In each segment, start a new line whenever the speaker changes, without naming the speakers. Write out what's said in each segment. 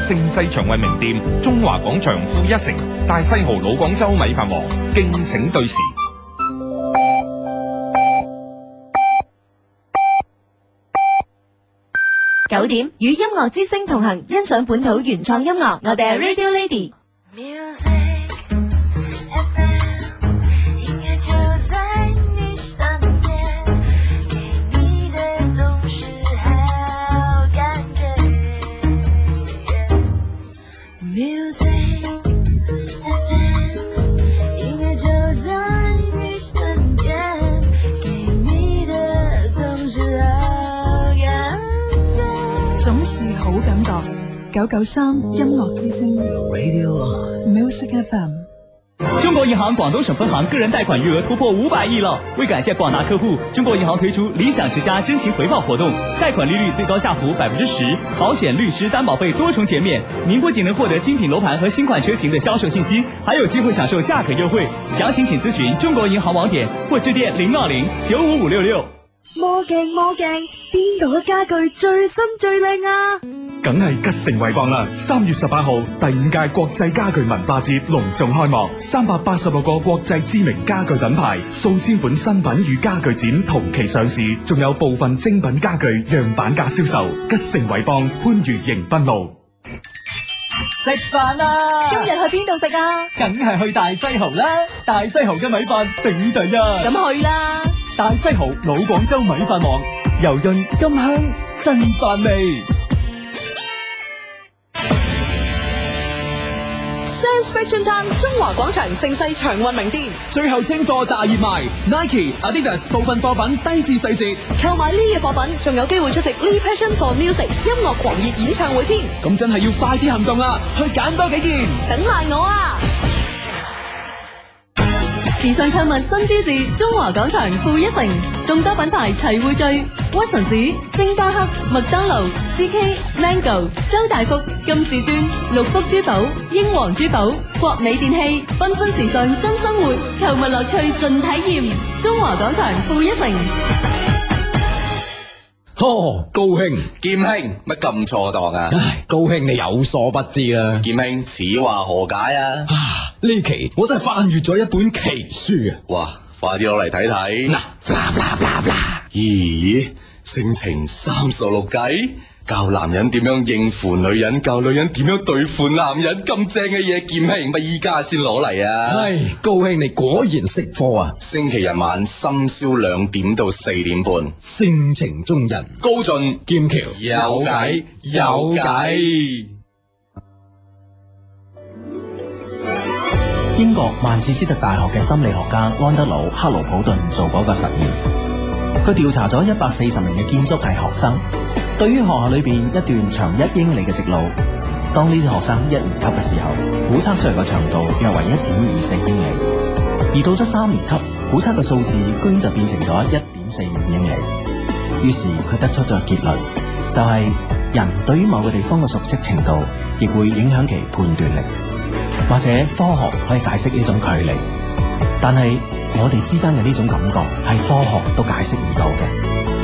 盛世長為名店，中華廣場負一城大西豪老廣州米飯王，敬請對時。
九點與音樂之聲同行，欣賞本土原創音樂，我哋係 Radio Lady。
九九三音樂之聲 Radio,，Music FM。
中國銀行廣東省分行個人貸款餘額突破五百億咯！為感謝廣大客戶，中國銀行推出理想之家真情回報活動，貸款利率最高下浮百分之十，保險、律師、擔保費多重減免。您不僅能獲得精品樓盤和新款車型的銷售信息，還有機會享受價格優惠。詳情請諮詢中國銀行網點或致電零二零九五五六六。
魔鏡魔鏡，邊度嘅家具最新最靚啊？
梗係吉盛偉邦啦！三月十八號，第五屆國際家具文化節隆重開幕，三百八十六個國際知名家具品牌、數千款新品與家具展同期上市，仲有部分精品家具樣板價銷售。吉盛偉邦番禺迎賓路，食飯啦！今日去邊度食啊？梗係去，啊、去大西豪啦！大西豪嘅米飯頂頂啊！咁、嗯、去啦！大西豪老廣州米飯王，油潤甘香，真飯味。
Fashion Time，中華廣場盛世
長運名店，最後清貨大熱賣，Nike、Adidas 部分貨品低至四折，
購買呢嘅貨品仲有機會出席呢 Passion for Music 音樂狂熱演唱會添，咁真係要快啲行動啦，去揀多幾件，等埋我啊！
時尚購物新標誌，中華廣場負一城，眾多品牌齊匯聚，屈臣氏、星巴克、麥當勞、CK、Mango、周大福、金至尊、六福珠寶、英皇珠寶、國美電器，繽紛時尚新生活，購物樂趣盡體驗，中華廣場負一城。
呵、哦，高兄、劍兄乜咁錯當啊？麼麼唉，高兄
你有所不知啦、啊，劍兄此話何解啊？啊，呢期我真係翻閱咗一本奇書啊！哇，快啲攞嚟睇睇嗱，
咦，
性情三十六計。教男人點樣應付女人，教女人點樣對付男人，咁正嘅嘢，劍慶，咪依家先攞嚟啊！係、哎、高興，你果然識貨啊！星期日晚深宵兩點到四點半，性情中人高進劍橋有計解有計。有
有
解英國曼徹斯特大學嘅心理學家安德魯克魯普頓做過一個實驗，佢調查咗一百四十名嘅建築系學生。對於學校裏邊一段長一英里嘅直路，當呢啲學生一年級嘅時候，估測出嚟嘅長度約為一點二四英里；而到咗三年級，估測嘅數字居然就變成咗一點四五英里。於是佢得出咗結論，就係人對於某個地方嘅熟悉程度，亦會影響其判斷力，或者科學可以解釋呢種距離，但係我哋之間嘅呢種感覺係科學都解釋唔到嘅。.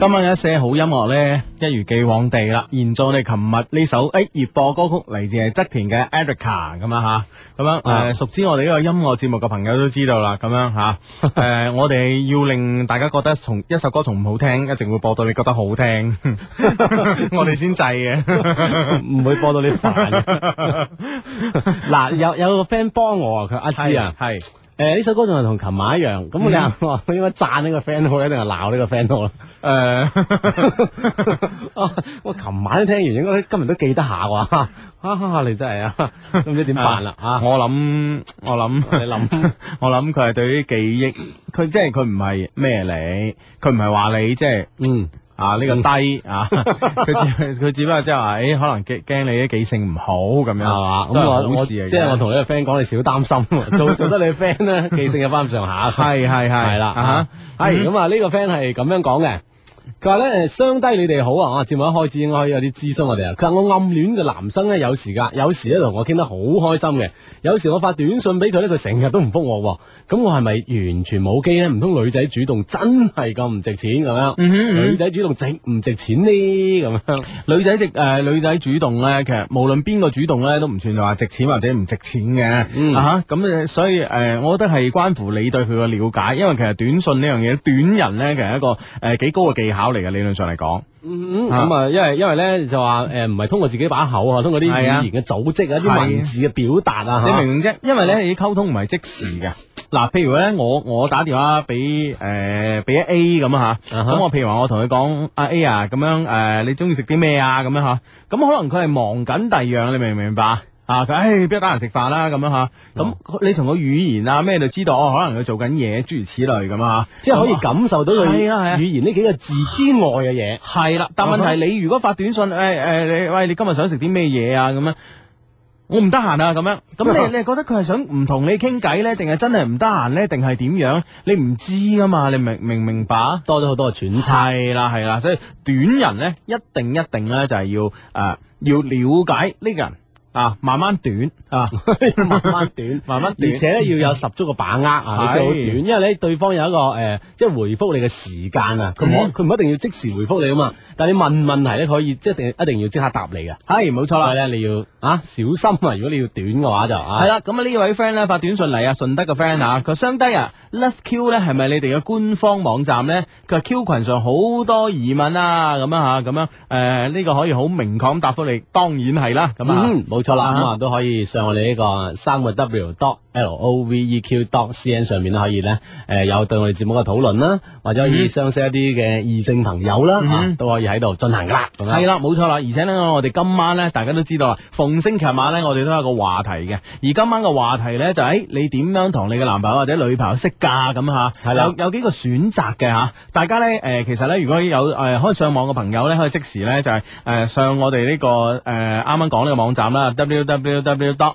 今晚嘅一些好音樂呢，一如既往地啦，現在我哋琴日呢首誒熱播歌曲、e rika,，嚟自係側田嘅 Erica 咁樣吓，咁樣誒，熟知我哋呢個音樂節目嘅朋友都知道啦，咁樣吓，誒、啊 呃，我哋要令大家覺得從一首歌從唔好聽，一直會播到你覺得好聽， 我哋先制嘅，唔 會播到你煩嗱， 有有個 friend 幫我啊，佢阿芝啊，係、啊。誒，呢、欸、首歌仲係同琴晚一樣，咁我哋我、嗯、應該讚呢個 friend 好，定係鬧呢個 friend 好咧？誒、呃，我 琴、 啊、晚都聽完，應該今日都記得下喎、啊。啊，你真係啊，都唔知點辦啦嚇、啊！我諗，我諗，你諗， 我諗佢係對於記憶，佢即係佢唔係咩你，佢唔係話你即係嗯。啊！呢、這個低、嗯、 啊，佢只佢只不過即係話，誒、欸，可能驚驚你啲記性唔好咁樣係嘛，咁吧好事嚟，即係我同呢個 friend 講，你少擔心， 做做得你 friend 咧，記 性又翻咁上下。係係係啦，係咁啊，呢 個 friend 係咁樣講嘅。佢話咧，雙低你哋好啊！哦、啊，節目一開始應該有啲諮詢我哋啊。佢話我暗戀嘅男生咧，有時間，有時咧同我傾得好開心嘅，有時我發短信俾佢咧，佢成日都唔覆我、啊。咁我係咪完全冇機咧？唔、嗯、通、嗯嗯、女仔主動真係咁唔值錢咁樣？女仔主動值唔值錢呢？咁、嗯、樣 女仔值誒，女仔主動咧，其實無論邊個主動咧，都唔算話值錢或者唔值錢嘅。嗯嗯、啊，咁所以誒、呃，我覺得係關乎你對佢嘅了解，因為其實短信呢樣嘢，短人咧、呃，其實一個誒幾高嘅技。嗯考嚟嘅理論上嚟講，
咁、嗯嗯、啊
因，因為因為咧就話誒，唔、呃、係通過自己把口啊，通過啲語言嘅組織啊，啲、啊、文字嘅表達啊，你明唔明啫？因為咧，啲溝、啊、通唔係即時嘅。嗱、嗯，譬如咧，我我打電話俾誒，俾、呃、A 咁啊吓，咁我譬如話我同佢講阿 A 啊，咁、啊啊、樣誒、呃，你中意食啲咩啊？咁樣吓，咁可能佢係忙緊第二樣，你明唔明白？啊，佢唉，邊得得閒食飯啦，咁樣吓，咁你同個語言啊咩就知道哦？可能佢做緊嘢，諸如此類咁啊，即係可以感受到佢、嗯嗯、語言呢幾個字之外嘅嘢。係、啊嗯、 啦，但係問題你如果發短信，誒、哎、誒、哎，你喂，你今日想食啲咩嘢啊？咁樣，我唔得閒啊，咁樣。咁你、嗯、你覺得佢係想唔同你傾偈咧，定係真係唔得閒咧，定係點樣？你唔知噶嘛？你明明明白，多咗好多傳差啦，係啦，、啊、啦，啦，啦，所以短人咧，一定一定咧就係要誒、呃，要了解呢個人。啊，慢慢短啊，慢慢短， 慢慢短，而且咧要有十足嘅把握啊，是你先好短，因為咧對方有一個誒、呃，即係回覆你嘅時間啊，佢冇，佢唔、嗯、一定要即時回覆你啊嘛，但係你問問題咧可以，即係一定要即刻答你嘅，係冇錯啦，係咧你要啊小心啊，如果你要短嘅話就係啦，咁啊呢位 friend 咧發短信嚟啊，順德嘅 friend 啊，佢、嗯、相低啊。Love Q 咧係咪你哋嘅官方網站咧？佢話 Q 群上好多疑問啊，咁樣吓、啊，咁樣、啊，誒、呃、呢、這個可以好明確咁答復你，當然係啦，咁啊，冇、嗯、錯啦，咁啊、嗯、都可以上我哋呢個生活 W dot。L O V E Q dot C N 上面咧可以咧，誒、呃、有對我哋節目嘅討論啦，或者可以相識一啲嘅異性朋友啦，mm hmm. 啊、都可以喺度進行噶啦。係啦、嗯哼，冇錯啦。而且呢，我哋今晚咧，大家都知道啦，逢星期日晚咧，我哋都有個話題嘅。而今晚嘅話題咧，就喺、是欸、你點樣同你嘅男朋友或者女朋友識噶咁吓，啊、的有有幾個選擇嘅吓。大家咧，誒、呃，其實咧，如果有誒、呃、可以上網嘅朋友咧，可以即時咧就係、是、誒、呃、上我哋呢、這個誒啱啱講呢個網站啦，W W W dot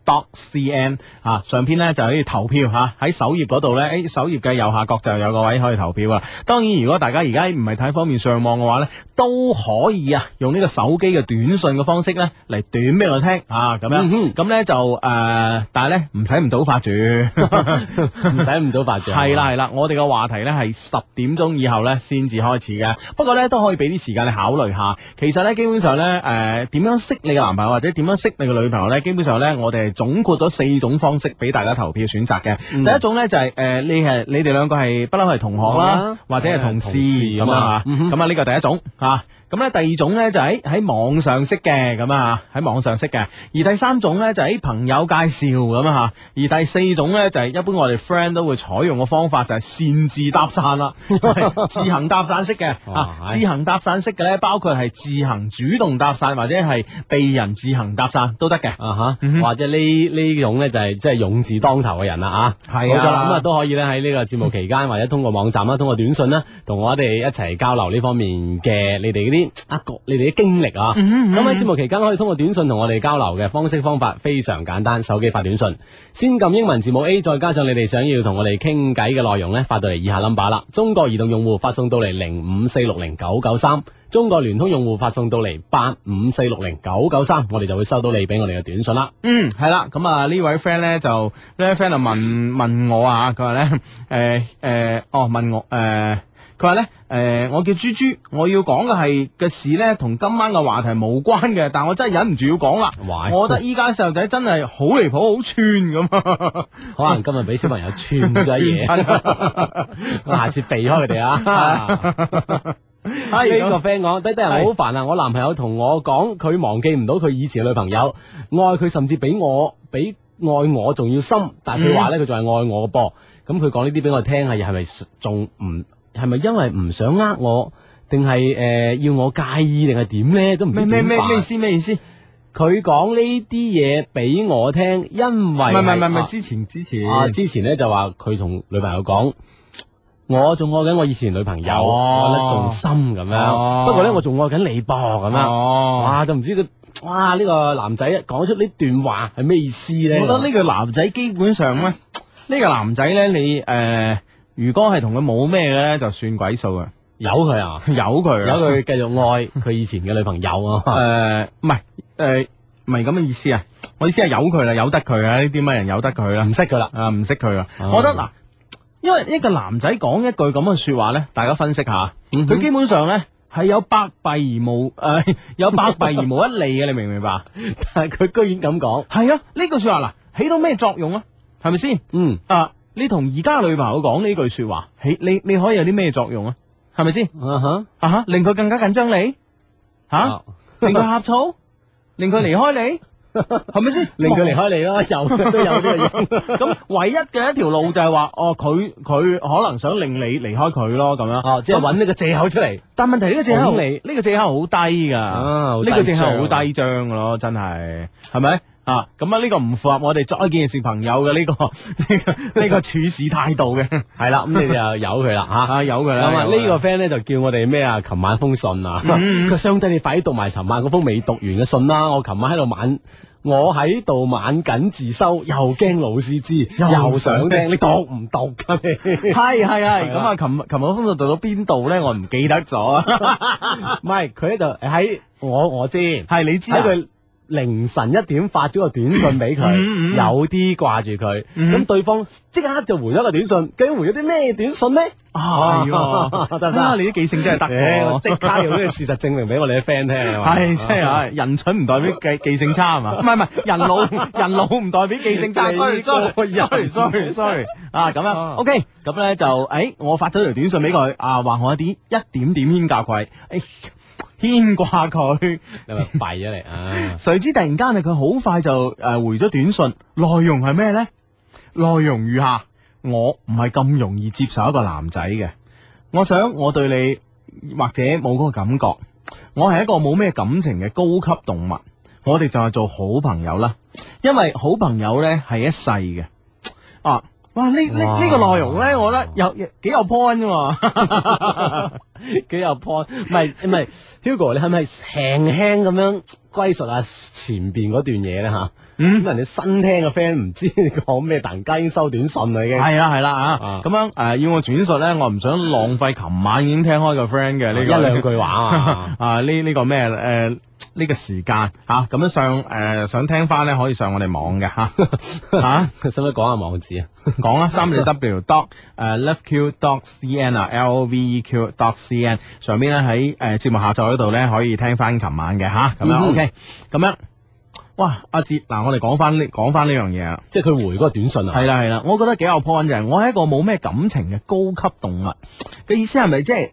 dotcn 啊，上篇咧就可以投票吓，喺、啊、首頁嗰度咧，誒、哎，首頁嘅右下角就有個位可以投票啊。當然，如果大家而家唔係太方便上網嘅話咧，都可以啊，用呢個手機嘅短信嘅方式咧嚟短俾我聽啊，咁樣，咁咧、嗯、哼就誒、呃，但係咧唔使唔早發住，唔使唔早發住。係啦係啦，我哋嘅話題咧係十點鐘以後咧先至開始嘅，不過咧都可以俾啲時間你考慮下。其實咧基本上咧，誒，點樣識你嘅男朋友或者點樣識你嘅女朋友咧，基本上咧、呃、我哋總括咗四種方式俾大家投票選擇嘅，mm hmm. 第一種呢，就係、是、誒、呃、你係你哋兩個係不嬲係同學啦，mm hmm. 或者係同事咁、mm hmm. 樣嚇、啊，咁啊呢個第一種嚇。啊。咁咧，第二種咧就係喺網上識嘅，咁啊喺網上識嘅；而第三種咧就係朋友介紹咁啊；而第四種咧就係一般我哋 friend 都會採用嘅方法就係擅自搭訕啦，即係 自行搭訕式嘅。啊、哦，自行搭訕式嘅咧，包括係自行主動搭訕或者係被人自行搭訕都得嘅。啊吓，或者呢呢種咧就係即係勇字當頭嘅人啦。吓，係冇錯啦。咁啊都可以咧喺呢個節目期間 或者通過網站啦，通過短信啦，同我哋一齊交流呢方面嘅你哋啲。阿國，你哋嘅經歷啊！咁喺節目期間可以通過短信同我哋交流嘅方式方法非常簡單，手機發短信，先撳英文字母 A，再加上你哋想要同我哋傾偈嘅內容呢發到嚟以下 number 啦。中國移動用戶發送到嚟零五四六零九九三，中國聯通用戶發送到嚟八五四六零九九三，我哋就會收到你俾我哋嘅短信啦、嗯、啦。嗯，係、啊、啦，咁啊呢位 friend 呢，就呢位 friend 就問問我啊，佢話呢，誒、呃、誒、呃，哦問我誒。呃佢話咧，誒、呃，我叫豬豬，我要講嘅係嘅事咧，同今晚嘅話題冇關嘅。但我真係忍唔住要講啦。我覺得依家細路仔真係好離譜，好串咁。可能今日俾小朋友串咗嘢，我下次避開佢哋啊。呢、hey, 個 friend 講，啲啲人好煩啊。我男朋友同我講，佢忘記唔到佢以前嘅女朋友，愛佢甚至比我比愛我仲要深。但係佢話咧，佢仲係愛我噃。咁佢講呢啲俾我聽，係係咪仲唔？係咪因為唔想呃我，定係誒要我介意，定係點咧？都唔知點解咩咩咩咩意思？咩意思？佢講呢啲嘢俾我聽，因為唔係唔係唔係之
前之前，啊、之
前咧就話佢同女朋友講，我仲愛緊我以前女朋友，愛、哦、得更深咁樣。哦、不過咧，我仲愛緊你噃咁樣。哇！就唔知佢哇呢個男仔講出呢段話係咩意思咧？我覺得呢個男仔基本上咧，呢、這個男仔咧，你誒。呃如果係同佢冇咩咧，就算鬼數啊。由佢啊，由佢，由佢繼續愛佢以前嘅女朋友啊。誒，唔係，誒，唔係咁嘅意思啊。我意思係由佢啦，由得佢啊，呢啲乜人由得佢啦。唔識佢啦，啊，唔識佢啊。我覺得嗱，因為一個男仔講一句咁嘅說話咧，大家分析下，佢基本上咧係有百弊而無誒，有百弊而無一利嘅，你明唔明白？但係佢居然咁講，係啊，呢句說話嗱起到咩作用啊？係咪先？嗯啊。你同而家女朋友講呢句說話，你你可以有啲咩作用啊？係咪先？啊哈啊哈，令佢更加緊張你，吓令佢呷醋，令佢離開你，係咪先？令佢離開你咯，有都有呢樣。咁唯一嘅一條路就係話，哦，佢佢可能想令你離開佢咯，咁樣哦，即係搵呢個借口出嚟。但問題呢個借口嚟，呢個借口好低噶，呢個借口好低張噶咯，真係，係咪？啊，咁啊，呢個唔符合我哋做一件事朋友嘅呢個呢個呢個處事態度嘅，係啦，咁你就由佢啦吓，由佢啦。咁啊，呢個 friend 咧就叫我哋咩啊？琴晚封信啊，佢想畀你快啲讀埋琴晚嗰封未讀完嘅信啦。我琴晚喺度晚，我喺度晚緊自修，又驚老師知，又想聽，你讀唔讀噶？你係係係，咁啊，琴琴晚封信讀到邊度咧？我唔記得咗。唔係，佢喺度喺我我知，係你知佢。凌晨一點發咗個短信俾佢，嗯嗯、有啲掛住佢。咁、嗯、對方即刻就回咗個短信，究竟回咗啲咩短信呢？啊，得啦、啊，你啲記性真係得嘅，即、欸、刻用呢個事實證明俾我哋嘅 friend 聽，係嘛？係、啊，即係人蠢唔代表記記性差係嘛？唔係唔係，人老人老唔代表記性差 sorry sorry sorry 啊咁、嗯、樣。OK，咁咧就誒，我發咗條短信俾佢啊，話我一啲一點點牽掛佢。哎牽掛佢，你咪弊咗你啊！誰 知突然間佢好快就誒回咗短信，內容係咩呢？內容如下：我唔係咁容易接受一個男仔嘅，我想我對你或者冇嗰個感覺，我係一個冇咩感情嘅高級動物，我哋就係做好朋友啦。因為好朋友呢係一世嘅啊。
哇！這個、呢呢呢個內容
咧，哇我覺得有有幾有 point 啫嘛、啊，幾 有 point。唔係唔係，Hugo，你係咪輕輕咁樣歸屬下、啊、前邊嗰段嘢咧吓。嗯，人哋新聽嘅 friend 唔知你講咩，但係已經收短信嚟嘅。係啦，係啦啊！咁樣誒，要我轉述咧，我唔想浪費。琴晚已經聽開個 friend 嘅呢一兩句話啊！呢呢、呢個咩誒呢個時間嚇？咁、啊、樣上誒、啊、想聽翻咧，可以上我哋網嘅嚇嚇，使唔使講下網址啊？講 啦，三二 w dot、uh, 誒 loveq dot cn 啊，l、o、v e q dot cn 上邊咧喺誒節目下載嗰度咧，可以聽翻琴晚嘅嚇。咁樣 OK，咁樣。Mm hmm. okay, 哇，阿哲，嗱，我哋講翻呢講翻呢樣嘢啊，即係佢回嗰個短信啊，係啦係啦，我覺得幾有 point 就係，我係一個冇咩感情嘅高級動物嘅意思係咪即係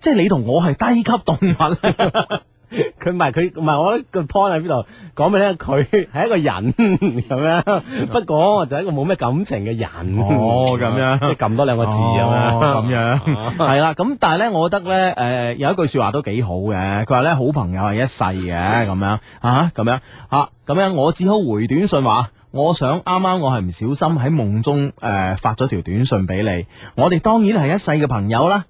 即係你同我係低級動物？ 佢唔係佢唔係，我個 point 喺邊度？講俾你，佢係一個人咁樣， 不過就一個冇咩感情嘅人。 哦，咁樣即係撳多兩個字咁、哦、樣。咁樣係啦。咁、 啊、但係咧，我覺得咧，誒、呃，有一句說話都幾好嘅。佢話咧，好朋友係一世嘅咁樣啊，咁樣啊，咁樣、啊、樣我只好回短信話，我想啱啱我係唔小心喺夢中誒、呃、發咗條短信俾你。我哋當然係一世嘅朋友啦。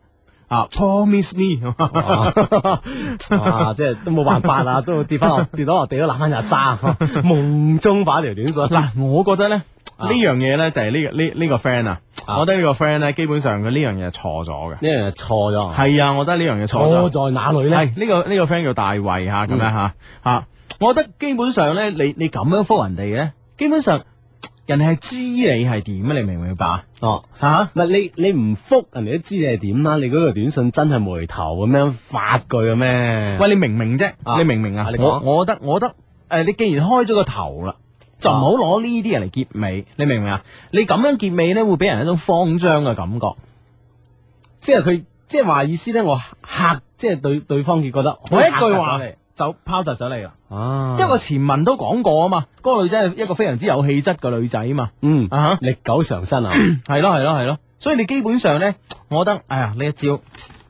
啊、uh,，promise me，啊， 即係都冇辦法啦，都跌翻落跌倒落，到地都爛翻隻衫，夢中把條短褲。嗱、嗯，我覺得咧呢樣嘢咧就係呢個呢呢、uh, 個 friend 啊，啊，啊，我覺得呢、呢個 friend 咧基本上佢呢樣嘢係錯咗嘅，呢樣嘢錯咗係啊，我覺得呢樣嘢錯咗錯在哪裡咧？呢個呢個 friend 叫大衛吓，咁樣吓吓，我覺得基本上咧，你你咁樣服人哋咧，基本上。人哋係知你係點啊，你明唔明白哦，吓、啊，係、啊、你你唔復人哋都知你係點啦。你嗰個短信真係無厘頭咁樣發句啊咩？喂，你明唔明啫？啊、你明唔明啊？我我覺得，我覺得，誒、呃，你既然開咗個頭啦，就唔好攞呢啲人嚟結尾。啊、你明唔明啊？你咁樣結尾咧，會俾人一種慌張嘅感覺。即係佢即係話意思咧，就是、我吓，即係、嗯、對對方覺得，我一句話、嗯、就拋擲咗你啊！啊，一個前文都講過啊嘛，嗰個女仔係一個非常之有氣質嘅女仔啊嘛，嗯啊吓哈，歷久常新啊，係咯係咯係咯，所以你基本上咧，我覺得哎呀呢一招。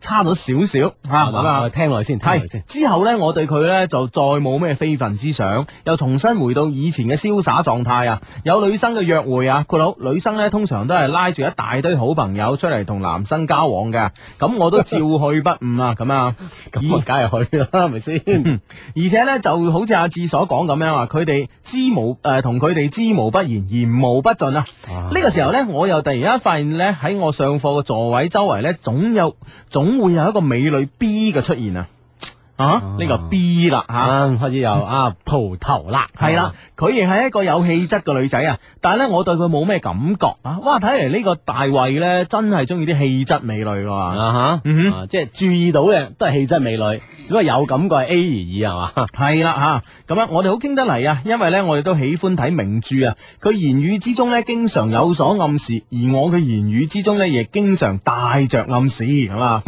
差咗少少吓，好啦，聽落去先，係之後呢，我對佢呢就再冇咩非分之想，又重新回到以前嘅瀟灑狀態啊！有女生嘅約會啊，佢老女生呢通常都係拉住一大堆好朋友出嚟同男生交往嘅，咁我都照去不誤啊！咁啊，咁啊，梗係去啦，係咪先？而且呢，就好似阿志所講咁樣啊，佢哋知無誒同佢哋知無不言，言無不盡啊！呢個時候呢，我又突然間發現呢，喺我上課嘅座位周圍呢，總有總。總會有一個美女 B 嘅出現啊！啊！呢、啊、個 B 啦吓，啊、開始又啊蒲頭啊啦，係啦，佢亦係一個有氣質嘅女仔啊。但係咧，我對佢冇咩感覺啊。哇，睇嚟呢個大衛咧，真係中意啲氣質美女嘅啊吓，即係注意到嘅都係氣質美女，只不過有感覺係 A 而已係嘛？係、啊、啦吓，咁、啊、樣我哋好傾得嚟啊，因為咧我哋都喜歡睇名著啊。佢言語之中咧，經常有所暗示，而我嘅言語之中咧，亦經常帶着暗示，係嘛？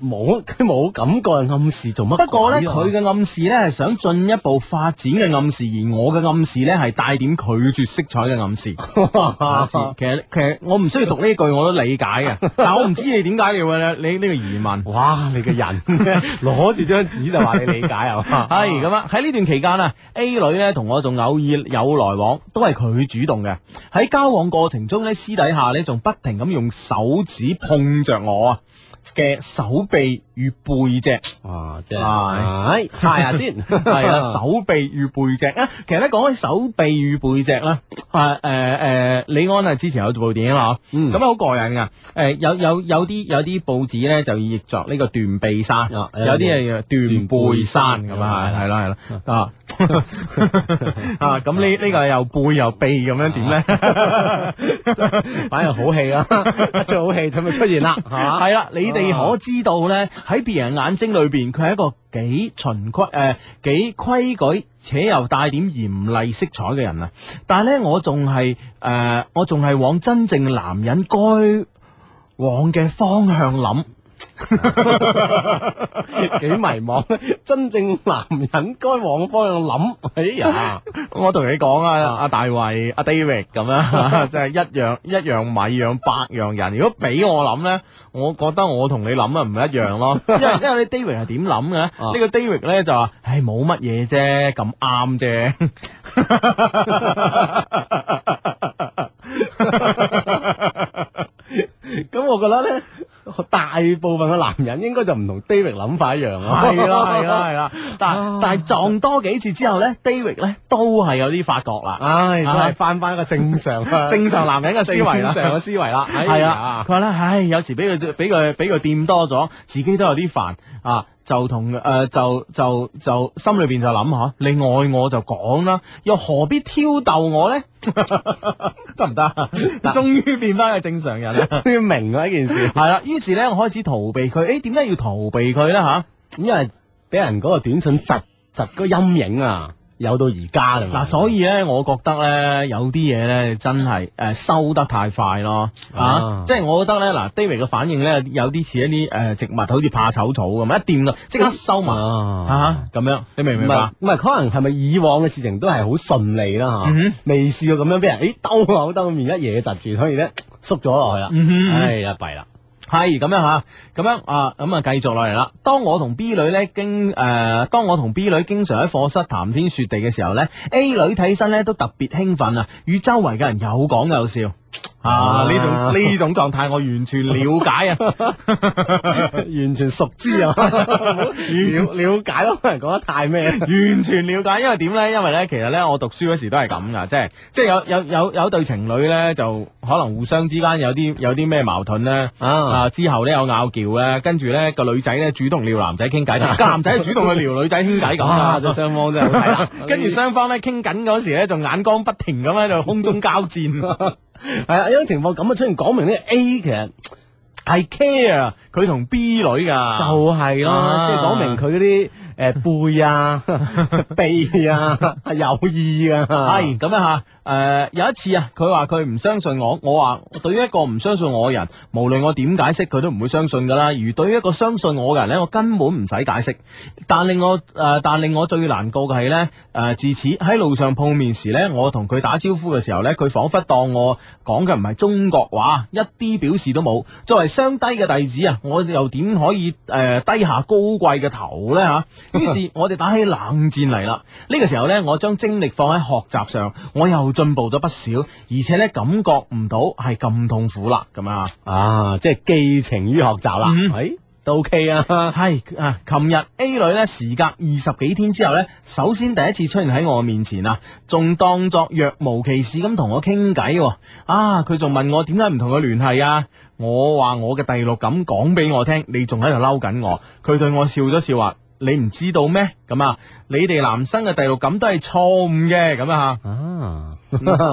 冇，佢冇感覺暗示。做乜？不過呢，佢嘅暗示呢係想進一步發展嘅暗示，而我嘅暗示呢係帶點拒絕色彩嘅暗示。 其實其實我唔需要讀呢句，我都理解嘅。但我唔知你點解你你呢個疑問？哇！你個人攞住張紙就話你理解啊？係咁啊！喺呢段期間啊，A 女呢同我仲偶爾有來往，都係佢主動嘅。喺交往過程中呢，私底下呢，仲不停咁用手指碰着我啊嘅手臂。背
脊啊，即係係，睇下先，係啦，手
臂與背脊啊，其實咧講，起手臂與背脊咧，係誒誒李安啊，之前有做部電影啦，咁啊好過癮噶，誒有有有啲有啲報紙咧就譯作呢個斷臂山，有啲係斷背山咁啊，係啦係啦啊啊咁呢呢個又背又臂咁樣點咧，擺個好戲啦，最好戲佢咪出現啦嚇，係啦，你哋可知道咧？喺別人眼睛裏邊，佢係一個幾循規誒幾規矩，且又帶點嚴厲色彩嘅人啊！但係呢，我仲係誒，我仲係往真正男人該往嘅方向諗。幾 迷茫咧！真正男人該往方向諗。哎呀，我同你講啊，啊，啊，阿大衛，阿 David 咁樣，即係一樣一樣米養百樣人。如果俾我諗咧，我覺得我同你諗啊唔一樣咯。因為因為你 David 係點諗嘅？呢個 David 咧就話，唉，冇乜嘢啫，咁啱啫。咁我覺得咧。大部分嘅男人應該就唔同 David 諗法一樣咯，係啦，係啦，但但係撞多幾次之後咧 ，David 咧都係有啲發覺啦，唉，都係唉翻返一個正常， 正常男人嘅思維啦，正常嘅思維啦，係啊，佢話咧，唉，有時俾佢俾佢俾佢掂多咗，自己都有啲煩啊。就同誒、呃，就就就心裏邊就諗下、啊，你愛我就講啦，又何必挑逗我咧？得唔得？終於 變翻個正常人，終於 明咗呢件事係啦。於 是咧，我開始逃避佢。誒、欸，點解要逃避佢咧？吓、啊，因為俾人嗰個短信窒窒個陰影啊。有到而家嘅嗱，所以咧，我覺得咧，有啲嘢咧真係誒、呃、收得太快咯，啊，啊！即係我覺得咧，嗱、呃、David 嘅反應咧有啲似一啲誒、呃、植物，好似怕醜草咁，一掂咯，即刻收埋嚇咁樣，你明唔明白？唔係可能係咪以往嘅事情都係好順利啦嚇、啊，未、嗯、哼試過咁樣俾人誒兜、哎、口兜面一嘢窒住，所以咧縮咗落去啦，哎呀、嗯哼，弊啦！係咁樣吓，咁樣啊，咁啊繼續落嚟啦。當我同 B 女咧經誒、呃，當我同 B 女經常喺課室談天說地嘅時候呢，A 女睇起身呢都特別興奮啊，與周圍嘅人有講有笑。啊！呢種呢種狀態我完全了解啊， 完全熟知啊， 了，了解咯，可能講得太咩， 完全了解。因為點咧？因為咧，其實咧，我讀書嗰時都係咁噶，即係即係有有有有對情侶咧，就可能互相之間有啲有啲咩矛盾咧， 啊之後咧有拗撬咧，跟住咧個女仔咧主動撩男仔傾偈， 男仔主動去撩女仔傾偈咁，啊，雙 方真係，跟住雙方咧傾緊嗰時咧，就眼光不停咁喺度空中交戰。 係啊，呢 種情況咁啊，出現講明呢個 A 其實係 care 啊，佢同 B 女噶， 就係咯了，即係講明佢嗰啲。誒、呃、背啊鼻啊 有意啊，係咁樣吓。誒、呃、有一次啊佢話佢唔相信我，我話對於一個唔相信我嘅人，無論我點解釋佢都唔會相信噶啦，而對於一個相信我嘅人呢，我根本唔使解釋。但令我誒、呃、但令我最難過嘅係呢，誒、呃、自此喺路上碰面時呢，我同佢打招呼嘅時候呢，佢仿佛當我講嘅唔係中國話，一啲表示都冇。作為雙低嘅弟子啊，我又點可以誒、呃、低下高貴嘅頭呢？吓、啊？於 是我哋打起冷戰嚟啦。呢、這個時候呢，我將精力放喺學習上，我又進步咗不少，而且呢，感覺唔到係咁痛苦啦。咁啊啊，即係寄情於學習啦。誒，都 ok 啊。係、mm hmm. 哎、啊，琴、 啊、日 A 女呢時隔二十幾天之後呢，首先第一次出現喺我面前啊，仲當作若無其事咁同我傾偈、啊。啊，佢仲問我點解唔同佢聯繫啊？我話我嘅第六感講俾我聽，你仲喺度嬲緊我。佢對我笑咗笑，話。你唔知道咩？咁啊，你哋男生嘅第六感都係錯誤嘅，咁啊啊，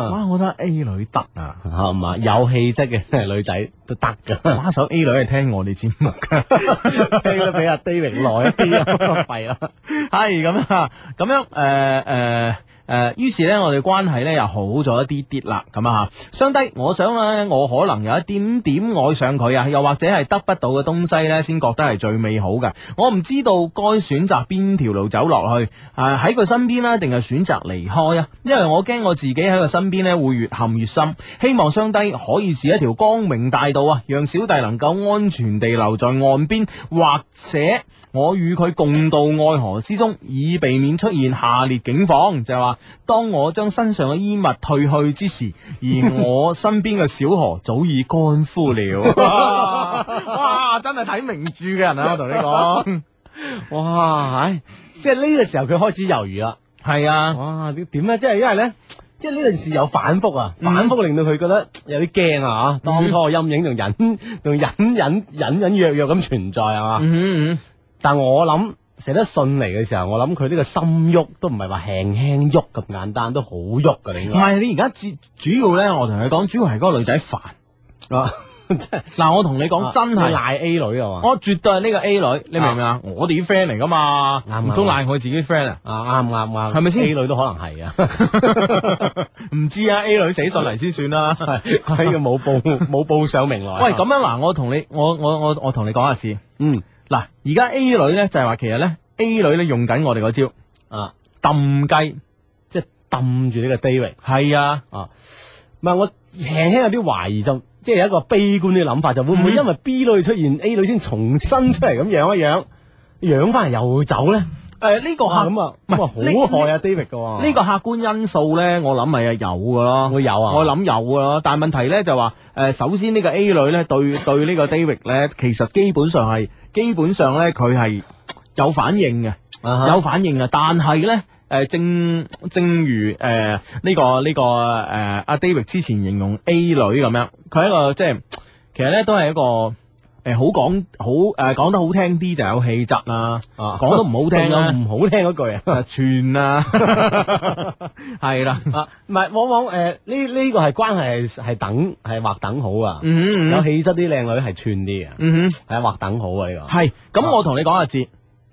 哇！我覺得 A 女得啊，係嘛，啊，有氣質嘅女仔都得噶。哇，首 A 女嚟聽我哋節目， 聽得比阿 David 耐一啲啊，廢啊。 係咁啊，咁樣誒誒。呃誒，於、呃、是呢，我哋關係呢又好咗一啲啲啦，咁啊吓。上帝，我想啊，我可能有一點點愛上佢啊，又或者係得不到嘅東西呢，先覺得係最美好嘅。我唔知道該選擇邊條路走落去，誒、啊，喺佢身邊呢、啊，定係選擇離開啊？因為我驚我自己喺佢身邊呢，會越陷越深。希望上帝可以是一條光明大道啊，讓小弟能夠安全地留在岸邊，或者我與佢共度愛河之中，以避免出現下列警況，就話、是。當我將身上嘅衣物褪去之時，而我身邊嘅小河早已乾枯了。 哇，真係睇名著嘅人啊，我同你講。哇，唉，即係呢個時候佢開始猶豫啦。係啊，哇，點咧、啊？即係因為咧，即係呢陣時有反覆啊，反覆令到佢覺得有啲驚啊。吓、嗯，當初嘅陰影仲隱仲隱隱隱隱約約咁存在啊。嗯嗯嗯，但我諗。寫得信嚟嘅時候，我諗佢呢個心喐都唔係話輕輕喐咁簡單，都好喐噶。你唔係你而家主主要咧，我同你講，主要係嗰個女仔煩 啊！嗱，我同你講真係賴 A 女啊！我，啊我絕對係呢個 A 女，嗎你明唔明啊？我哋啲 friend 嚟噶嘛，唔通賴我自己 friend 啊？啱唔啱？啱係咪先？A 女都可能係 啊，唔知啊！A 女死上嚟先算啦，佢啊，冇 報冇報上名來。 喂，咁樣嗱、啊，我同你我我我我同你講下次。嗯。嗱，而家 A 女咧就係話，其實咧 A 女咧用緊我哋個招啊，抌雞，即係抌住呢個 David 係啊，啊，唔係我輕輕有啲懷疑，就即係有一個悲觀嘅諗法，就會唔會因為 B 女出現、嗯，A 女先重新出嚟咁養一養，養翻嚟又走咧？誒，呢個客咁啊，唔係好害啊，David 噶喎。呢個客觀因素咧，我諗係有噶咯，會有啊。我諗有噶咯，但係問題咧就話，誒，首先呢個 A 女咧對對呢個 David 咧，其實基本上係基本上咧佢係有反應嘅，有反應嘅。但係咧，誒，正正如誒呢個呢個誒阿 David 之前形容 A 女咁樣，佢係一個即係其實咧都係一個。誒、欸，好講好誒，講、呃、得好聽啲就有氣質啊，講得唔好聽、啊，唔、啊那個啊、好聽嗰句啊， 串啊， 係 啦，啊，唔係，往往誒呢呢個係關係係等係或等,等好啊，有氣質啲靚女係串啲啊，係或等好啊呢個。係，咁我同你講下節，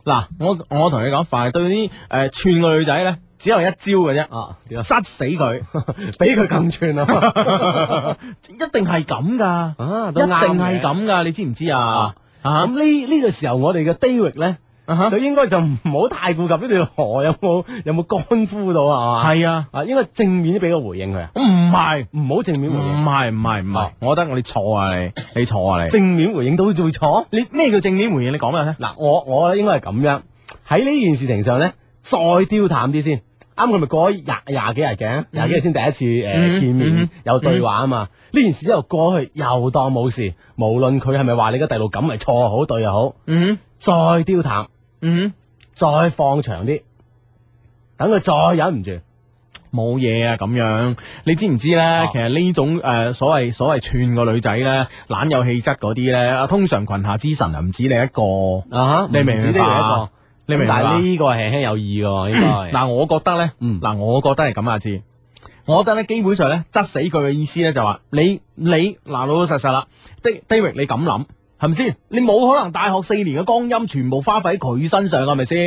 嗱，我我同你講快，對啲誒串嘅女仔咧。只有一招嘅啫，啊，殺死佢，俾佢更串咯，一定係咁噶，一定係咁噶，你知唔知啊？咁呢呢個時候我哋嘅 Dee 沃咧，就應該就唔好太顧及呢條河有冇有冇乾枯到啊？係啊，啊，應該正面啲俾個回應佢啊。唔係，唔好正面回應，唔係唔係唔係，我覺得我哋錯啊，你你錯啊，你正面回應都會錯？你咩叫正面回應？你講咩咧？嗱，我我咧應該係咁樣喺呢件事情上咧，再刁淡啲先。啱，佢咪過廿廿幾日嘅、啊，廿幾、mm hmm. 日先第一次誒、呃 mm hmm. 見面有對話啊嘛？呢、mm hmm. 件事之後過去又當冇事，無論佢係咪話你嘅第六感係錯好對又好，嗯、mm，hmm. 再丟淡，嗯、mm，hmm. 再放長啲，等佢再忍唔住，冇嘢啊咁樣。你知唔知咧？啊、其實呢種誒、呃、所謂所謂串個女仔咧，懶有氣質嗰啲咧，通常群下之神唔止你一個，你明唔明白？啊啊啊嗱，呢個係輕輕有意嘅喎，應、這、該、個。嗱、 啊，我覺得咧，嗱、嗯，我覺得係咁啊，知，我覺得咧，基本上咧，質死佢嘅意思咧、就是，就話你你嗱老老實實啦，的 David，你咁諗係咪先？你冇可能大學四年嘅光陰全部花費喺佢身上啊，係咪先？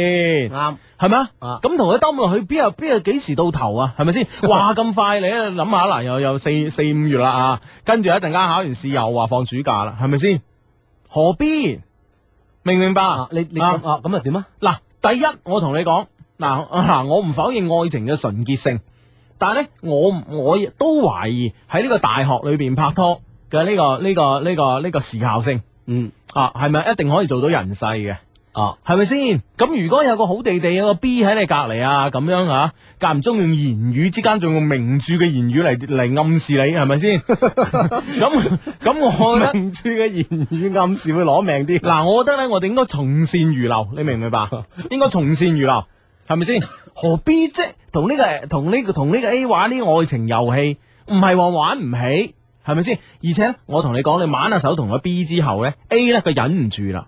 啱、嗯。係咪吧？啊、嗯，咁同佢兜 o 落去，邊日邊日幾時到頭啊？係咪先？哇，咁快你諗下啦，又有四四五月啦啊，跟住一陣間考完試又話放暑假啦，係咪先？何必？明唔明白？你你啊咁啊點啊？嗱，啊啊、第一我同你講嗱嗱，我唔、啊啊、否認愛情嘅純潔性，但係咧我我亦都懷疑喺呢個大學裏邊拍拖嘅呢個呢個呢個呢個時效性，嗯啊係咪一定可以做到人世嘅？啊，係咪先？咁如果有個好地地有個 B 喺你隔籬啊，咁樣啊，間唔中用言語之間，仲用名著嘅言語嚟嚟暗示你，係咪先？咁咁、 嗯嗯，我覺得名著嘅言語暗示會攞命啲。嗱、啊，我覺得咧，我哋應該從善如流，你明唔明白？ 應該從善如流，係咪先？何必即同呢、這個同呢、這個同呢、這個這個、個 A 玩啲愛情遊戲？唔係話玩唔起，係咪先？而且我同你講，你玩下手同咗 B 之後咧，A 咧佢忍唔住啦。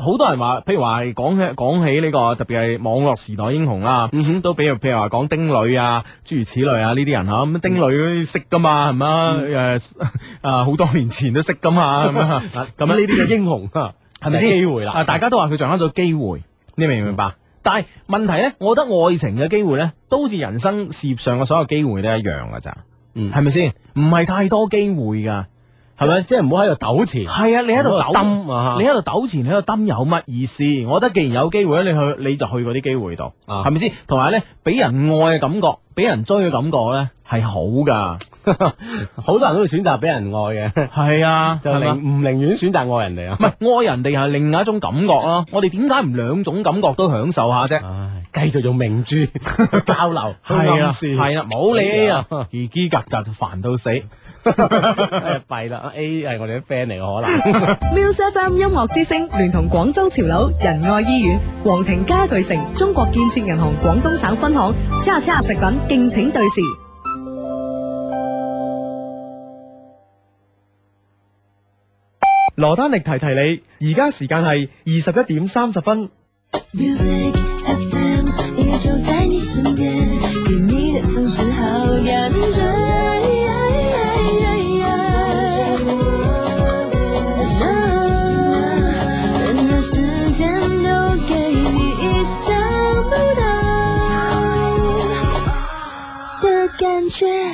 好多人話，譬如話係講起講起呢個特別係網絡時代英雄啦，嗯、都比如譬如話講丁磊啊，諸如此類啊呢啲人吓，咁丁磊識噶嘛，係咪啊？誒啊嗎，好多年前都識噶嘛，咁、啊、樣咁樣呢啲嘅英雄，係咪先機會啦？啊，大家都話佢掌握咗機會，嗯、你明唔明白？嗯、但係問題咧，我覺得愛情嘅機會咧，都好似人生事業上嘅所有機會都一樣噶咋，嗯，係咪先？唔係太多機會噶。係咪？即係唔好喺度糾纏。係啊，你喺度糾纏，你喺度糾纏，你喺度糾纏，有乜意思？我覺得既然有機會，你去你就去嗰啲機會度，係咪先？同埋咧，俾人愛嘅感覺，俾人追嘅感覺咧，係好噶。好多人都會選擇俾人愛嘅。係啊，就寧唔寧願選擇愛人哋啊？唔係愛人哋係另外一種感覺啊？我哋點解唔兩種感覺都享受下啫？繼續用明珠交流，係啊，係啦，冇你啊，嘰嘰格格就煩到死。弊啦，A 係我哋啲 friend 嚟嘅可能。
Music FM 音樂之聲聯同廣州潮流仁愛醫院、皇庭家具城、中國建設銀行廣東省分行、七下七下食品敬請對時。
羅丹力提提你，而家時間係二十一點三十分。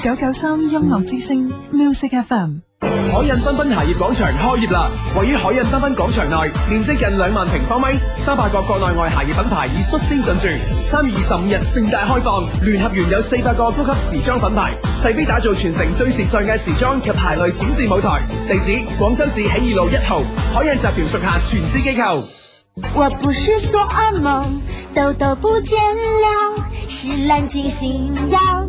九九三音樂之聲 Music FM，
海印繽紛鞋業廣場開業啦！位於海印繽紛廣場內，面積近兩萬平方米，三百個國內外鞋業品牌已率先進駐。三月二十五日盛大開放，聯合原有四百個高級時裝品牌，誓必打造全城最時尚嘅時裝及鞋類展示舞台。地址：廣州市起義路一號，海印集團屬下全資機構。
我不是做噩夢，兜兜不見了，是藍鯨信仰。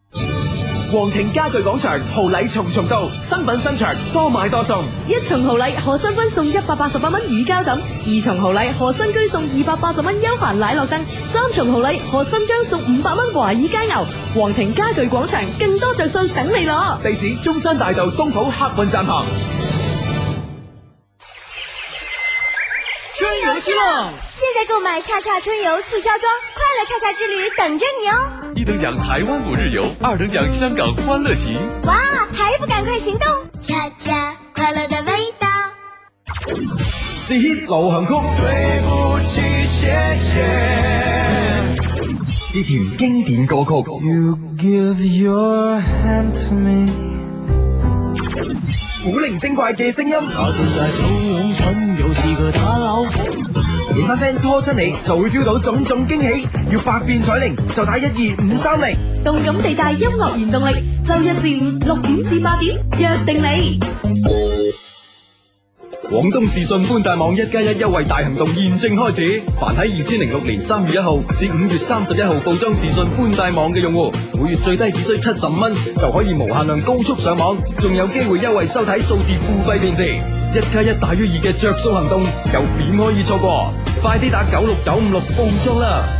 皇庭家具廣場豪禮重重到，新品新場多買多送，
一重豪禮何新分送一百八十八蚊乳膠枕，二重豪禮何新居送二百八十蚊休凡奶酪燈，三重豪禮何新將送五百蚊華爾街牛。皇庭家具廣場更多著數等你攞，
地址中山大道東圃客運站旁。
春遊去了，現在購買恰恰春遊促銷裝，快樂恰恰之旅等着你哦！
一等獎台灣五日遊，二等獎香港歡樂行。
哇，還不趕快行動！恰恰，快樂的
味道。C 老航空。對不起，謝謝。一段經典歌曲。You give your hand to me. 古靈精怪嘅聲音，我仲大手擁蠢，又試過打扭頸。連翻 friend 拖出你，就會挑到種種驚喜。要百變彩鈴，就打一二五三零。動感地帶音樂原動力，週一至五
六點至八點，約定你。
廣東視訊寬帶網一加一優惠大行動現正開始，凡喺二千零六年三月一號至五月三十一號報裝視訊寬帶網嘅用戶，每月最低只需七十蚊就可以無限量高速上網，仲有機會優惠收睇數字付費電視。一加一大於二嘅着數行動又點可以錯過？快啲打九六九五六報裝啦！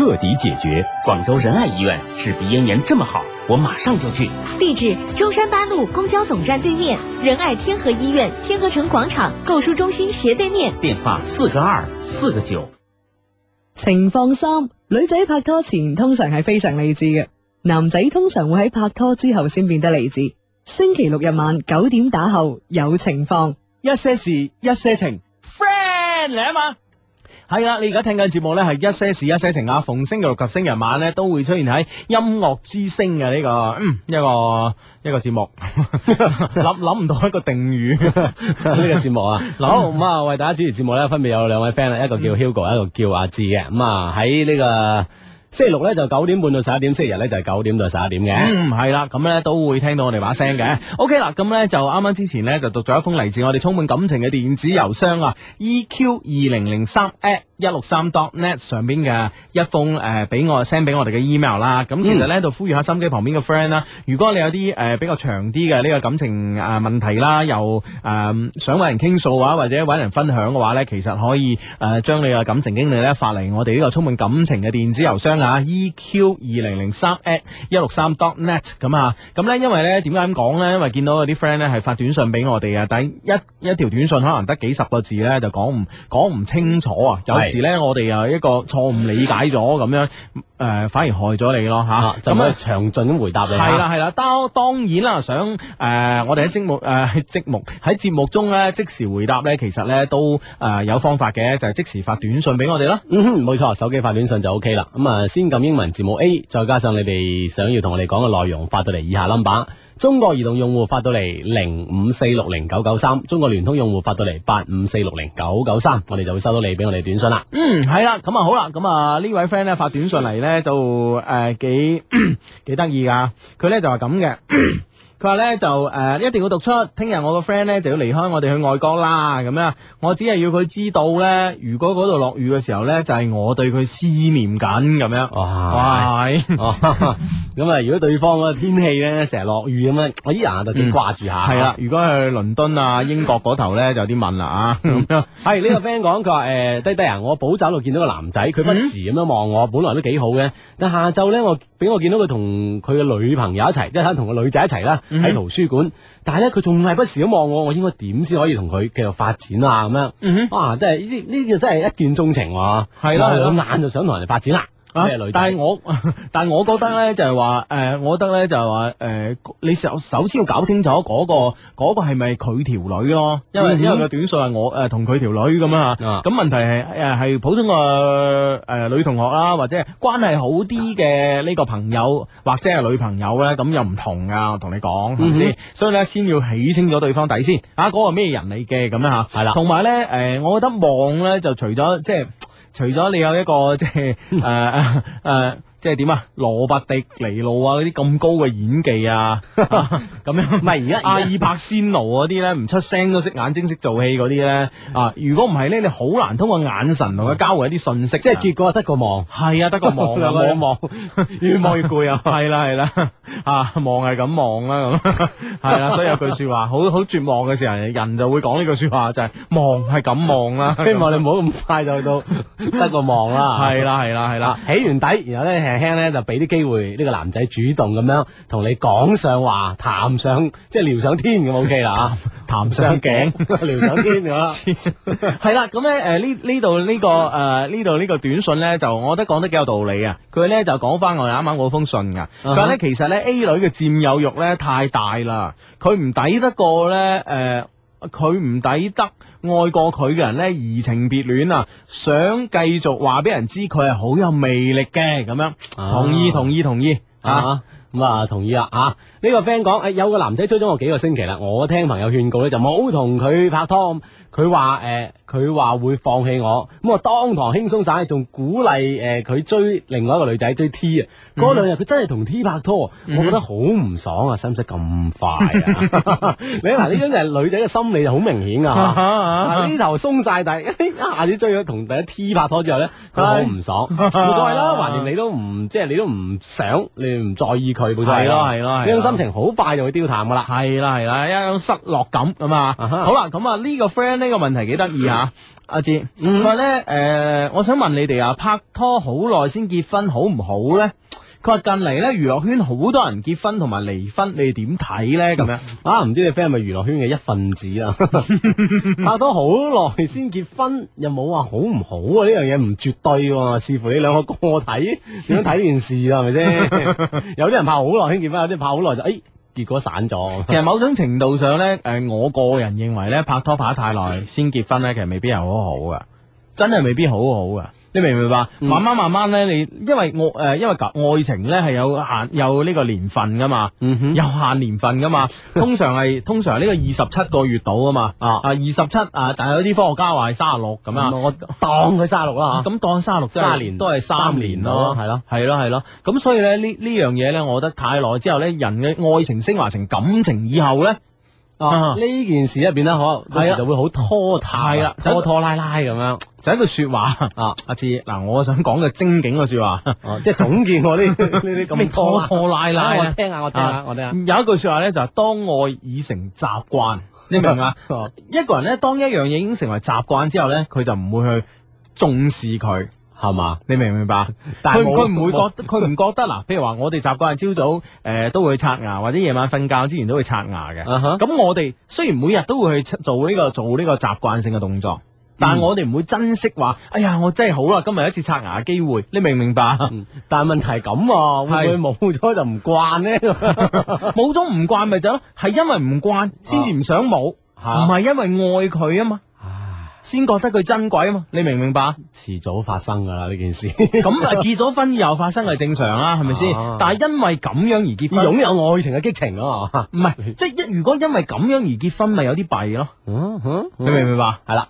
徹底解決廣州仁愛醫院是鼻炎炎這麼好，我馬上就去。
地址：中山八路公交總站對面，仁愛天河醫院天河
城廣場購書中心斜對面。電話：四個二四個九。情況三：女仔拍拖前通常係非常理智嘅，男仔通常會喺拍拖之後先變得理智。星期六日晚九點打後有情況，一些事一些情。
Friend 嚟啊嘛！係啦，你而家聽緊節目咧，係一些事一些情。阿逢星期六及星期日晚咧，都會出現喺音樂之聲嘅呢個嗯一個一個節目。諗諗唔到一個定語呢 個節目啊。嗱， 好咁啊，為大家主持節目咧，分別有兩位 friend 啦，嗯、一個叫 Hugo，一個叫阿志嘅。咁啊喺呢個。星期六咧就九點半到十一點，星期日咧就係、是、九點到十一點嘅。嗯，係啦，咁咧都會聽到我哋把聲嘅。OK 啦，咁咧就啱啱之前咧就讀咗一封嚟自我哋充滿感情嘅電子郵箱啊，EQ 二零零三 A。一六三 dotnet 上面嘅一封誒，俾、呃、我 send 俾我哋嘅 email 啦、啊。咁其實咧就呼籲下心機旁邊嘅 friend 啦、啊。如果你有啲誒、呃、比較長啲嘅呢個感情誒、啊、問題啦，又、啊、誒想搵人傾訴啊，或者搵人分享嘅話咧，其實可以誒將、呃、你嘅感情經歷咧發嚟我哋呢個充滿感情嘅電子郵箱啊。EQ 二零零三 at 一六三 dotnet 咁啊。咁、嗯、咧因為咧點解咁講咧？因為見到有啲 friend 咧係發短信俾我哋啊，但係一一條短信可能得幾十個字咧，就講唔講唔清楚啊。時咧，我哋又一個錯誤理解咗咁樣，誒、呃，反而害咗你咯吓。就可以詳盡咁回答你。係啦係啦，當、啊啊啊、當然啦，想誒、呃，我哋喺節目誒，節目喺節目中咧即時回答咧，其實咧都誒有方法嘅，就係、是、即時發短信俾我哋啦。嗯哼，冇錯，手機發短信就 O K 啦。咁、嗯、啊，先撳英文字母 A，再加上你哋想要同我哋講嘅內容，發到嚟以下 number。中國移動用戶發到嚟零五四六零九九三，中國聯通用戶發到嚟八五四六零九九三，我哋就會收到你俾我哋短信啦。嗯，係啦，咁啊好啦，咁啊呢位 friend 咧發短信嚟咧就誒、呃、幾幾得意噶，佢咧 就係咁嘅。 佢話咧就誒、呃、一定要讀出，聽日我個 friend 咧就要離開我哋去外國啦，咁樣我只係要佢知道咧，如果嗰度落雨嘅時候咧，就係、是、我對佢思念緊咁樣。哇，咁啊如果對方嘅天氣咧成日落雨咁樣，我依然就幾掛住下。係啦、嗯啊，如果去倫敦啊 英國嗰頭咧就有啲問啦啊。係呢、 hey, 個 friend 講，佢話誒，弟弟呀，我補習度見到個男仔，佢不時咁樣望我，嗯、本來都幾好嘅，但下晝咧我俾我見到佢同佢嘅女朋友一齊，即係同個女仔一齊啦。喺圖書館，但係咧佢仲係不時咁望我，我應該點先可以同佢繼續發展啊？咁樣，哇、嗯哼！啊、真係呢呢就真係一見鍾情喎，係啦，兩眼就想同人哋發展啦、啊。啊、但係我但係我覺得咧就係話誒，我覺得咧就係話誒，你首首先要搞清楚嗰、那個嗰、那個係咪佢條女咯、啊？因為、嗯、哼因為個短訊係我誒同佢條女咁啊！咁、嗯、哼問題係誒係普通嘅誒、呃呃呃、女同學啦、啊，或者關係好啲嘅呢個朋友或者係女朋友咧，咁又唔同噶、啊。我同你講係咪先？嗯、哼吧所以咧先要起清咗對方底先，啊嗰、那個係咩人嚟嘅咁樣吓？係啦了，同埋咧誒，我覺得望咧就除咗即係。就是除咗你有一個即係誒誒。就是 啊啊即係點啊？羅伯迪尼路啊，嗰啲咁高嘅演技啊，咁樣唔係而家阿爾柏仙奴嗰啲咧，唔出聲都識眼睛識做戲嗰啲咧啊！如果唔係咧，你好難通過眼神同佢交回一啲信息，即係結果啊，得個望係啊，得個望啊，望望越望越攰啊，係啦係啦啊，望係咁望啦咁，係啦，所以有句說話，好好絕望嘅時候，人就會講呢句說話就係望係咁望啦，希望你唔好咁快就去到得個望啦，係啦係啦係啦，起完底然後咧。輕輕咧就俾啲機會呢個男仔主動咁樣同你講上話，談上即係聊上天咁 OK 啦吓，談上頸聊上天咁係啦。咁咧誒，呢呢度呢個誒呢度呢個短信咧，就我覺得講得幾有道理啊。佢咧就講翻我啱啱嗰封信噶，但係咧其實咧 A 女嘅佔有欲咧太大啦，佢唔抵得過咧誒，佢唔抵得。愛過佢嘅人呢，移情別戀啊！想繼續話俾人知佢係好有魅力嘅，咁樣同意，啊、同意、啊啊嗯，同意啊！咁啊，同意啦啊！呢個 friend 講，誒，有個男仔追咗我幾個星期啦，我聽朋友勸告呢，就冇同佢拍拖。佢話誒。欸佢話會放棄我，咁我當堂輕鬆晒，仲鼓勵誒佢、呃、追另外一個女仔追 T 啊、mm！嗰兩日佢真係同 T 拍拖，我覺得好唔爽啊！使唔使咁快啊？你嗱呢種就係女仔嘅心理就好明顯啊。嗱呢、 啊啊、頭鬆晒，但係一下子追咗同第一 T 拍拖之後咧，佢好唔爽，冇所謂啦，橫掂 你都唔即係你都唔想，你唔在意佢，係咯係咯，呢種的心情好快就會丟淡㗎啦，係啦係啦，一種失落感咁嘛。 好啦，咁啊呢個 friend 呢個問題幾得意啊！嗯嗯嗯嗯。阿志，佢話咧，誒、嗯呃，我想問你哋啊，拍拖好耐先結婚好好，好唔好咧？佢話近嚟咧，娛樂圈好多人結婚同埋離婚，你哋點睇咧？咁樣啊，唔知你 friend 係咪娛樂圈嘅一份子啦？ 拍拖好耐先結婚，又冇話好唔好啊？呢樣嘢唔絕對，視乎你兩個個體點樣睇呢件事啦，係咪先？有啲人拍好耐先結婚，有啲拍好耐就誒。哎結果散咗。 其實某種程度上呢，誒、呃，我個人認為呢，拍拖拍得太耐先結婚呢，其實未必係好好㗎，真係未必好好㗎。你明唔明白？嗯、慢慢慢慢咧，你因為我誒、呃，因為愛情咧係有限有呢個年份噶嘛，嗯、哼有限年份噶嘛。通常係通常呢個二十七個月度啊嘛啊二十七啊，但係、啊啊、有啲科學家話係卅六咁啊。樣我當佢卅六啦吓，咁當卅六卅年都係三年咯，係咯係咯係咯。咁所以咧呢呢樣嘢咧，這個、我覺得太耐之後咧，人嘅愛情升華成感情以後咧。呢件事入邊咧，可能大家就會好拖沓，拖拖拉拉咁樣。就係一句說話啊，阿志，嗱，我想講嘅精警嘅說話，即係總結我啲呢啲咁拖拖拉拉。我聽下，我聽下，我聽下。有一句說話咧，就係當愛已成習慣，你明唔明？一個人咧，當一樣嘢已經成為習慣之後咧，佢就唔會去重視佢。係嘛？你明唔明白？佢佢唔會覺得，佢唔覺得嗱。譬如話我哋習慣朝早誒、呃、都會刷牙，或者夜晚瞓覺之前都會刷牙嘅。咁、uh huh. 我哋雖然每日都會去做呢、這個做呢個習慣性嘅動作，但係我哋唔會珍惜話，哎呀，我真係好啦，今日一次刷牙嘅機會。你明唔明白、嗯？但係問題咁啊，是會唔會冇咗就唔慣呢？冇咗唔慣咪就咯，係因為唔慣先至唔想冇，唔係、uh huh. 因為愛佢啊嘛。先覺得佢珍貴啊嘛，你明唔明白？遲早發生噶啦呢件事，咁啊結咗婚又發生係正常啦，係咪先？但係因為咁樣而結婚，擁有愛情嘅激情啊嘛，唔係，即係一如果因為咁樣而結婚，咪有啲弊咯。嗯哼，你明唔明白？係啦，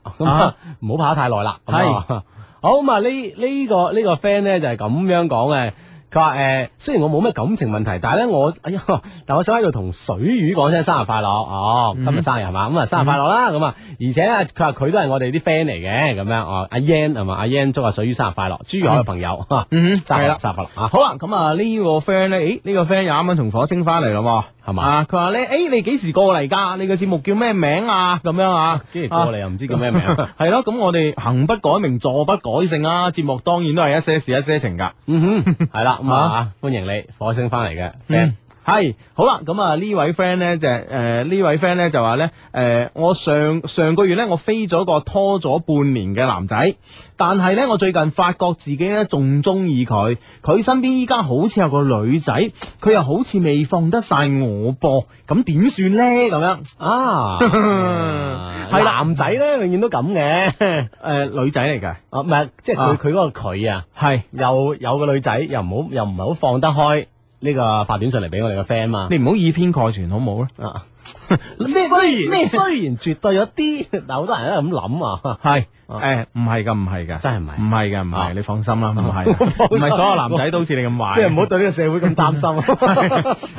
唔好跑太耐啦。係，好嘛？呢呢個呢個 friend 咧就係咁樣講嘅。佢話誒，雖然我冇咩感情問題，但係咧我，哎呀，但我想喺度同水魚講聲生日快樂哦，今日生日係嘛？咁啊、嗯，生日，生日快樂啦，咁啊，而且咧，佢話佢都係我哋啲 friend 嚟嘅，咁樣哦。阿 Yan 係嘛？阿 Yan、啊、祝阿水魚生日快樂，珠海嘅朋友，嗯哼，生日快樂，生日快樂啊！好啦，咁、嗯、啊呢個 friend 咧，誒呢個 friend 又啱啱從火星翻嚟啦喎，係嘛吧？佢話咧，誒你幾時過嚟㗎？你個節目叫咩名啊？咁樣啊，跟住 過嚟又唔知叫咩名？係咯， 咁我哋行不改名，坐不改姓啊，節目當然都係一些事，一些情㗎。 嗯哼，係啦。啊！歡迎你，火星翻嚟嘅 friend。係好啦，咁啊呢位 friend 咧，就誒呢位 friend 咧就話咧，誒我上上個月呢，我飛咗個拖咗半年嘅男仔，但係呢，我最近發覺自己呢，仲中意佢，佢身邊依家好似有個女仔，佢又好似未放得晒我噃，咁點算呢？咁樣啊？係男仔呢，永遠都咁嘅，誒女仔嚟嘅。啊唔係，即係佢佢嗰個佢啊，係有有個女仔，又唔好又唔係好放得開。呢個發短信嚟俾我哋嘅 friend 嘛，你唔好以偏概全好唔好咧？啊！咩雖然咩雖然絕對有啲，但係好多人咧咁諗啊。係誒、欸，唔係噶，唔係噶，真係唔係，唔係噶，唔係，啊、你放心啦，唔係，唔係、啊、 所有男仔都好似你咁壞。即係唔好對呢個社會咁擔心。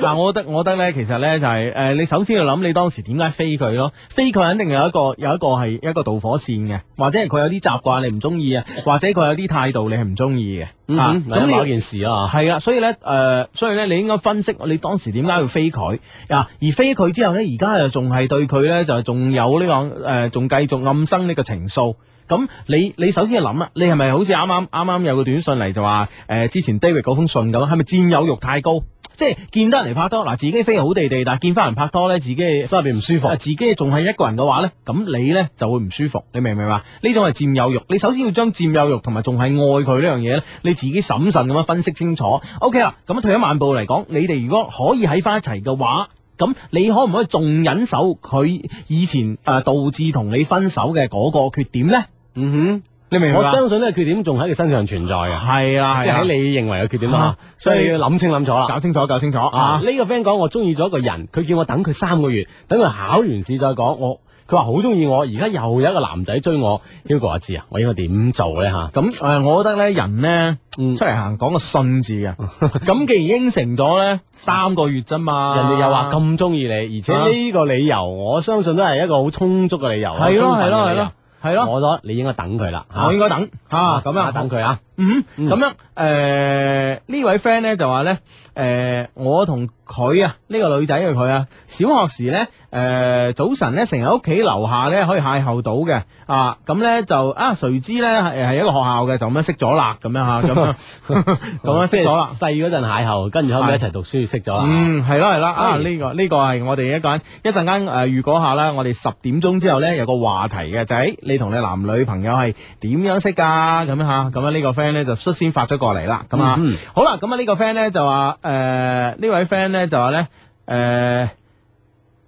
嗱、 啊，我覺得我覺得咧，其實咧就係、是、誒、呃，你首先要諗你當時點解飛佢咯？飛佢肯定有一個有一個係一個導火線嘅，或者係佢有啲習慣你唔中意啊，或者佢有啲態度你係唔中意嘅。嗯哼，咁呢、啊、某件事啊，係啊，所以咧誒、呃，所以咧你應該分析你當時點解要飛佢啊？而飛佢之後咧而而家又仲係對佢呢，就係仲有呢、這個誒，仲、呃、繼續暗生呢個情愫。咁你你首先係諗啦，你係咪好似啱啱啱啱有個短信嚟就話誒、呃、之前 David 嗰封信咁？係咪佔有慾太高？即係見得人拍拖，嗱自己飛好地地，但係見翻人拍拖呢，自己心入邊唔舒服。自己仲係一個人嘅話呢，咁你呢就會唔舒服。你明唔明白？呢種係佔有慾。你首先要將佔有慾同埋仲係愛佢呢樣嘢呢，你自己審慎咁樣分析清楚。OK 啦，咁退一萬步嚟講，你哋如果可以喺翻一齊嘅話，咁你可唔可以仲忍受佢以前誒、呃、導致同你分手嘅嗰個缺點呢？嗯哼，你明？我相信呢個缺點仲喺佢身上存在嘅。係啊，即係喺你認為嘅缺點啊，所以你要諗清諗楚啦，搞清楚搞清楚啊！呢、啊呢個 friend 講我中意咗一個人，佢叫我等佢三個月，等佢考完試再講我。佢話好中意我，而家又有一個男仔追我 ，Hugo 阿志啊，我應該點做咧吓？咁誒、 呃，我覺得咧，人咧出嚟行講個信字啊。咁 既然應承咗咧，三個月咋嘛？人哋又話咁中意你，而且呢個理由我相信都係一個好充足嘅理由。係咯係咯係咯係咯，我覺得你應該等佢啦。 我應該等吓，咁啊等佢啊。啊嗯，咁樣誒呢位 friend 咧就話咧誒，我同佢啊，呢個女仔嘅佢啊小學時咧誒早晨咧成日喺屋企樓下咧可以邂逅到嘅啊，咁咧就啊誰知咧係係一個學校嘅就咁樣識咗啦，咁樣吓咁樣識咗細嗰陣邂逅，跟住後屘一齊讀書識咗。嗯，係啦係啦啊呢個呢個係我哋一個人一陣間誒預果下啦，我哋十點鐘之後咧有個話題嘅就係你同你男女朋友係點樣識噶咁樣吓咁樣呢個。friend 咧就率先發咗過嚟啦，咁啊，嗯、好啦，咁啊呢個 friend 咧就話，誒、呃，呢位 friend 咧就話咧，誒、呃，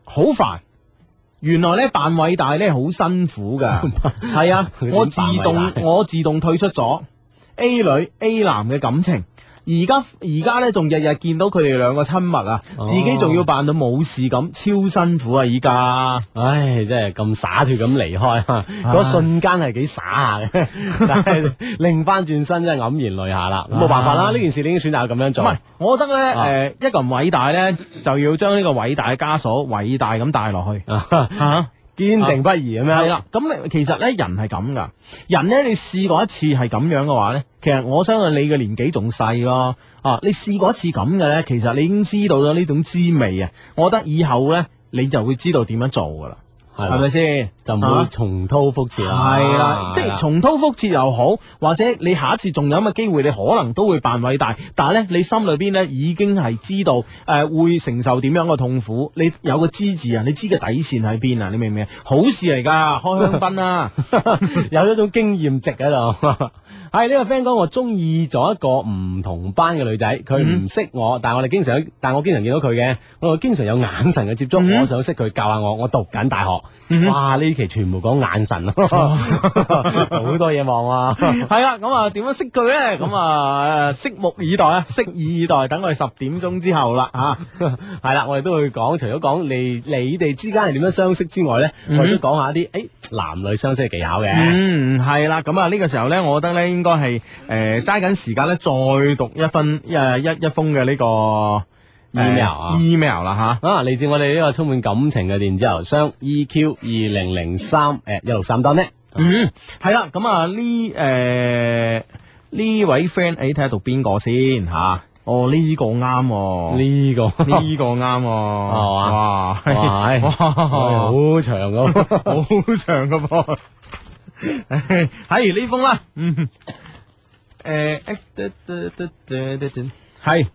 好煩，原來咧扮偉大咧好辛苦噶，係 啊，我自動我自動退出咗 A 女 A 男嘅感情。而家而家咧，仲日日見到佢哋兩個親密啊，自己仲要扮到冇事咁，超辛苦啊！依家，唉，真係咁灑脫咁離開，嗰唉瞬間係幾灑下嘅，但係擰翻轉身真係黯然淚下啦。冇辦法啦，呢、啊、件事你已經選擇咁樣做。唔係，我覺得咧，誒、啊呃，一個人偉大咧，就要將呢個偉大嘅枷鎖偉大咁帶落去。啊。啊堅定不移咁樣，係啦、啊。咁你其實咧，人係咁噶。人咧，你試過一次係咁樣嘅話咧，其實我相信你嘅年紀仲細咯。啊，你試過一次咁嘅咧，其實你已經知道咗呢種滋味啊。我覺得以後咧，你就會知道點樣做噶啦。係咪先就唔會重蹈覆轍 啊？係啊，啊啊即係重蹈覆轍又好，或者你下一次仲有咁嘅機會，你可能都會扮偉大。但係咧，你心裏邊咧已經係知道誒、呃，會承受點樣嘅痛苦。你有個知字啊，你知嘅底線喺邊啊？你明唔明啊？好事嚟噶，開香檳啦、啊， 有一種經驗值喺度。 係呢個 friend 講，我中意咗一個唔同班嘅女仔，佢唔識我，但係我哋經常，但係我經常見到佢嘅，我經常有眼神嘅接觸。我想識佢，教下我，我讀緊大學。哇！呢期全部講眼神，好多嘢望啊。係啦，咁啊，點樣識佢咧？咁啊，拭目以待啦，拭耳以待，等我哋十點鐘之後啦，吓係啦，我哋都會講，除咗講你你哋之間係點樣相識之外咧，我都講下啲誒男女相識嘅技巧嘅。嗯，係啦，咁啊呢個時候咧，我覺得咧。應該係誒，揸、呃、緊時間咧，再讀一份一一一封嘅呢、這個
email，email
啦吓，嚟自我哋呢個充滿感情嘅電子郵箱 E Q 二零零三誒一六三 dotnet 嗯，係啦，咁啊呢誒呢位 friend，誒睇下讀邊個先吓、啊？哦呢、這個啱、啊，呢、這個呢、這個啱，哇哇好長噶，好長噶噃。係呢 封啦， 嗯，誒、欸，得、呃、係，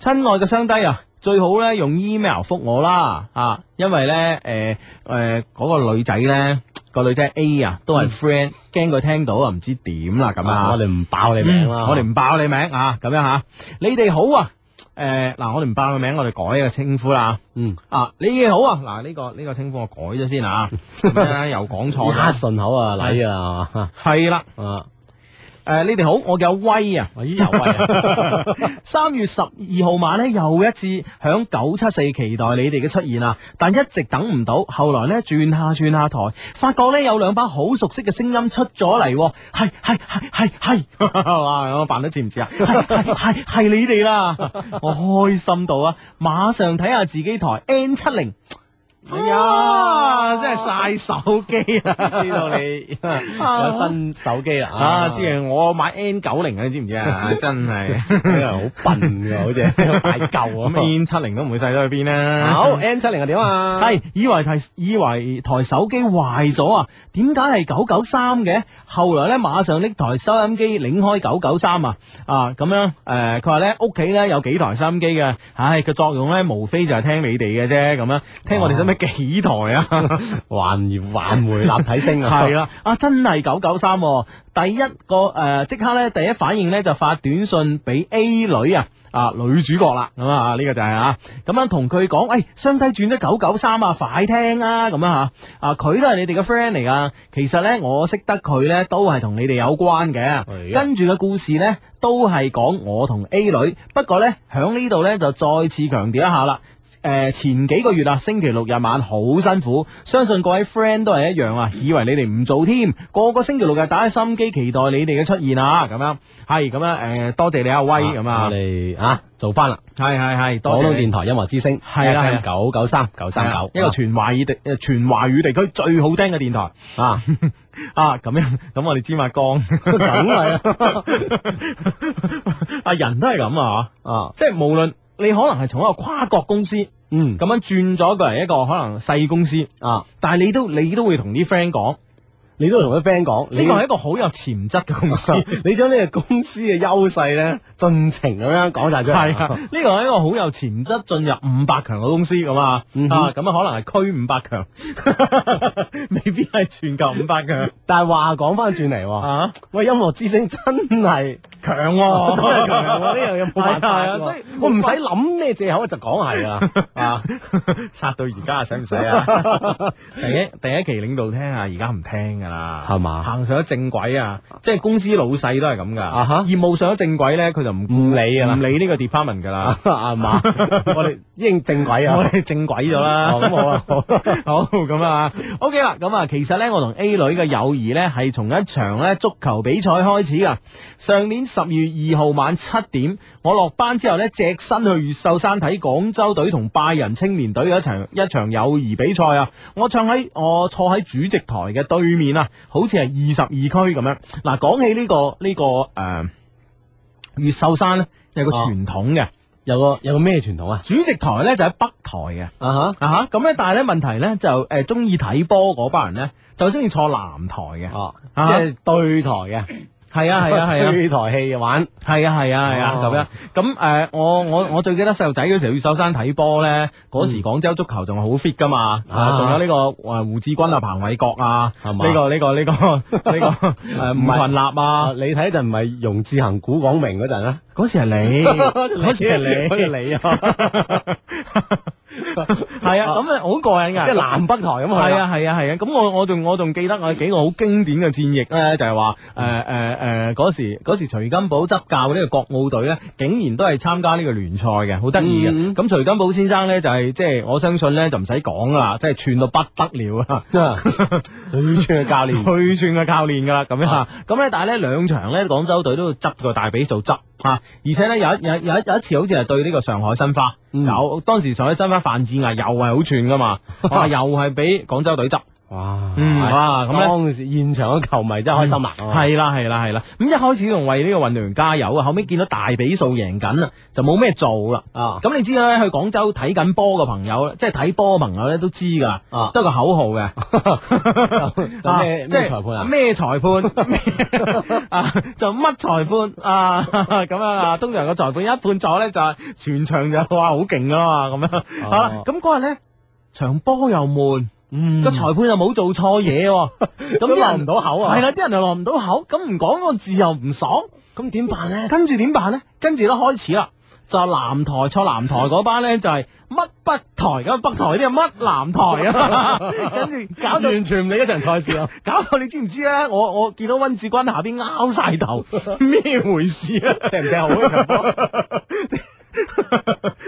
親愛嘅兄弟啊，最好咧用 email 覆我啦，啊，因為咧，誒誒，嗰個女仔咧，個女仔 A 啊，都係 friend，驚佢、嗯、聽到啊，唔知點啦，咁啊、哦，我哋唔爆你名啦，嗯、我哋唔爆你名啊，咁樣吓，你哋好啊。誒，嗱，我哋唔報個名，我哋改個稱呼啦。嗯，啊，你好啊，嗱、這個，呢個呢個稱呼我改咗先啊， 又講錯啦，順口啊，禮啊，係啦。誒、呃，你哋好！我叫阿威啊，我叫、哎、呀威、啊。三 月十二號晚咧，又一次響九七四期待你哋嘅出現啊，但一直等唔到。後來咧，轉下轉下台，發覺咧有兩把好熟悉嘅聲音出咗嚟，係係係係係，哇！我扮得似唔似啊？係係係你哋啦，我開心到啊！馬上睇下自己台 N 七零。哇！真係晒手機啊，知道你有新手機啦啊！之前我買 N 九零啊，你知唔知啊？真係好笨嘅，好似大舊啊！N 七零都唔會晒咗去邊啦。好，N 七零係點啊？係以為係以為台手機壞咗啊？點解係九九三嘅？後來咧馬上拎台收音機擰開九九三啊！啊咁樣誒，佢話咧屋企咧有幾台收音機嘅，唉個作用咧無非就係聽你哋嘅啫，咁樣聽我哋想咩？幾台啊？ 還原、還原立體聲 的啊！係啦，啊真係九九三，第一個誒，即、呃、刻咧，第一反應咧就發短信俾 A 女啊，啊女主角啦，咁啊呢、這個就係啊，咁樣同佢講，誒、欸，雙低轉咗九九三啊，快聽啦、啊，咁樣吓、啊，啊佢都係你哋嘅 friend 嚟噶，其實咧我識得佢咧都係同你哋有關嘅，的跟住嘅故事咧都係講我同 A 女，不過咧響呢度咧就再次強調一下啦。誒，前幾個月啦，星期六日晚好辛苦，相信各位 friend 都係一樣啊，以為你哋唔做添，個個星期六日打開心機，期待你哋嘅出現啊，咁樣，係咁樣，誒，多謝你阿威，咁啊，我哋啊，做翻啦，係係係，廣東電台音樂之聲，係啦係，九九三九三九，一個全華語地，全華語地區最好聽嘅電台，啊啊，咁樣，咁我哋芝麻江，梗係啊，啊人都係咁啊，啊，即係無論你可能係從一個跨國公司。嗯，咁樣轉咗過嚟一個可能細公司啊，但係你都你都會同啲 friend 講。你都同佢 friend 講，呢個係一個好有潛質嘅公司。你將呢個公司嘅優勢咧，盡情咁樣講晒出嚟。係呢個係一個好有潛質進入五百強嘅公司咁啊，啊，咁啊可能係區五百強，未必係全球五百強。但係話講翻轉嚟，喂，音樂之聲真係強喎，真係強喎，呢
樣嘢冇辦法。所以我
唔使諗咩借口就講係啦，啊，殺到而家使唔使啊？第一第一期領導聽啊，而家唔聽噶啦。係嘛？行上咗正軌啊，即係公司老細都係咁噶。啊、哈業務上咗正軌咧，佢就唔唔理啊，唔 理呢個 department 噶啦，係嘛？我哋已經正軌啊，我哋正軌咗啦。咁好啊，好，咁 啊、 okay。O K 啦，咁啊，其實咧，我同 A 女嘅友誼咧係從一場咧足球比賽開始噶。上年十月二號晚七點，我落班之後咧，隻身去越秀山睇廣州隊同拜仁青年隊嘅一場一場友誼比賽啊。我唱喺我坐喺主席台嘅對面。嗱，好似係二十二區咁樣。嗱，講起呢、呢個呢、呢個誒，呃、越秀山咧有個傳統嘅、哦，有個有個咩傳統啊？主席台咧就喺北台嘅，啊哈啊哈。咁、huh. 咧、uh，huh. 但係咧問題咧就誒中意睇波嗰班人咧就中意坐南台嘅，哦，即係對台嘅。係啊係啊係啊，呢台戲玩，係啊係啊係啊，就咩、啊？咁誒、啊啊啊啊啊啊呃，我我我最記得細路仔嗰時候要越秀山睇波咧，嗰時廣州足球仲係好 fit 噶嘛，仲、啊、有呢、呢個、呃、胡志軍啊、彭偉國啊，呢吧、呢個呢、呢個呢、這個呢個唔吳群立啊，你睇陣唔係容志行、古廣明嗰陣啊？嗰時係你，嗰 時係你，嗰
時你 啊，係啊，
咁啊好過癮噶，即係南北台咁啊，係啊，係啊，係啊，咁我我仲我仲記得我幾個好經典嘅戰役咧，就係話誒誒誒嗰時嗰時徐根寶執教呢個國奧隊咧，竟然都係參加呢個聯賽嘅，好得意嘅。咁、嗯、徐根寶先生咧就係、是、即係我相信咧就唔使講啦，即係串到不得了 啊，最串嘅教練，最串嘅教練噶啦，咁樣咁咧，但係咧兩場咧廣州隊都執個大比做執。啊！而且咧有有有有一次好似係對呢個上海申花，嗯、有，當時上海申花范志毅又係好串噶嘛， 又係俾廣州隊執。哇，哇，咁咧現場嘅球迷真係開心啊！係啦，係啦，係啦，咁一開始仲為呢個運動員加油啊，後尾見到大比數贏緊，就冇咩做啦。啊，咁你知咧，去廣州睇緊波嘅朋友，即係睇波嘅朋友咧都知噶啦。啊，得個口號嘅。就
咩咩裁判啊？咩
裁判？啊，就乜裁判啊？咁樣啊？通常個裁判一判錯咧，就全場就話好勁啊嘛，咁樣吓。咁嗰日咧場波又悶。個、嗯、裁判又冇做錯嘢，啊，咁落唔到口啊！係啦，啊，啲人又落唔到口，咁唔講個字又唔爽，咁點辦咧？ 跟住點辦咧？跟住都開始啦，就南台坐南台嗰班咧，就係、是、乜北台咁，北台啲啊乜南台啊， 跟
住
搞到 完全唔理一場賽事啊。 搞到你知唔知咧？我我見到溫志軍下邊拗晒頭，咩 回事
啊？聽唔聽好，好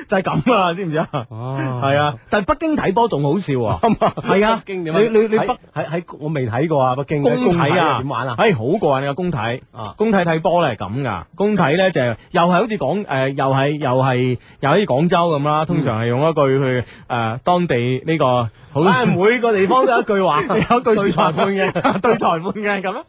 就係咁啊，知唔知啊？哦，係啊，但係北京睇波仲好笑啊，係啊，你你你北喺喺我未睇過啊，北京工體啊，點玩啊？哎，好過癮啊，工體啊，工體睇波咧係咁噶，工體咧就又係好似講誒，又係又係又喺廣州咁啦，通常係用一句去誒當地呢個好，每個地方都有一句話，有一句說裁判嘅，對裁判嘅咁啊，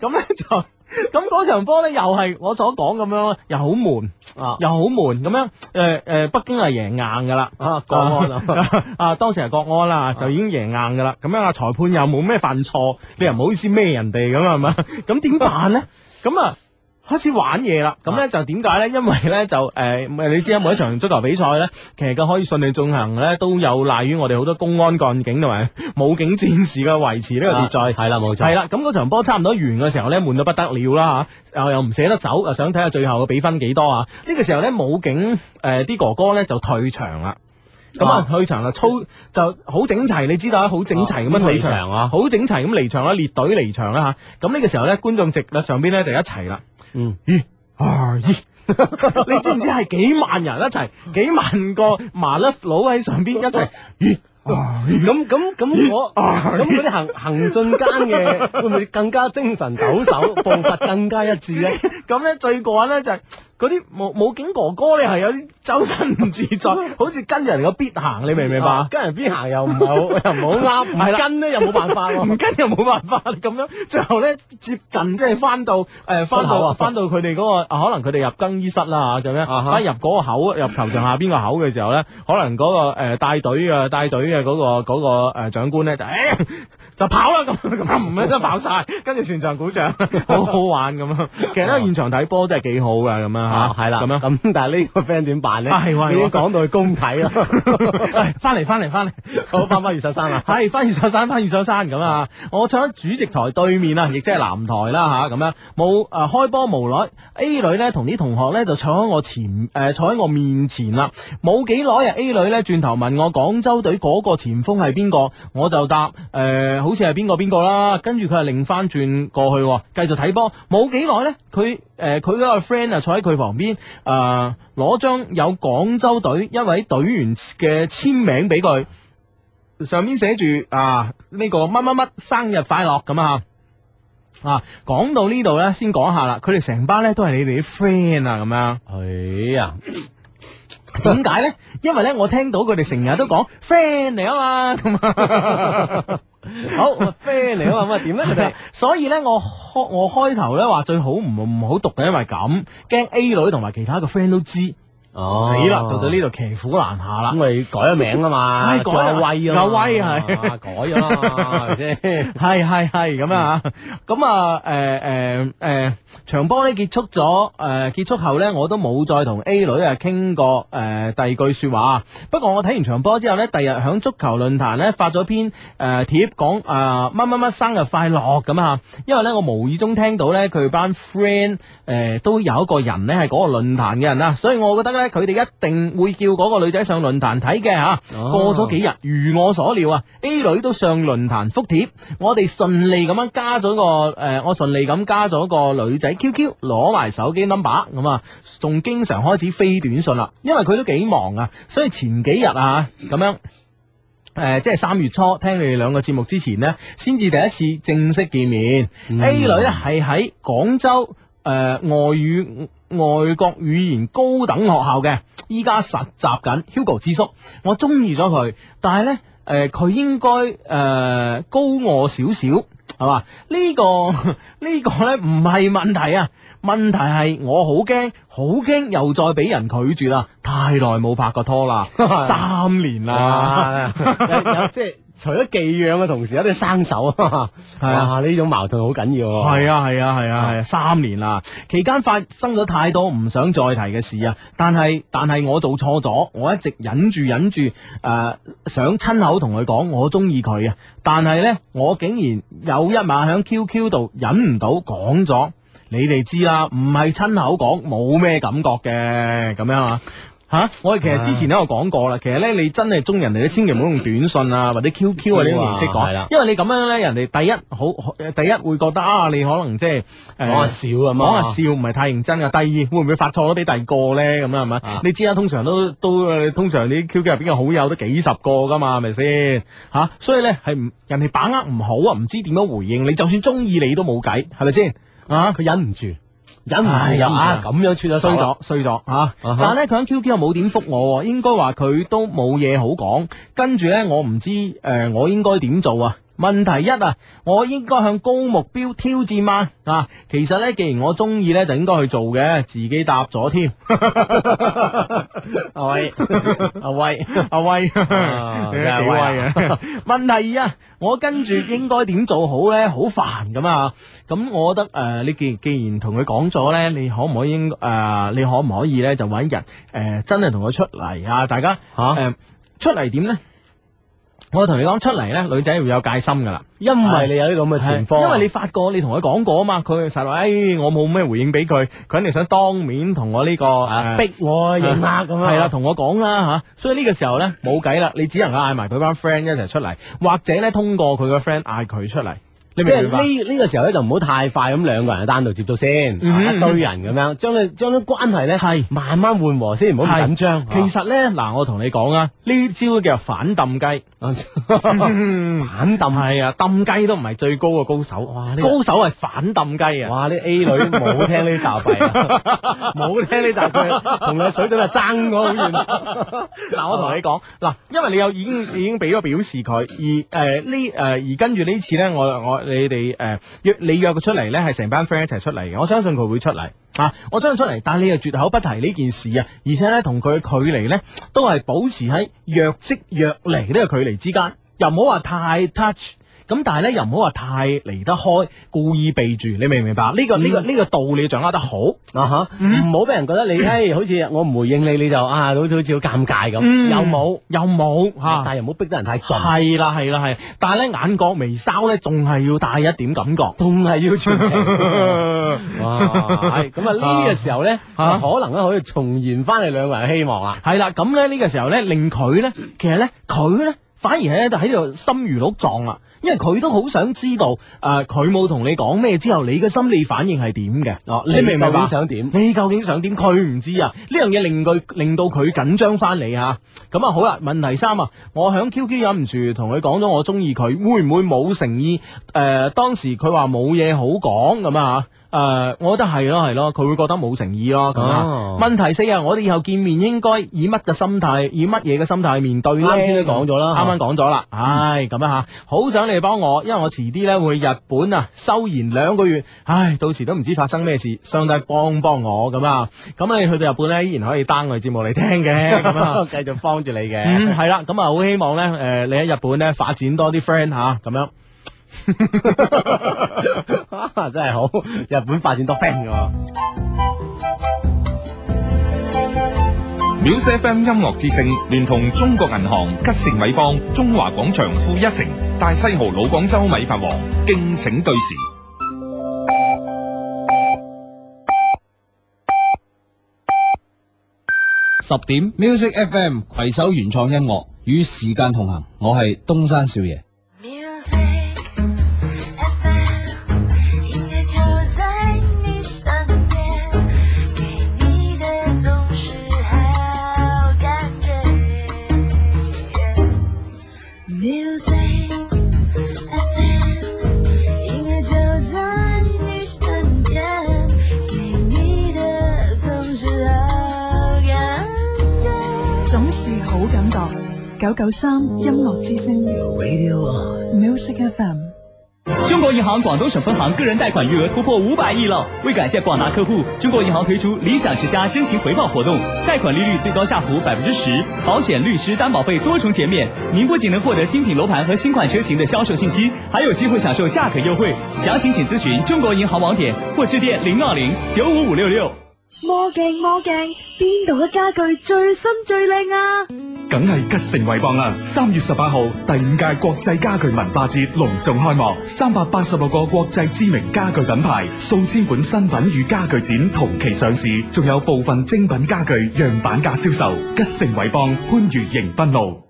咁咧就。咁嗰 場波咧，又係我所講咁、啊、樣，又好悶啊，又好悶咁樣。誒誒，北京係贏硬噶啦，啊國安啊， 啊當時係國安啦、啊，啊、就已經贏硬噶啦。咁樣啊裁判又冇咩犯錯，啊、你又唔好意思孭人哋咁係嘛啊？咁點辦咧？咁 啊～開始玩嘢啦，咁呢就點解呢？因為呢，就誒、呃，你知啊，每一場足球比賽呢，其實佢可以順利進行呢都有賴於我哋好多公安、幹警同埋武警戰士嘅維持呢個秩序。係啦了，冇錯。係啦，咁嗰場波差唔多完嘅時候呢，悶到不得了啦吓，又唔捨得走，又想睇下最後嘅比分幾多啊？呢、這個時候呢，武警誒，啲哥哥呢就退場啦。咁啊哇，退場啊，操就好整齊，你知道啊？整齊啊嗯、好整齊咁樣退場啊，好、啊、整齊咁離場啦，列隊離場啦吓。咁、啊、呢個時候呢，觀眾席啊上邊呢就一齊啦。嗯，二啊二，你知唔知係幾萬人一齊，幾萬個麻甩佬喺上邊一齊，二咁咁咁我，咁嗰啲行行進間嘅會唔會更加精神抖擻，步伐更加一致咧？咁咧最過咧就是。嗰啲武武警哥哥咧，係有啲周身唔自在， 好似跟人個必行，你明唔明白，啊？跟人必行又唔好，又唔好啱，唔跟咧又冇辦法，唔跟又冇辦法，咁樣最後咧接近，即係翻到誒翻、呃、到翻、啊、到佢哋嗰個、 啊，可能佢哋入更衣室啦，咁樣，翻、uh huh. 啊、入嗰個口，入球場下邊個口嘅時候咧， 可能嗰個誒帶隊嘅帶隊嘅嗰個嗰、嗰個誒長官咧就誒。嗰個呃呃呃呃就跑啦，咁咁唔真係跑晒，跟住 全場鼓掌，好 好玩咁 啊！其實喺現場睇波真係幾好噶，咁樣嚇，係啦，咁樣咁。但係呢個 friend 點辦咧？要 講到去公體啊！喂、 哎，翻嚟翻嚟翻嚟，好翻翻越秀山啊！係，翻越秀山，翻越秀山咁啊！我坐喺主席台對面台啊，亦即係南台啦嚇咁樣。冇誒開波冇耐。A 女咧同啲同學咧就坐喺我前誒、呃、坐喺我面前啦。冇幾耐啊，A 女咧轉頭問我廣州隊嗰個前鋒係邊個，我就答誒。呃好似係邊個邊個啦，跟住佢係擰翻轉過去，繼續睇波。冇幾耐呢，佢誒，佢、呃、嗰個 friend 啊，坐喺佢旁邊，誒攞張有廣州隊一位隊員嘅簽名俾佢，上面寫住啊呢、呢個乜乜乜生日快樂咁啊。啊，講到呢度呢，先講下啦，佢哋成班呢都係你哋啲 friend 啊，咁樣、啊。哎呀，點解呢？因為呢，我聽到佢哋成日都講 friend 嚟啊嘛。 好 friend 嚟啊咁啊點咧？所以咧，我開我開頭咧話最好唔唔好好讀嘅，因為咁驚 A 女同埋其他嘅 friend 都知。哦，死啦！到到呢度騎虎難下啦，咁為改咗名啊嘛，改阿威啊阿威係，改咗，係咪先？係係係咁啊！咁啊，誒誒誒，場波咧結束咗，誒結束後咧，我都冇再同 A 女啊傾過誒第二句說話。不過我睇完場波之後咧，第日響足球論壇咧發咗篇誒帖講啊乜乜乜生日快樂咁啊！因為咧我無意中聽到咧佢班 friend 誒，都有一個人咧係嗰個論壇嘅人啦，所以我覺得咧。佢哋一定會叫嗰個女仔上論壇睇嘅吓，oh. 過咗幾日，如我所料啊，A 女都上論壇覆帖，我哋順利咁樣加咗個誒、呃，我順利咁加咗個女仔 QQ，攞埋手機 number，咁啊，仲經常開始飛短信啦，因為佢都幾忙啊，所以前幾日啊咁樣，誒、呃，即係三月初聽你哋兩個節目之前呢，先至第一次正式見面、mm hmm.，A 女咧係喺廣州誒、呃、外語。外國語言高等學校嘅，依家實習緊，Hugo 之叔，我中意咗佢，但係呢，誒、呃，佢應該誒、呃、高我少少，係嘛？呢、這個呢 個咧唔係問題啊，問題係我好驚，好驚又再俾人拒絕啦、啊，太耐冇拍過拖啦， 三年啦，即係。除咗寄養嘅同時，有啲生手 哇啊！係啊，呢種矛盾好緊要。係啊，係啊，係啊，係啊，啊三年啦，期間發生咗太多唔想再提嘅事啊！但係但係我做錯咗，我一直忍住忍住，誒、呃，想親口同佢講我中意佢啊！但係呢，我竟然有一晚喺 QQ 度忍唔到講咗，你哋知啦，唔係親口講冇咩感覺嘅，咁樣啊！吓、啊，我哋其實之前都有講過啦。啊、其實咧，你真係中人哋，你千祈唔好用短信啊，或者 QQ 啊呢啲形式講，啊、因為你咁樣咧，人哋第一好，第一會覺得啊，你可能即係講下笑咁，講下、啊、笑唔係太認真啊。第二會唔會發錯咗俾第二個咧？咁啊係咪？你知啦，通常都都通常你 QQ 入邊嘅好友都幾十個噶嘛，係咪先？吓、啊，所以咧係唔人哋把握唔好啊，唔知點樣回應你，你。就算中意你都冇計，係咪先？啊，佢忍唔住。忍唔住啊！咁樣出咗衰咗衰咗嚇。但係咧，佢喺 QQ 又冇點覆我，應該話佢都冇嘢好講。跟住咧，我唔知誒、呃，我應該點做啊？問題一啊，我應該向高目標挑戰嗎？啊，其實咧，既然我中意咧，就應該去做嘅，自己答咗添。阿威，阿、啊、威，阿、啊、威，啊、 你威嘅、啊。 問題二啊，啊，我跟住應該點做好咧？好煩咁啊！咁我覺得誒，你既、既然同佢講咗咧，你可唔可以誒、啊？你可唔可以咧就揾人誒、啊，真係同佢出嚟啊？大家吓誒、啊，出嚟點咧？我同你講出嚟咧，女仔會有戒心噶啦，因為你有呢咁嘅情況，因為你發覺，你同佢講過啊嘛，佢就實話，哎，我冇咩回應俾佢，佢肯定想當面同我呢個逼我認呃咁樣，係啦，同我講啦吓，所以呢個時候咧冇計啦，你只能夠嗌埋佢班 friend 一齊出嚟，或者咧通過佢個 friend 嗌佢出嚟，即係呢呢個時候咧就唔好太快咁兩個人單獨接到先，一堆人咁樣將佢將啲關係咧係慢慢緩和先，唔好咁緊張。其實咧嗱，我同你講啊，呢招叫做反氹雞。 反掟係啊，掟雞都唔係最高嘅高手，哇！高手係反掟雞啊！哇！呢 A 女冇好聽呢雜費，唔好 聽呢雜句，同 你水準 啊爭咗好遠。嗱，我同你講，嗱，因為你又已經已經俾咗表示佢，而誒、呃呃、呢誒而跟住呢次咧，我我你哋誒約你約佢出嚟咧，係成班 friend 一齊出嚟嘅，我相信佢會出嚟。啊！我將出嚟，但係你又絕口不提呢件事啊！而且咧，同佢嘅距離咧都係保持喺若即若離呢個距離之間，又唔好話太 touch。咁但係咧又唔好話太離得開，故意避住，你明唔明白？呢個呢個呢個道理掌握得好啊吓，唔好俾人覺得你，唉，好似我唔回應你，你就啊，好似好似好尷尬咁。有冇，有冇吓，但係又唔好逼得人太盡。係啦，係啦，係。但係咧眼角眉梢咧，仲係要帶一點感覺，仲係要全程。哇，係咁啊！呢個時候咧，啊，可能咧可以重燃翻嚟兩個人希望啊。係啦，咁咧呢個時候咧，令佢咧，其實咧，佢咧反而咧就喺度心如鹿撞啊！因為佢都好想知道，誒、呃，佢冇同你講咩之後，你嘅心理反應係點嘅？哦、啊，你明明想點？你究竟想點？佢 唔知啊！呢樣嘢令佢令到佢緊張翻你吓。咁啊，好啦、啊，問題三啊，我響 QQ 忍唔住同佢講咗我中意佢，會唔會冇誠意？誒、呃，當時佢話冇嘢好講咁啊。誒，uh, 我覺得係咯，係咯，佢會覺得冇誠意咯。咁啊， 問題四啊，我哋以後見面應該以乜嘅心態，以乜嘢嘅心態面對咧？啱先都講咗啦，啱啱講咗啦，唉，咁樣吓，好想你幫我，因為我遲啲咧會日本啊，休言兩個月，唉、哎，到時都唔知發生咩事，上帝幫幫我咁啊，咁你去到日本呢，依然可以單個節目嚟聽嘅，繼 續幫住你嘅，係啦，咁啊好希望呢，誒，你喺日本呢發展多啲 friend 吓，咁樣。 真係好，日本發展多 friend 嘅。Music FM 音樂之聲聯同
中國銀行吉盛米邦中華廣場負一城大西豪老廣州米飯王
敬請對時。十點 Music FM 攜手原創音樂與時間同行，我係東山少爺。
九九三音樂之聲 Your，Radio Music FM。
中國銀行廣東省分行個人貸款餘額突破五百億咯！為感謝廣大客戶，中國銀行推出理想之家真情回報活動，貸款利率最高下浮百分之十，保險、律師、擔保費多重減免。您不僅能獲得精品樓盤和新款車型的銷售信息，還有機會享受價格優惠。詳情請,請諮詢中國銀行網點或致電零二零九五五六六。
魔鏡魔鏡，邊度嘅家具最新最靚啊？
梗係吉盛偉邦啦、啊！三月十八號，第五屆國際家具文化節隆重開幕，三百八十六個國際知名家具品牌、數千款新品與家具展同期上市，仲有部分精品家具樣板價銷售。吉盛偉邦番禺迎賓路，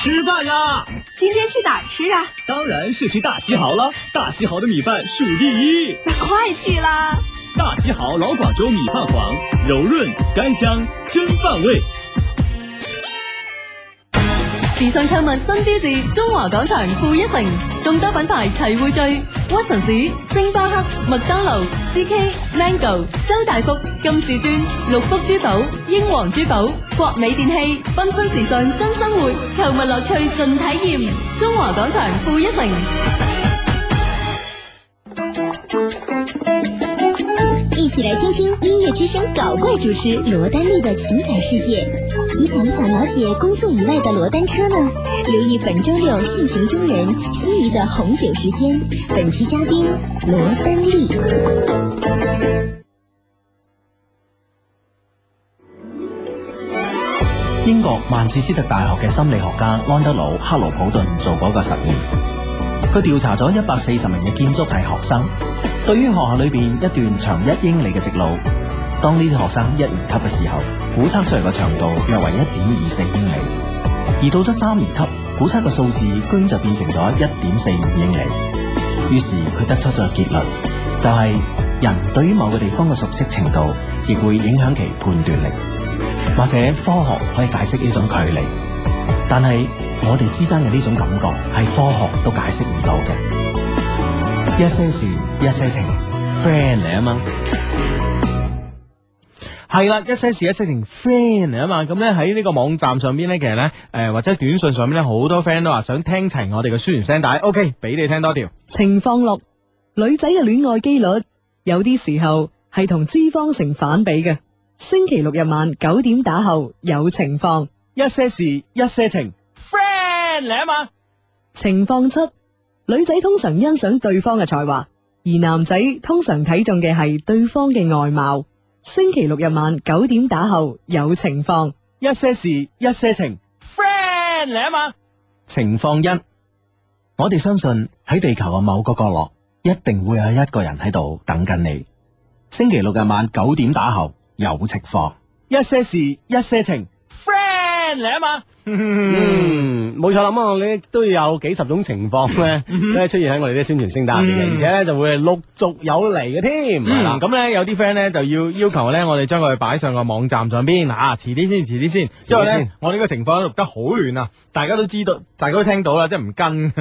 吃飯啦！今天去哪吃啊？當然是去大西豪啦！大西豪的米飯數第一，那
快去啦！
大西豪老廣州米飯皇，柔潤甘香，真飯味。
時尚購物新標誌，中華廣場負一城，眾多品牌齊匯聚，屈臣氏、星巴克、麥當勞、CK、Mango、周大福、金至尊、六福珠寶、英皇珠寶、國美電器，繽紛時尚新生活，購物樂趣盡體驗，中華廣場負一城。一起來聽聽。資深搞怪主持羅丹麗的情感世界，你想不想了解工作以外的羅丹車呢？留意本周六性情中人心儀的紅酒時間。本期嘉賓羅丹
麗，
英國曼徹斯特大學嘅心理學家安德魯·克羅普頓做過一個實驗，佢調查咗一百四十名嘅建築系學生，對於學校裏邊一段長一英里嘅直路，當呢啲學生一年級嘅時候，估測出嚟嘅長度約為一點二四英里，而到咗三年級，估測嘅數字居然就變成咗一點四五英里。於是佢得出咗結論，就係人對於某個地方嘅熟悉程度，亦會影響其判斷力。或者科學可以解釋呢種距離，但係我哋之間嘅呢種感覺係科學都解釋唔到嘅。一些事，一些情，friend 嚟啊嘛。係啦，一些事，一些情，friend 嚟啊嘛！咁咧喺呢個網站上邊咧，其實咧誒、呃、或者短信上邊咧，好多 friend 都話想聽齊我哋嘅宣言聲帶。OK，俾你聽多條。
情況六，女仔嘅戀愛幾率有啲時候係同脂肪成反比嘅。星期六日晚九點打後有情況。一些事，一些情
，friend 嚟啊嘛！
情況七，女仔通常欣賞對方嘅才華，而男仔通常睇中嘅係對方嘅外貌。.星期六日晚九點打後有情況，一些事一些情
，friend 嚟啊嘛！情況一，我哋相信喺地球嘅某個角落，一定會有一個人喺度等緊你。星期六日晚九點打後有情況，一些事一些情，friend 嚟啊嘛！嗯，冇錯啦，我哋、嗯、都要有幾十種情況咧，都係、嗯、出現喺我哋啲宣傳聲帶嘅，嗯、而且咧就會陸續有嚟嘅添。嗯，咁咧了、嗯、有啲 friend 咧就要要求咧，我哋將佢擺上個網站上邊。嗱、啊，遲啲先，遲啲先，因為咧我哋呢個情況錄得好亂啊，大家都知道，大家都聽到啦，即係唔跟，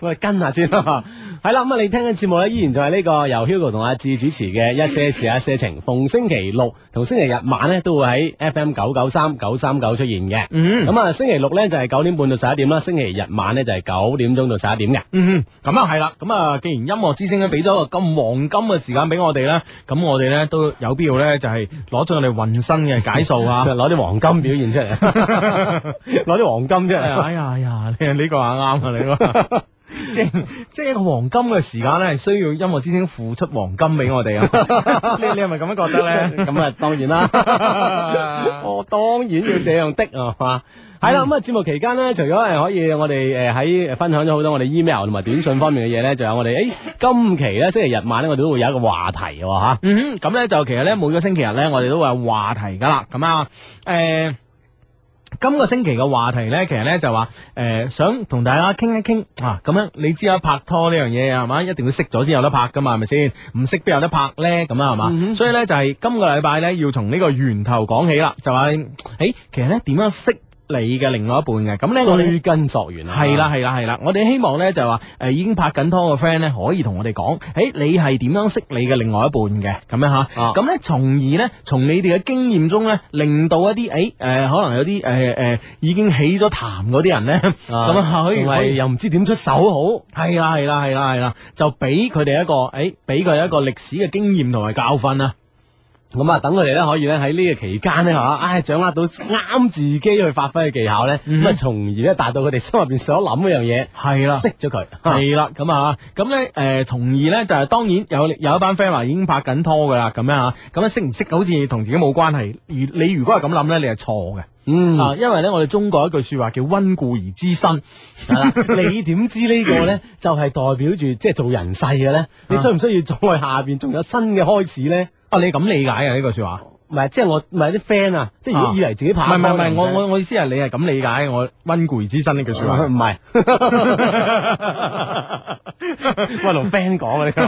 我哋 跟下先啦。係啦， 咁啊，你聽緊節目咧，依然就係呢、這個由 Hugo 同阿志主持嘅一些事一些情， 逢星期六同星期日晚咧都會喺 F M 九九三九三九出現嘅。咁啊、嗯，星期六咧就係九點半到十一點啦，星期日晚咧就係九點鐘到十一點嘅。嗯嗯哼，咁啊係啦，咁啊，既然音樂之聲咧俾咗個咁黃金嘅時間俾我哋啦，咁我哋咧都有必要咧就係、是、攞出我哋渾身嘅解數啊，攞啲 黃金表現出嚟，攞 啲黃金啫、 哎，哎呀哎呀， 你呢個話啱啊，你。 即係即係一個黃金嘅時間咧，係需要音樂之聲付出黃金俾我哋啊！ 你你係咪咁樣覺得咧？咁啊， 當然啦，我、 哦、當然要這樣的啊嘛。係 啦，咁啊，節目期間咧，除咗係、呃、可以我哋誒喺分享咗好多我哋 email 同埋短信方面嘅嘢咧，仲有我哋誒、欸，今期咧星期日晚咧，我哋都會有一個話題吓。咁、啊、咧、 嗯哼、就其實咧每個星期日咧，我哋都會有話題噶啦。咁啊誒。呃今個星期嘅話題呢，其實呢就話，誒、呃，想同大家傾一傾啊，咁樣你知有拍拖呢樣嘢係嘛，一定要識咗先有得拍噶嘛，係咪先？唔識邊有得拍呢？咁啊，係嘛、嗯哼？所以呢，就係、是、今個禮拜呢，要從呢個源頭講起啦，就話，誒、欸，其實呢點樣識？你嘅另外一半嘅咁呢，追根溯源啦，係啦，係啦，係啦，我哋希望呢就話，誒已經拍緊拖嘅 friend 呢，可以同我哋講，誒你係點樣識你嘅另外一半嘅咁樣吓，咁咧從而呢，從你哋嘅經驗中呢，令到一啲誒誒可能有啲誒誒已經起咗痰嗰啲人呢，咁啊可以又唔知點出手好，係啦，係啦，係啦，係啦，就俾佢哋一個誒俾佢一個歷史嘅經驗同埋教訓啦。咁啊，等佢哋咧可以咧喺呢個期間咧，吓，唉，掌握到啱自己去發揮嘅技巧咧，咁啊，從、呃、而咧達到佢哋心入邊想諗嗰樣嘢，係啦，識咗佢，係啦，咁啊，咁咧，誒，從而咧就係當然有有一班 friend 已經拍緊拖噶啦，咁樣吓，咁咧識唔識好似同自己冇關係？如你，你如果係咁諗咧，你係錯嘅，嗯，啊，因為咧我哋中國有一句說話叫溫故而知新， 啊、你點知個呢個咧就係、是、代表住即係做人世嘅咧？啊、你需唔需要再下邊仲有新嘅開始咧？啊！你咁理解句啊？呢個說話唔係，即係我唔係啲 friend 啊！即係如果以為自己拍、啊，唔係唔係唔係，我我我意思係你係咁理解我溫故而知新呢句說話。唔係，喂，同 friend 講嘅呢個。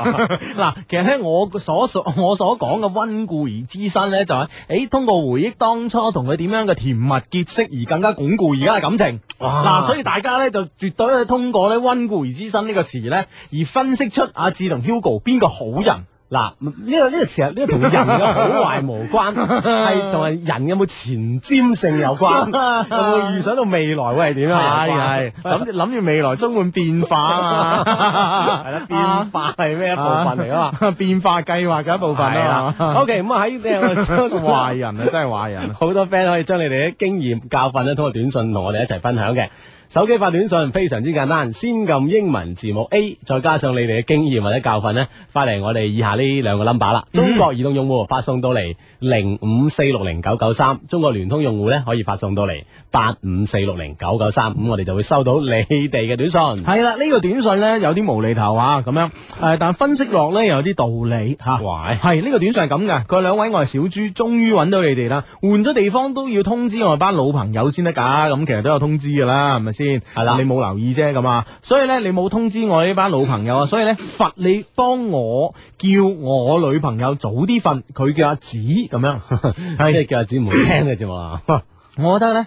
嗱，其實咧我所所我所講嘅溫故而知新」咧，就係、是、誒、欸，通過回憶當初同佢點樣嘅甜蜜結識，而更加鞏固而家嘅感情。嗱哇、啊，所以大家咧就絕對咧通過咧溫故而知新」呢個詞咧，而分析出阿志同 Hugo 邊個好人。嗱，呢、啊這個呢、這個其實呢個同、這個、人嘅好壞無關，係同埋人有冇前瞻性有關， 有冇預想到未來會係點樣 啊？係係諗住諗住未來充滿變化啊！係啦，變化係咩一部分嚟啊嘛？變化計劃嘅一部分嚟、啊、啦。OK，咁喺呢個壞人啊，真係壞人，好 多 friend 可以將你哋嘅經驗教訓咧，通過短信同我哋一齊分享嘅。手機發短信非常之簡單，先撳英文字母 A，再加上你哋嘅經驗或者教訓咧，發嚟我哋以下呢兩個 number 啦。嗯，中國移動用戶發送到嚟零五四六零九九三，中國聯通用戶呢，可以發送到嚟八五四六零九九三五，我哋就會收到你哋嘅短信。係啦，呢個短信呢，有啲無厘頭啊，咁樣誒，但分析落呢，又有啲道理吓。係呢個短信係咁噶，佢兩位我係小豬，終於揾到你哋啦。換咗地方都要通知我班老朋友先得噶。咁其實都有通知噶啦，係咪先？係啦，你冇留意啫咁啊。所以呢，你冇通知我呢班老朋友啊。所以呢，罰你幫我叫我女朋友早啲瞓，佢叫阿紫咁樣，即係叫阿紫唔好聽嘅啫嘛。我覺得呢。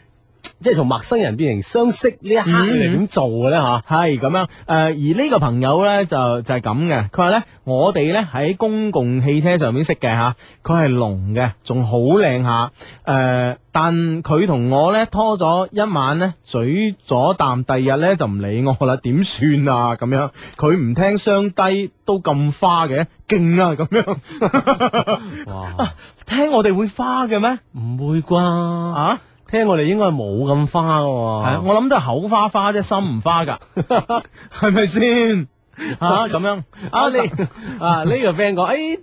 即係從陌生人變成相識呢一刻你做呢，你點做咧？吓，係咁樣。誒、呃，而呢個朋友咧就就係咁嘅。佢話咧，我哋咧喺公共汽車上面識嘅吓，佢係聾嘅，仲好靚下。誒、呃，但佢同我咧拖咗一晚咧，嘴咗啖，第二日咧就唔理我啦。點算啊？咁樣，佢唔聽雙低都咁花嘅，勁啊！咁樣 哇、啊，聽我哋會花嘅咩？唔會啩？啊？聽該、啊啊、我哋應該冇咁花嘅，我諗都係口花花啫，心唔花噶，係咪先？啊，咁樣啊，你啊呢個 friend 講，誒，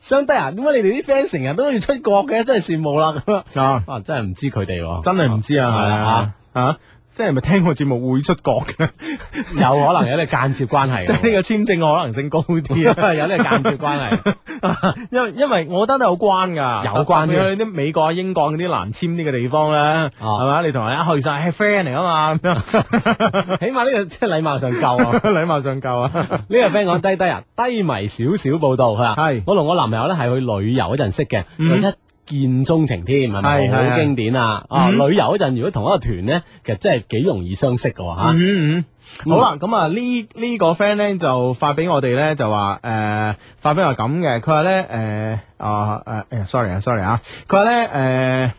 雙低啊，點解你哋啲 friend 成日都要出國嘅？真係羨慕啦，咁 啊啊，真係唔知佢哋，真係唔知啊，係啊啊！即係咪聽我節目會出國嘅？ 有可能有啲係間接關係，即係呢個簽證嘅可能性高啲啊！ 有啲係間接關係， 因為因為我覺得都有關噶，有關啲美國啊、英國嗰啲難簽呢個地方咧，係、哦、嘛？你同人一去晒係 friend 嚟啊嘛，咁樣起碼呢個即係禮貌上夠，禮 貌上夠啊！呢個 friend 講低低啊，低迷少少報道佢話係我同我男朋友咧係去旅遊嗰陣識嘅，一、mm。Hmm. 見鍾情添，係咪好經典啊？啊、嗯哼哦，旅遊嗰陣如果同一個團咧，其實真係幾容易相識嘅吓。好啦，咁啊、這個、呢呢個 friend 咧就發俾我哋咧就話誒、呃，發俾我咁嘅，佢話咧誒啊誒，sorry 啊 sorry 啊，佢話咧誒呢、呃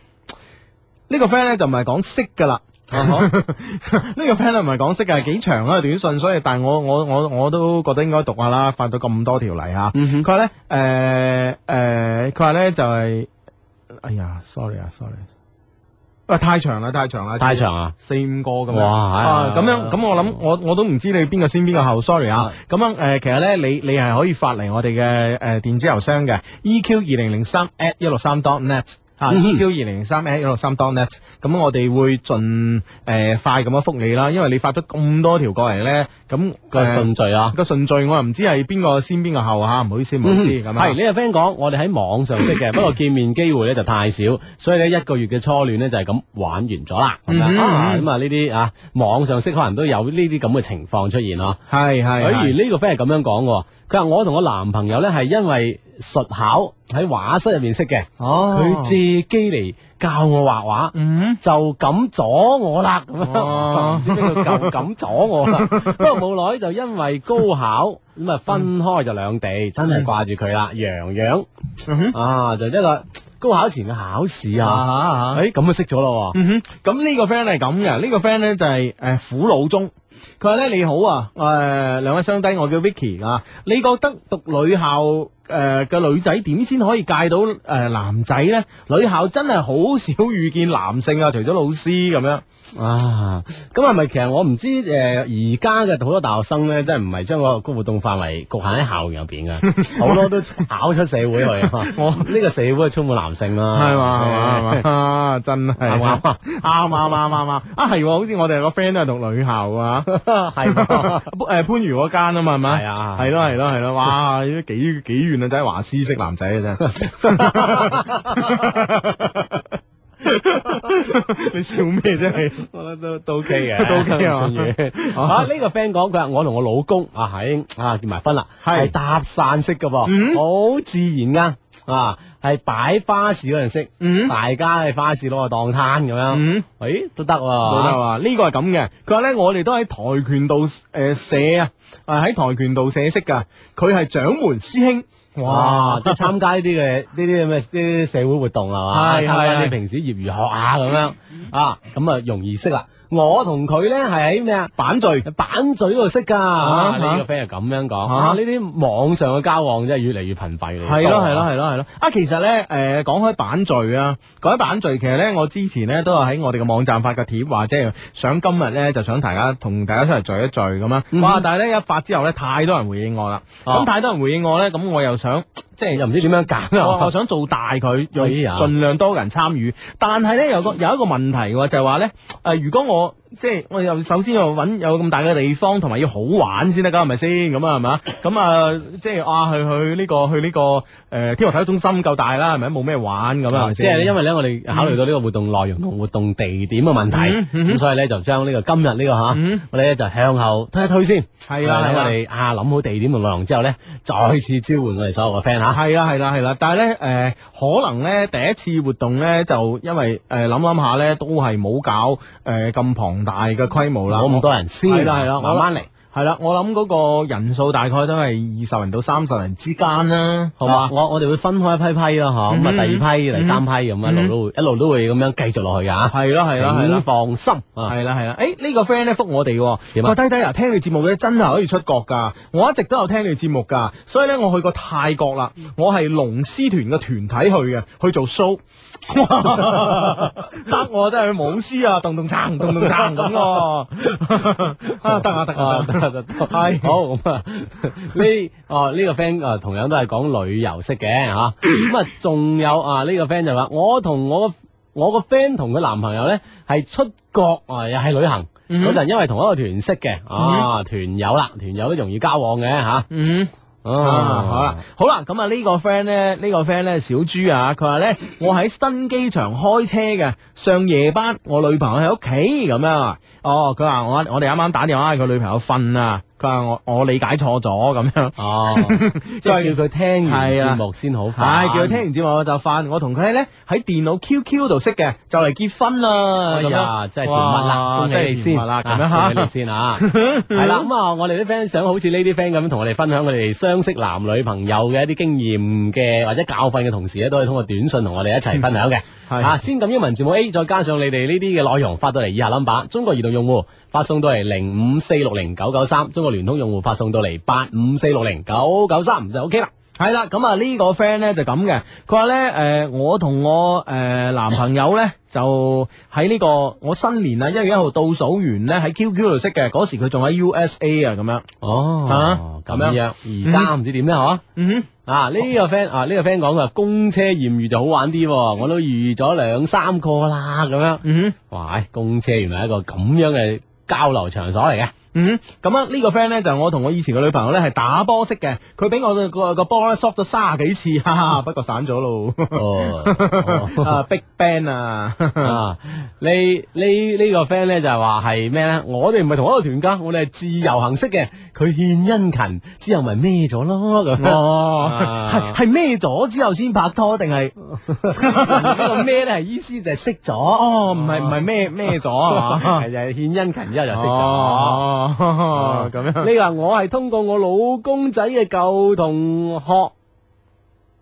這個 friend 咧就唔係講識噶啦，呢個 friend 咧唔係講識嘅，係幾長啊短訊，所以但係我我我我，我都覺得應該讀下啦，發咗咁多條嚟吓。佢話咧誒誒，佢話咧就係、是就是。哎呀，sorry 啊，sorry，喂、啊，太長啦，太長啦，太長哇啊，四五個咁樣咁樣，咁我諗我我都唔知你邊個先邊個後、哎、呀，sorry 啊，咁、嗯、樣誒、呃，其實咧你你係可以發嚟我哋嘅誒電子郵箱嘅 eq 二零零三 at 一六三 dot net。啊，Q 二零三 A 六三 dotnet，咁我哋會盡誒快咁樣覆你啦，因為你發咗咁多條過嚟咧，咁、個順序啊、呃，個順序我又唔知係邊個先邊個後吓、啊，唔好意思唔好意思。係呢、uh um. 呢個 friend 講，我哋喺網上識嘅， 不過見面機會咧就太少，所以咧一個月嘅初戀咧就係咁玩完咗啦。咁、uh um. 啊，呢啲啊網上識可能都有呢啲咁嘅情況出現咯。係係，譬如呢個 friend 係咁樣講嘅，佢話我同我男朋友咧係因為。術考喺畫室入面識嘅，佢自己嚟教我畫畫，嗯、哼就咁阻我啦，咁樣、哦，唔知邊個夠敢阻我。 不過冇耐就因為高考咁啊、嗯、分開就兩地，嗯、真係掛住佢啦，洋洋、嗯、哼啊就一個高考前嘅考試啊，誒咁、哎、就識咗咯，咁呢、嗯、哼個 friend 係咁嘅，呢、這個 friend 咧就係、是、誒、呃呃呃、苦老中。佢話咧，你好啊，誒、呃、兩位雙低，我叫 Vicky 啊。你覺得讀女校誒嘅、呃、女仔點先可以戒到誒男仔呢？女校真係好少遇見男性啊，除咗老師咁樣。啊，咁係咪其實我唔知誒，而家嘅好多大學生咧，真係唔係將個個活動範圍局限喺校園入邊噶，好多都跑出社會去。我呢個社會係充滿男性啦，係嘛係嘛係嘛，真係啱嘛啱啱啱嘛，啊係，好似我哋個 friend 都係讀女校啊，係誒，番禺嗰間啊嘛係咪？係啊，係咯係咯係咯，哇，幾幾遠啊，真係華師識男仔嘅啫。
你笑咩啫？我都都 OK 嘅，OK 啊！啊，呢
個 friend 講佢話我同我老公啊喺啊結埋婚啦，係搭訕識噶，好自然噶啊，係擺花市嗰陣式，大家喺花市攞嚟當攤咁樣，誒都得喎，都得啊！呢個係咁嘅，佢話咧我哋都喺跆拳道誒社啊，喺跆拳道社識噶，佢係掌門師兄。
哇！即係參
加呢啲嘅，呢啲咁嘅啲社會活動係嘛？參加啲平時業餘學下咁樣啊，咁啊，樣 啊容易識啦～我同佢咧係喺咩啊？板聚板聚度識㗎。啊，你個 friend 係咁樣講。啊，呢啲、啊、網上嘅交往真係越嚟越頻繁。嚟。係咯，係咯，係咯，係咯。啊，其實咧，誒、呃、講開板聚啊，講開板聚，其實咧，我之前咧都係喺我哋嘅網站發個貼，話即係想今日咧就想大家同大家出嚟聚一聚咁啦。樣嗯、哼哇！但係咧一發之後咧太多人回應我啦。咁、啊、太多人回應我咧，咁我又想。即係又唔知點樣揀啊！我我想做大佢，盡量多人參與。但係咧有個有一個問題喎，就係話咧，誒、呃，如果我。即係我哋又首先又揾有咁大嘅地方，同埋要好玩先得噶，係咪先咁啊？係咪啊？咁啊，即係啊，去去呢個去呢個誒，天河體育中心夠大啦，係咪？冇咩玩咁啊？係咪先？即係咧，因為咧，我哋考慮到呢個活動內容同活動地點嘅問題，咁所以咧就將呢個今日呢個吓，我哋咧就向後推一推先。係啊，等我哋啊諗好地點同內容之後咧，再次召喚我哋所有嘅 friend 吓。係啊，係啦，係啦，但係咧誒，可能咧第一次活動咧就因為誒諗諗下咧都係冇搞誒咁龐。大嘅規模啦，我咁多人先啦，係啦，慢慢嚟。係啦，我諗嗰個人數大概都係二十人到三十人之間啦，好嘛？我我哋會分開一批批咯，嚇。咁啊，第二批、第三批咁一路都會一路都會咁樣繼續落去嘅嚇。係咯，係咯，係咯，放心啊。係啦，係啦。誒，呢個 friend 咧覆我哋，話弟弟啊，聽你節目咧，真係可以出國㗎。我一直都有聽你節目㗎，所以咧我去過泰國啦，我係龍獅團嘅團體去嘅，去做 show。得我真係舞獅啊，咚咚撐，咚咚撐咁。得啊，得啊，得啊，係好咁啊。呢哦呢個 friend 啊，同樣都係講旅遊識嘅吓。咁啊，仲有啊呢個 friend 就話，我同我我個 friend 同佢男朋友咧係出國啊，又係旅行嗰陣，因為同一個團識嘅啊，團友啦，團友都容易交往嘅吓。啊，好啦，好啦，咁啊呢個 friend 呢，呢、這個 friend 呢，小朱啊，佢話呢， 我喺新機場開車嘅，上夜班，我女朋友喺屋企咁樣。啊。哦，佢話我我哋啱啱打電話佢女朋友瞓啊，佢話我我理解錯咗咁樣，哦， 即係叫佢聽完節目先好拍，嗯、叫佢聽完節目我就翻，我同佢咧喺電腦 QQ 度識嘅，就嚟結婚啦，哎、呀，樣真係甜蜜啦，哇恭喜你先，甜蜜啦，咁樣吓，甜先吓，係啦，咁啊，我哋啲 friend 想好似呢啲 friend 咁同我哋分享佢哋相識男女朋友嘅一啲經驗嘅或者教訓嘅同時咧，都可以通過短信同我哋一齊分享嘅。 係，是先撳英文字母 A，再加上你哋呢啲嘅內容發到嚟以下 number，中國移動用戶發送到嚟零五四六零九九三，中國聯通用戶發送到嚟八五四六零九九三就 OK 啦。係啦，咁啊呢個 friend 咧就咁、是、嘅，佢話咧誒，我同我誒、呃、男朋友咧就喺呢、這個我新年啊一月一號倒數完咧喺 QQ 度識嘅，嗰時佢仲喺 USA 啊咁樣。哦，吓咁樣，而家唔知點咧嗬。嗯哼，啊呢、這個 friend 啊呢、這個 friend 講佢公車艷遇就好玩啲，我都預咗兩三個啦咁樣。嗯哼，哇，公車原來係一個咁樣嘅交流場所嚟嘅。嗯，咁啊呢個 friend 咧就我同我以前個女朋友咧係打波識嘅，佢俾我個個波咧 shot 咗卅幾次，哈哈，不過散咗咯。哦，啊 Big Bang 啊，啊你呢呢個 friend 咧就話係咩咧？我哋唔係同一個團家，我哋係自由行識嘅。佢獻殷勤之後咪咩咗咯咁。哦，係係咩咗之後先拍拖定係？個咩咧？意思就係識咗。哦，唔係唔係咩咩咗，係就係獻殷勤之後就識咗。哦，咁樣。 你話我係通過我老公仔嘅舊同學，誒、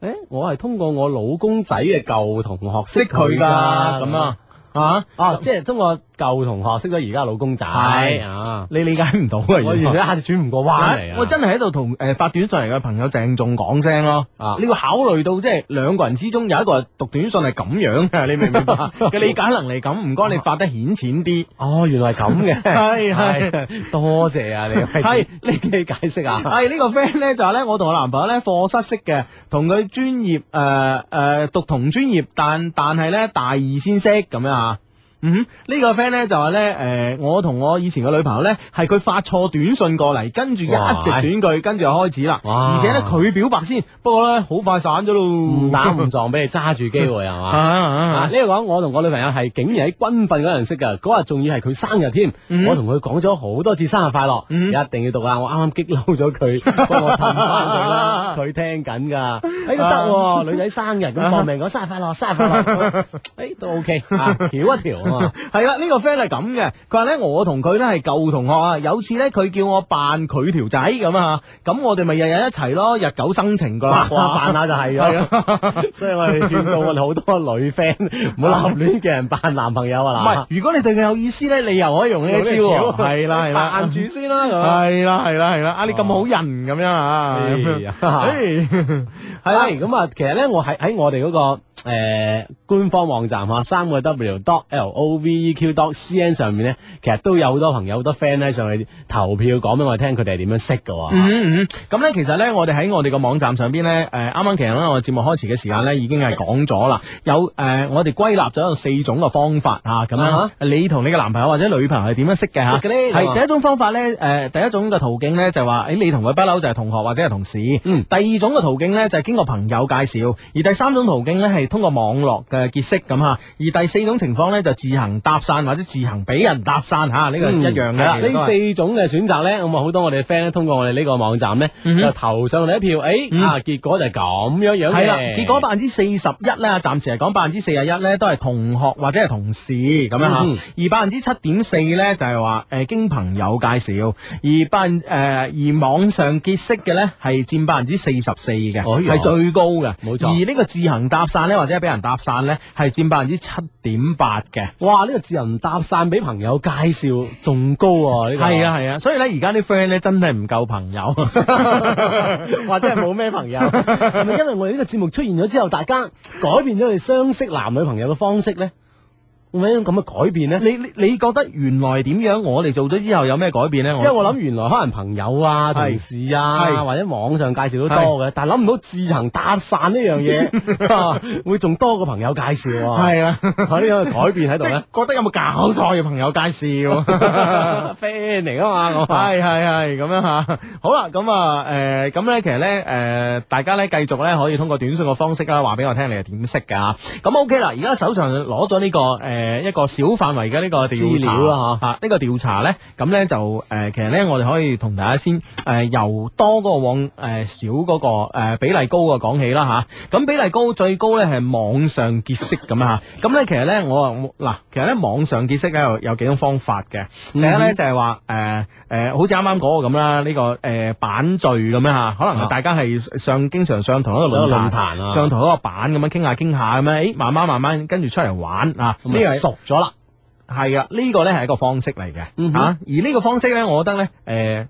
欸，我係通過我老公仔嘅舊同學識佢噶，咁啊、嗯。樣啊！即係通過舊同學識咗而家老公仔，你理解唔到啊！我完全一下就轉唔過彎嚟，我真係喺度同誒發短信嚟嘅朋友鄭重講聲咯。啊，你要考慮到即係兩個人之中有一個讀短信係咁樣，你明唔明白？嘅理解能力咁，唔該你發得顯淺啲。哦，原來係咁嘅，係係多謝啊！你係呢個解釋啊？係呢個 friend 咧就係咧，我同我男朋友咧課室識嘅，同佢專業誒誒讀同專業，但但係咧大二先識咁樣。嗯，呢個 friend 咧就話咧，誒，我同我以前嘅女朋友咧，係佢發錯短信過嚟，跟住一直短句，跟住又開始啦。而且咧佢表白先，不過咧好快散咗咯。唔打唔撞俾你揸住機會係嘛？呢個講我同我女朋友係竟然喺軍訓嗰陣識噶，嗰日仲要係佢生日添。我同佢講咗好多次生日快樂，一定要讀啊！我啱啱激嬲咗佢，幫
我氹翻
佢啦。佢聽緊㗎，誒得喎，女仔生日咁搏命講生日快樂，生日快樂。誒都 OK 啊，橋一條。係啦， 這個、呢個 friend 係咁嘅，佢話咧我同佢咧係舊同學啊，有次咧佢叫我扮佢條仔咁啊，咁我哋咪日日一齊咯，日久生情噶啦，扮 下就係咗。 所以我哋勸告我哋好多女 friend 唔好暗戀嘅人扮男朋友啊嗱。唔係，是如果你對佢有意思咧， 你又可以用呢一招。係啦係啦，扮住先啦咁。係啦係啦係啦，啊你咁好人咁樣啊。係啊，係啊，咁啊，其實咧我喺喺我哋嗰個。誒、呃，官方網站吓、啊，三個 W dot L O V E Q dot C N 上面呢，其實都有好多朋友，好多 friend 咧上去投票，講俾我聽佢哋係點樣識噶。嗯咁呢、啊，其實呢，我哋喺我哋個網站上邊呢，誒、啊，啱啱其實呢，我哋節目開始嘅時間呢，已經係講咗啦。有誒、啊，我哋歸納咗有四種嘅方法吓，咁、啊、樣。啊啊、哈你同你嘅男朋友或者女朋友係點樣識嘅吓、啊？第一種方法呢，誒、啊，第一種嘅途徑呢，就話、是，誒、哎，你同佢不嬲就係同學或者係同事。嗯、第二種嘅途徑呢，就係、是、經過朋友介紹，而第三種途徑呢，係。通過網絡嘅結識咁嚇，而第四種情況咧就自行搭訕或者自行俾人搭訕嚇，呢、啊這個一樣嘅。係啦、嗯，呢四種嘅選擇咧，咁咪好多我哋嘅 friend 通過我哋呢個網站咧就投上嚟一票，誒、哎嗯、啊結果就係咁樣樣嘅。啦，結果百分之四十一咧，暫時係講百分之四十一咧都係同學或者係同事咁樣嚇，嗯、哼而百分之七點四咧就係話誒經朋友介紹，而百誒、呃、而網上結識嘅咧係佔百分之四十四嘅，係、哦、最高嘅。冇錯錯，而呢個自行搭訕咧。或者係俾人搭訕咧，係佔百分之七點八嘅。哇！呢、這個自人搭訕比朋友介紹仲高喎、啊。係、這個、啊係啊，所以咧而家啲 friend 咧真係唔夠朋友， 或者係冇咩朋友。係咪 因為我哋呢個節目出現咗之後，大家改變咗佢哋相識男女朋友嘅方式咧。會有啲咁嘅改變咧？你你你覺得原來點樣？我哋做咗之後有咩改變咧？即係我諗原來可能朋友啊、同事啊，或者網上介紹都多嘅，但係諗唔到自行搭訕呢樣嘢，會仲多過朋友介紹喎。係啊，有啲咁嘅改變喺度咧。覺得有冇搞錯嘅朋友介紹？friend 嚟噶嘛？我係係係咁樣嚇。好啦，咁啊誒，咁咧其實咧誒，大家咧繼續咧可以通過短信嘅方式啊，話俾我聽你係點識㗎嚇。咁 OK 啦，而家手上攞咗呢個誒。誒，一個小範圍嘅呢個調查啊，吓、這個，呢個調查咧，咁咧就誒，其實咧我哋可以同大家先誒、呃，由多嗰個往誒少嗰個誒、呃、比例高嘅講起啦，吓、啊，咁比例高最高咧係網上結識咁啊，咁、嗯、咧其實咧我啊嗱，其實咧網上結識咧有，有幾種方法嘅，第一咧就係話誒誒，好似啱啱嗰個咁啦，呢、這個誒、呃、版聚咁啊，可能大家係上、啊、經常上同一個論壇，上同，論壇啊、上同一個版咁樣傾下傾下咁樣，誒、欸、慢慢慢慢跟住出嚟玩啊，熟咗啦，係啊，呢、這個咧係一個方式嚟嘅，吓、mm hmm. 啊，而呢個方式咧，我覺得咧，誒、呃，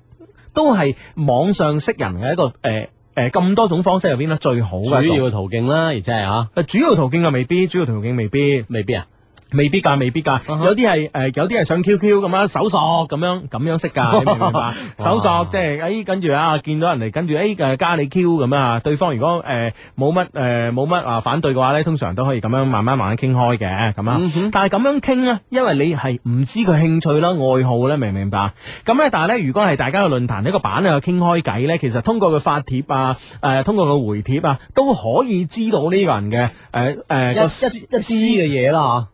都係網上識人嘅一個，誒、呃，誒、呃，咁多種方式入邊咧最好嘅，主要嘅途徑啦、啊，而且係吓、啊，主要途徑就未必，主要途徑未必，未必啊。未必㗎，未必㗎、uh huh. 有啲係誒，有啲係上 QQ 咁樣搜索咁樣咁樣識㗎，你明唔明白？搜 索即係誒，跟住啊，見到人哋跟住誒、啊，加你 Q 咁啊。對方如果誒冇乜誒冇乜啊反對嘅話咧，通常都可以咁樣慢慢慢慢傾開嘅咁啊。嗯、哼但係咁樣傾咧，因為你係唔知佢興趣啦、愛好咧，明唔明白？咁咧，但係咧，如果係大家嘅論壇呢、呢個版啊傾開偈咧，其實通過佢發帖啊，誒、呃，通過佢回帖啊，都可以知道呢個人嘅誒誒一一嘅嘢啦。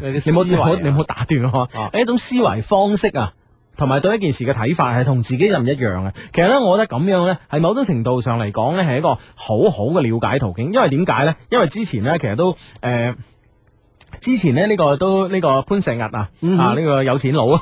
你冇、啊、你冇你
冇打斷我，啊，一種思維方式啊，同埋對一件事嘅睇法係同自己就唔一樣嘅。其實呢，我覺得咁樣呢，喺某種程度上嚟講呢係一個好好嘅了解途徑。因為點解呢？因為之前呢，其實都誒、呃，之前呢、呢、呢個都呢、呢個潘石屹啊、嗯、哼啊呢、呢個有錢佬，呢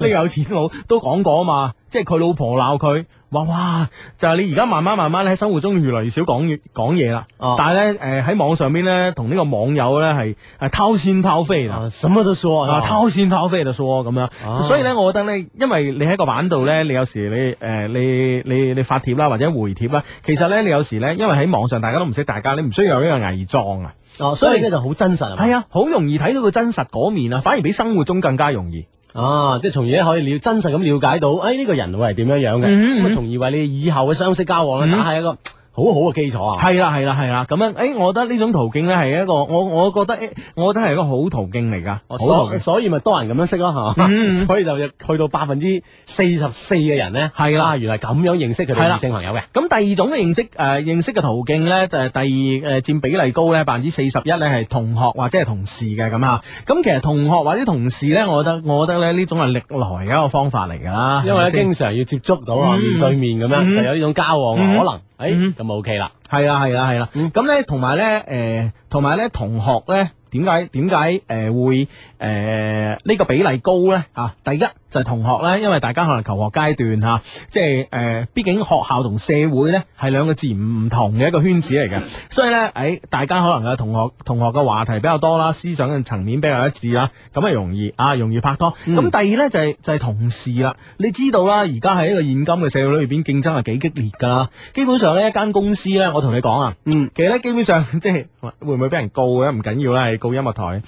個有錢佬都講過啊嘛，即係佢老婆鬧佢。哇就係、是、你而家慢慢慢慢喺生活中越嚟越少講講嘢啦。哦、但係咧，誒、呃、喺網上邊咧，同呢個網友咧係係掏錢掏飛啦、啊，什麼都說，掏錢掏飛說 S、啊、 就說咁樣。所以咧，我覺得咧，因為你喺個版度咧，你有時你誒、呃、你你你，你發帖啦，或者回帖啦，其實咧你有時咧，因為喺網上大家都唔識大家，你唔需要有呢個偽裝啊。哦，所以咧就好真實。係啊，好容易睇到個真實嗰面啊，反而，反而比生活中更加容易。啊！即係從而咧可以了真實咁了解到，誒、哎、呢，這個人會係點樣樣嘅，咁啊、嗯嗯嗯、從而為你以後嘅相識交往咧，嗯嗯、打下一個。好好嘅基礎啊！係啦，係啦，係啦。咁樣，誒，我覺得呢種途徑咧係一個，我我覺得，誒，我覺得係一個好途徑嚟㗎。好途徑，所以咪多人咁樣識咯，嚇。所以就去到百分之四十四嘅人咧，係啦，原來咁樣認識佢哋異性朋友嘅。咁第二種嘅認識，誒，認識嘅途徑咧，誒，就係第二誒佔比例高咧，百分之四十一咧係同學或者係同事嘅咁啊。咁其實同學或者同事咧，我覺得，我覺得咧呢種係歷來嘅一個方法嚟㗎啦，因為咧經常要接觸到啊，面對面咁樣就有呢種交往可能。誒，咁咪 OK 啦，係啦係啦係啦，咁咧同埋咧，誒、嗯呃，同埋咧同學咧，點解點解誒會誒呢、呃呢個比例高咧？吓、啊、第一。就係同學咧，因為大家可能求學階段嚇、啊，即係誒、呃，畢竟學校同社會咧係兩個截然唔同嘅一個圈子嚟嘅。所以呢，誒、哎，大家可能嘅同學同學嘅話題比較多啦、啊，思想嘅層面比較一致啦，咁啊，啊容易啊，容易拍拖。咁、嗯、第二呢，就係、是、就係、是、同事啦。你知道啦，而家喺一個現今嘅社會裏面，競爭係幾激烈㗎啦。基本上呢一間公司呢，我同你講啊，嗯，其實呢，基本上即係會唔會俾人告嘅？唔緊要啦，係告音樂台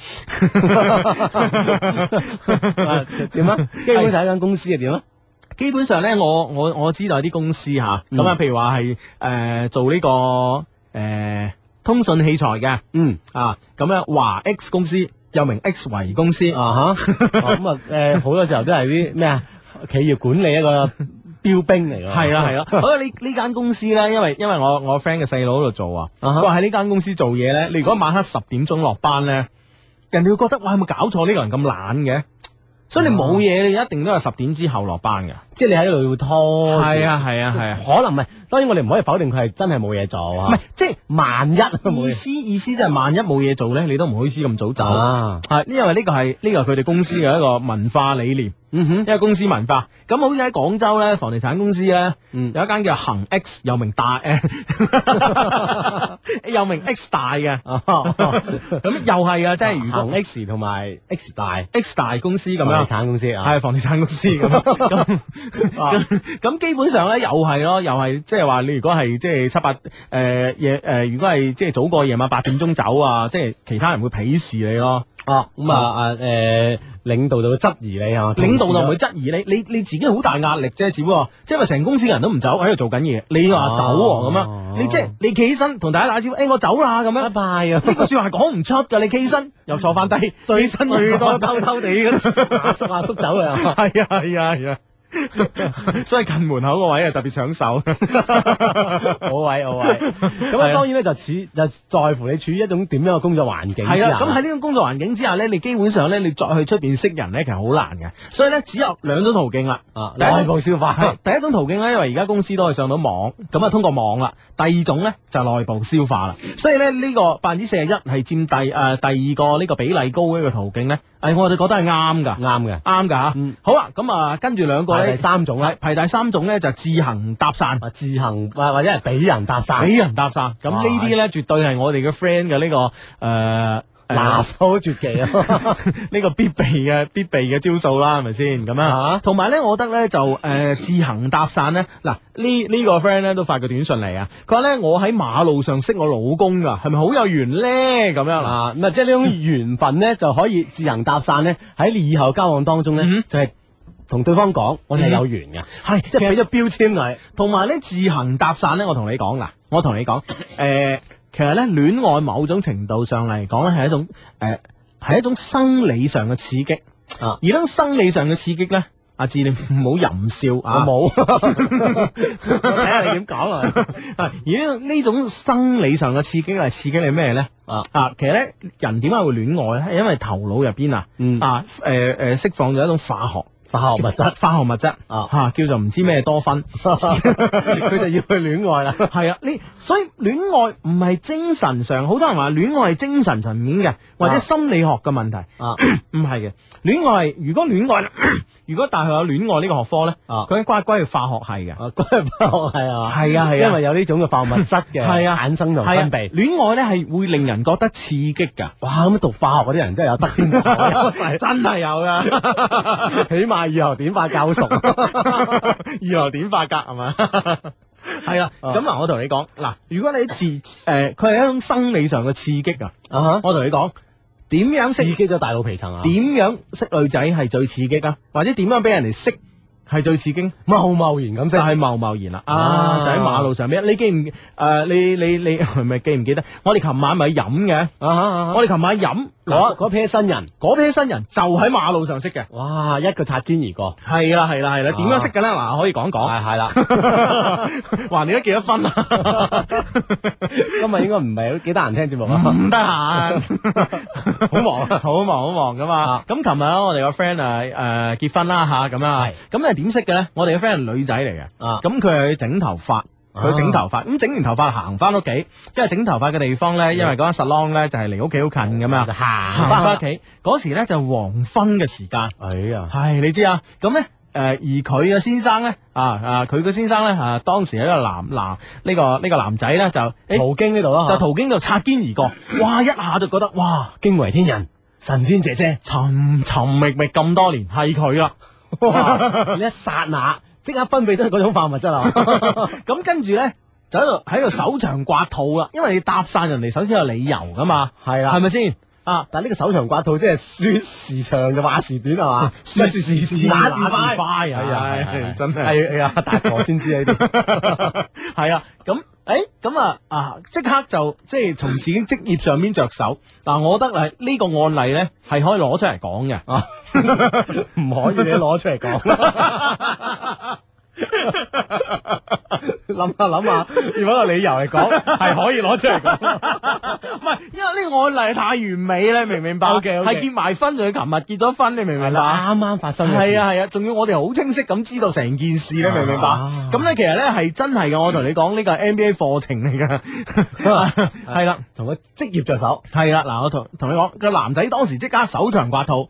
點 啊？基本上一間公司係點咧？基本上咧，我我我知道有啲公司吓，咁啊，譬、嗯、如話係誒做呢、這個誒、呃、通訊器材嘅，嗯啊，咁咧華 X 公司又名 X 維公司啊吓哈，咁哈哈 啊誒、嗯啊啊、好多時候都係啲咩啊企業管理一個標兵嚟嘅，係 啊，係啊。好啦，呢呢間公司咧，因為因為我我 friend 嘅細佬喺度做啊，佢話喺呢間公司做嘢咧，如果，你如果晚黑十點鐘落班咧，人哋會覺得我係咪搞錯呢個人咁懶嘅？所以你冇嘢，Yeah. 你一定都係十點之後落班㗎，即係你喺度要拖。係啊，係啊，係啊，啊可能唔係。當然我哋唔可以否定佢係真係冇嘢做啊！唔係即係萬一意思意思即係萬一冇嘢做咧，你都唔好意思咁早走啊！係因為呢個係呢、呢個佢哋公司嘅一個文化理念，嗯哼，因為公司文化。咁好似喺廣州咧，房地產公司咧，嗯、有一間叫恒 X，又名大 M，又 名 X 大嘅。咁 又係啊！即係同 X 同埋 X 大、X 大公司咁樣房司、啊，房地產公司 那 啊，係房地產公司咁。咁基本上咧，又係咯，又係即。即係話你如果係即係七八誒夜誒，如果係即係早過夜晚八點鐘走啊，即係其他人會鄙視你咯。哦、啊，咁、嗯、啊誒、呃，領導就會質疑你啊。領導就唔會質疑你，你你自己好大壓力啫。只不過，即係話成公司人都唔走喺度做緊嘢，你話走咁啊,啊樣？你即係你企身同大家打招呼，誒、欸，我走啦咁樣。拜拜啊！呢個說話係講唔出噶，你企身又坐翻低，最新最多,多偷偷地嗰啲 阿,阿叔走啊。係啊係啊係啊！ 所以近門口個位又特別搶手 好，好位好位。咁啊，當然咧，就似，就在乎你處於一種點樣嘅工作環境。係啊，咁喺呢種工作環境之下咧，你基本上咧你再去出邊識人咧，其實好難嘅。所以咧只有兩種途徑啦，啊，內部消化。的的第一種途徑咧，因為而家公司都係上到網，咁啊通過網啦。第二種咧就內部消化啦。所以咧呢、這個百分之四十一係佔第誒、呃、第二個呢個比例高嘅一個途徑咧。係、哎、我哋覺得係啱噶，啱嘅的，啱噶吓。嗯、好啊，咁啊，跟住兩個咧，三種，是排第三種咧就是、自行搭散，自行或或者係俾人搭散，俾人搭散。咁、啊、呢啲咧，的絕對係我哋嘅 friend 嘅呢、這個誒。呃拿手絕技啊！呢個必備嘅必備嘅招數啦，係咪先？咁樣吓。同埋咧，我覺得咧就誒自行搭訕咧。嗱，呢呢個 friend 咧都發個短信嚟啊。佢話咧我喺馬路上識我老公噶，係咪好有緣咧？咁樣啊，嗱，即係呢種緣分咧就可以自行搭訕咧。喺你以後交往當中咧，就係同對方講，我哋係有緣嘅，係即係俾咗標籤嚟。同埋咧自行搭訕咧，我同你講，嗱，我同你講，誒。其實咧，戀愛某種程度上嚟講咧，係一種誒，係、呃、一種生理上嘅刺激。啊，而呢種生理上嘅刺激咧，阿志你唔好淫笑啊，我冇，睇下你點講咯。啊，而呢呢種生理上嘅刺激係刺激你咩咧？啊啊，其實咧，人點解會戀愛咧？因為頭腦入邊啊，啊誒誒，釋放咗一種化學。化學物質，化學物質啊，吓叫做唔知咩多酚，
佢就
要去戀愛啦。係啊，呢所以戀愛唔係精神上，好多人話戀愛係精神層面嘅，或者心理學嘅問題啊，唔係嘅。戀愛如果戀愛，如果大學有戀愛呢個學科咧，佢乖乖歸化學系嘅，歸化學係啊，係啊，啊。因為有呢種嘅化學物質嘅產生同分泌，戀愛咧係會令人覺得刺激噶。哇，咁樣讀化學嗰啲人真係有得先，真係有噶，起碼。啊！二號點化教熟，二號點化格係嘛？係啊，咁嗱，我同你講嗱，如果你自誒，佢係一種生理上嘅刺激啊。啊哈，我同你講，點樣刺激咗大腦皮層啊？點樣識女仔係最刺激啊？或者點樣俾人哋識係最刺激？貿貿然咁識就喺貿貿然啦。啊，就喺馬路上邊。你記唔誒？你你你係咪記唔記得？我哋琴晚咪飲嘅。我哋琴晚飲。嗰嗰批新人，嗰批新人就喺馬路上識嘅。哇！一個擦肩而過。係啦係啦係啦，點樣識嘅咧？嗱，可以講一講。係係啦。話你都結咗婚啦？今日應該唔係幾得閒聽節目啊。唔得閒，
好
忙好忙好忙㗎嘛。咁琴日咧，我哋個 friend 啊，誒結婚啦嚇，咁啊，咁你點識嘅咧？我哋嘅 friend 女仔嚟嘅，啊，咁佢係去整頭髮。.佢整頭髮，咁、嗯、整完頭髮行翻屋企，因為整頭髮嘅地方咧，嗯、因為嗰間 salon 咧就係離屋企好近咁啊，行翻屋企嗰時咧就是、黃昏嘅時間，哎呀，係你知啊，咁咧誒，而佢嘅先生咧，啊啊佢嘅先生咧，啊當時係一個男男，呢、呢個呢、呢個男仔咧就途經呢度咯，就途、欸、經度擦、啊、肩而過，哇一下就覺得哇驚為天人，神仙姐姐尋尋覓覓咁多年係佢啦，一剎那。 即刻分泌出嗰種化學物質啊！咁 跟住咧，就喺度喺度搜腸刮肚啦，因為你搭訕人哋，首先有理由噶嘛，係啦 是的，係咪先？啊！但係呢個手長刮短，即係説時長就話時短係嘛？説 時長話時快，係啊！真係係啊！大婆先知係啊！咁誒咁啊啊！即刻就即係從自己職業上面着手。嗱，我覺得係呢個案例咧係可以攞出嚟講嘅啊，唔 可以俾佢攞出嚟講。 諗下諗下，要揾 個理由嚟講，係可以攞出嚟講。唔 係，因為呢個案例太完美啦，明唔明白？係、啊 okay, okay、結埋婚仲要，琴日結咗婚，你明唔了、啊啊、明白？啱啱發生係啊係啊，仲要我哋好清晰咁知道成件事你明唔明白？咁咧，其實咧係真係嘅。我同你講呢、嗯、個 NBA 課程嚟噶，係 啦、 啊，同佢職業助手係啦。嗱、啊，我同同你講，個男仔當時即刻手長刮肚。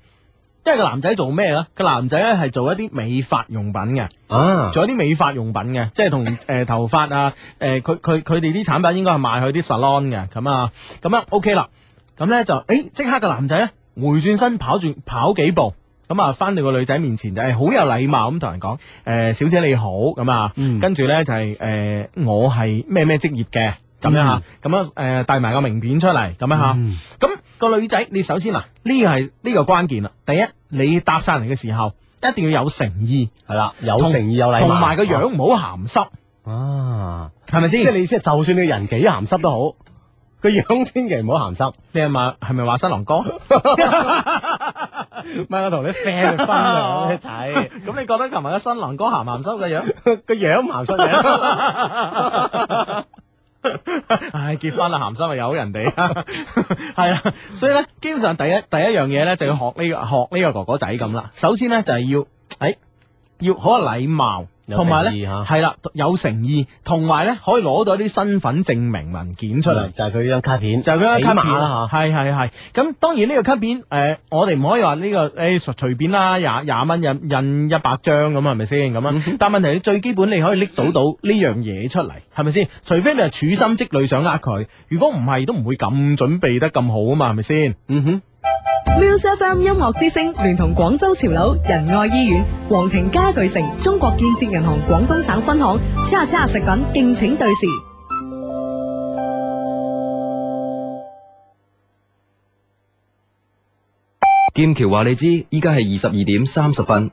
因為個男仔做咩咧？個男仔咧係做一啲美髮用品嘅，啊，做一啲美髮用品嘅，即係同誒頭髮啊，誒、呃，佢佢佢哋啲產品應該係賣去啲 salon 嘅，咁啊，咁樣、啊、OK 啦，咁咧就誒即、欸、刻個男仔咧回轉身跑住跑幾步，咁啊返到個女仔面前就係、是、好有禮貌咁同人講，誒、呃、小姐你好，咁啊，嗯、跟住咧就係、是、誒、呃、我係咩咩職業嘅，咁樣吓、啊、咁、嗯、樣誒帶埋個名片出嚟，咁樣吓、啊、咁、啊。個女仔，你首先嗱，呢個係呢個關鍵啦。第一，你搭訕嚟嘅時候，一定要有誠意，係啦，有誠意有禮貌，同埋個樣唔好鹹濕啊，係咪先？即係你意思就算你人幾鹹濕都好，個樣千祈唔好鹹濕。你係咪係咪話新郎哥？唔係我同你 friend 翻一齊，你睇。咁 你覺得琴日嘅新郎哥鹹唔鹹濕個樣？個樣鹹濕嘅。唉、 哎，結婚啦，咸心又有人哋，係 啦，所以咧，基本上第一第一樣嘢咧，就要學呢、呢個學呢個哥哥仔咁啦。首先咧，就係、是、要，誒、哎，要好有禮貌。同埋咧，係啦，有誠意。同埋咧，可以攞到啲身份證明文件出嚟，就係佢張卡片，就係佢張卡片啦吓。係係係。咁當然呢個卡片，誒、呃，我哋唔可以話呢、這個誒隨、欸、便啦，廿廿蚊印印一百張咁啊，係咪先咁啊？嗯、哼但問題你最基本你可以拎到到呢樣嘢出嚟，係咪先？除非你係處心積慮想呃佢，如果唔係都唔會咁準備得咁好啊嘛，係咪先？嗯哼。
Music FM 音樂之聲聯同廣州潮流仁愛醫院、皇庭傢具城、中國建設銀行廣東省分行、叉叉食品敬請對時。
劍橋話你知，依家係二十二點三十分。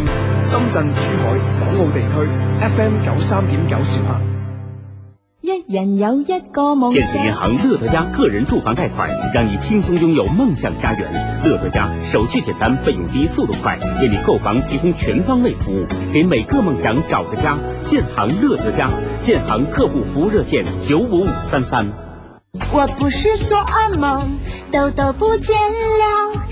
深圳、珠海、港澳地區 FM 九三點九兆赫。
一人有一個夢。建設銀
行樂德家個人住房貸款，讓你輕鬆擁有夢想家園。樂德家手續簡單，費用低，速度快，為你購房提供全方位服務，給每個夢想
找個家。建行樂德家，建行客戶服務熱線九五五三三。
我不是做噩夢，豆豆不見了。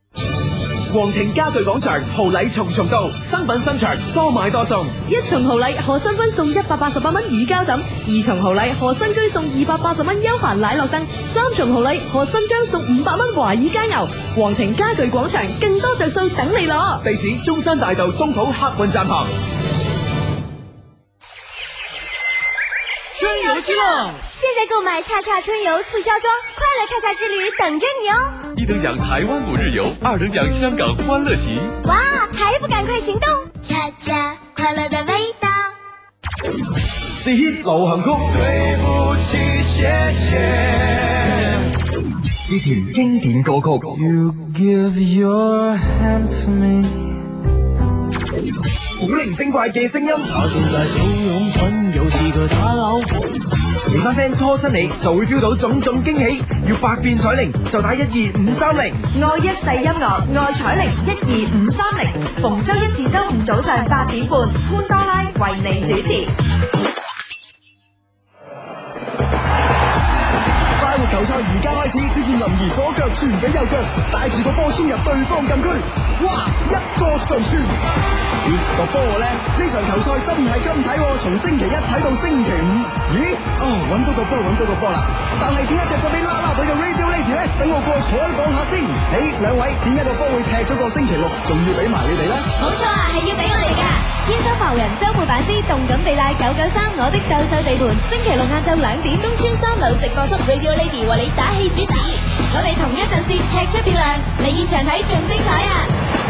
皇庭家具廣場豪禮重重到，新品新張多買多送，
一重豪禮賀新婚送一百八十八蚊乳膠枕，二重豪禮賀新居送二百八十蚊休閒奶酪凳，三重豪禮賀新張送五百蚊華爾加油。皇庭家具廣場更多著數等你攞，地
址中山大道東圃客運站旁。
春遊去啦！現在購買恰恰春遊促銷裝，快樂恰恰之旅等着你哦！
一等獎台灣五日遊，二等獎香港歡樂行。
哇，還不趕快行動！
恰恰，快樂的
味道。C H 老航空。對不起，
謝謝。經典歌曲。You
give your hand to
me. 古靈精怪嘅聲音，我仲在小勇蠢，又是個打老虎。其他 friend 拖親你，就會 feel 到種種驚喜。要百變彩鈴就打一二五三零。愛一世音樂，愛彩鈴一二五三零。逢週一至週五早上八點半，潘多拉為你主持。快活球賽而家開始，只見林怡左腳傳俾右腳，帶住個波穿入對方禁區。哇！一個對穿，咦、呢個波咧，呢場球賽真係咁睇，從星期一睇到星期五，咦？哦，揾到個波，揾到個波啦！但係點解只只畀啦啦隊叫 radio 咧？等我過坐一講下先，誒，兩位點解個波會踢咗個星期六，仲要俾埋你哋呢？
冇錯啊，係要俾我哋噶，天生浮人、周末版之《動感地帶九九三、我的鬥獸地盤，星期六晏晝兩點，東川三樓直播室，Radio Lady 和你打氣主持，我哋同一陣線，踢出漂亮，嚟現場睇仲精彩啊！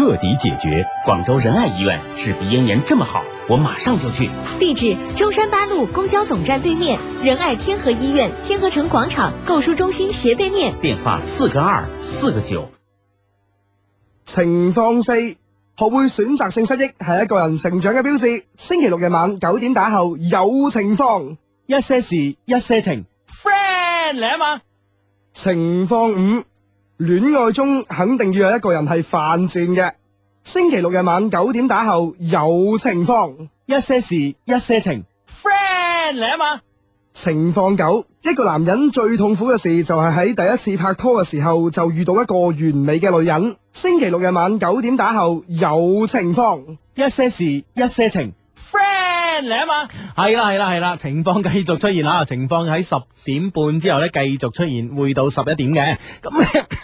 徹底解決，廣州仁愛醫院是鼻咽炎這麼好，我馬上就去。
地址：中山八路公交總站對面，仁愛天河醫院天河城廣場購書中心斜對面。
電話：四個二四個九。情況四，學會選擇性失憶係一個人成長嘅標誌。星期六日晚九點打後有情況，一些事一些情，friend 嚟啊嘛。情況五。戀愛中肯定要有一個人係犯賤嘅。星期六日晚九點打後有情況，一些事一些情
，friend 嚟啊嘛！
情況九，一個男人最痛苦嘅事就係喺第一次拍拖嘅時候就遇到一個完美嘅女人。星期六日晚九點打後有情況，一些
事一些情，friend 嚟啊嘛！係啦係啦係啦，情況繼續出現啦！情況喺十點半之後咧繼續出現，會到十一點嘅咁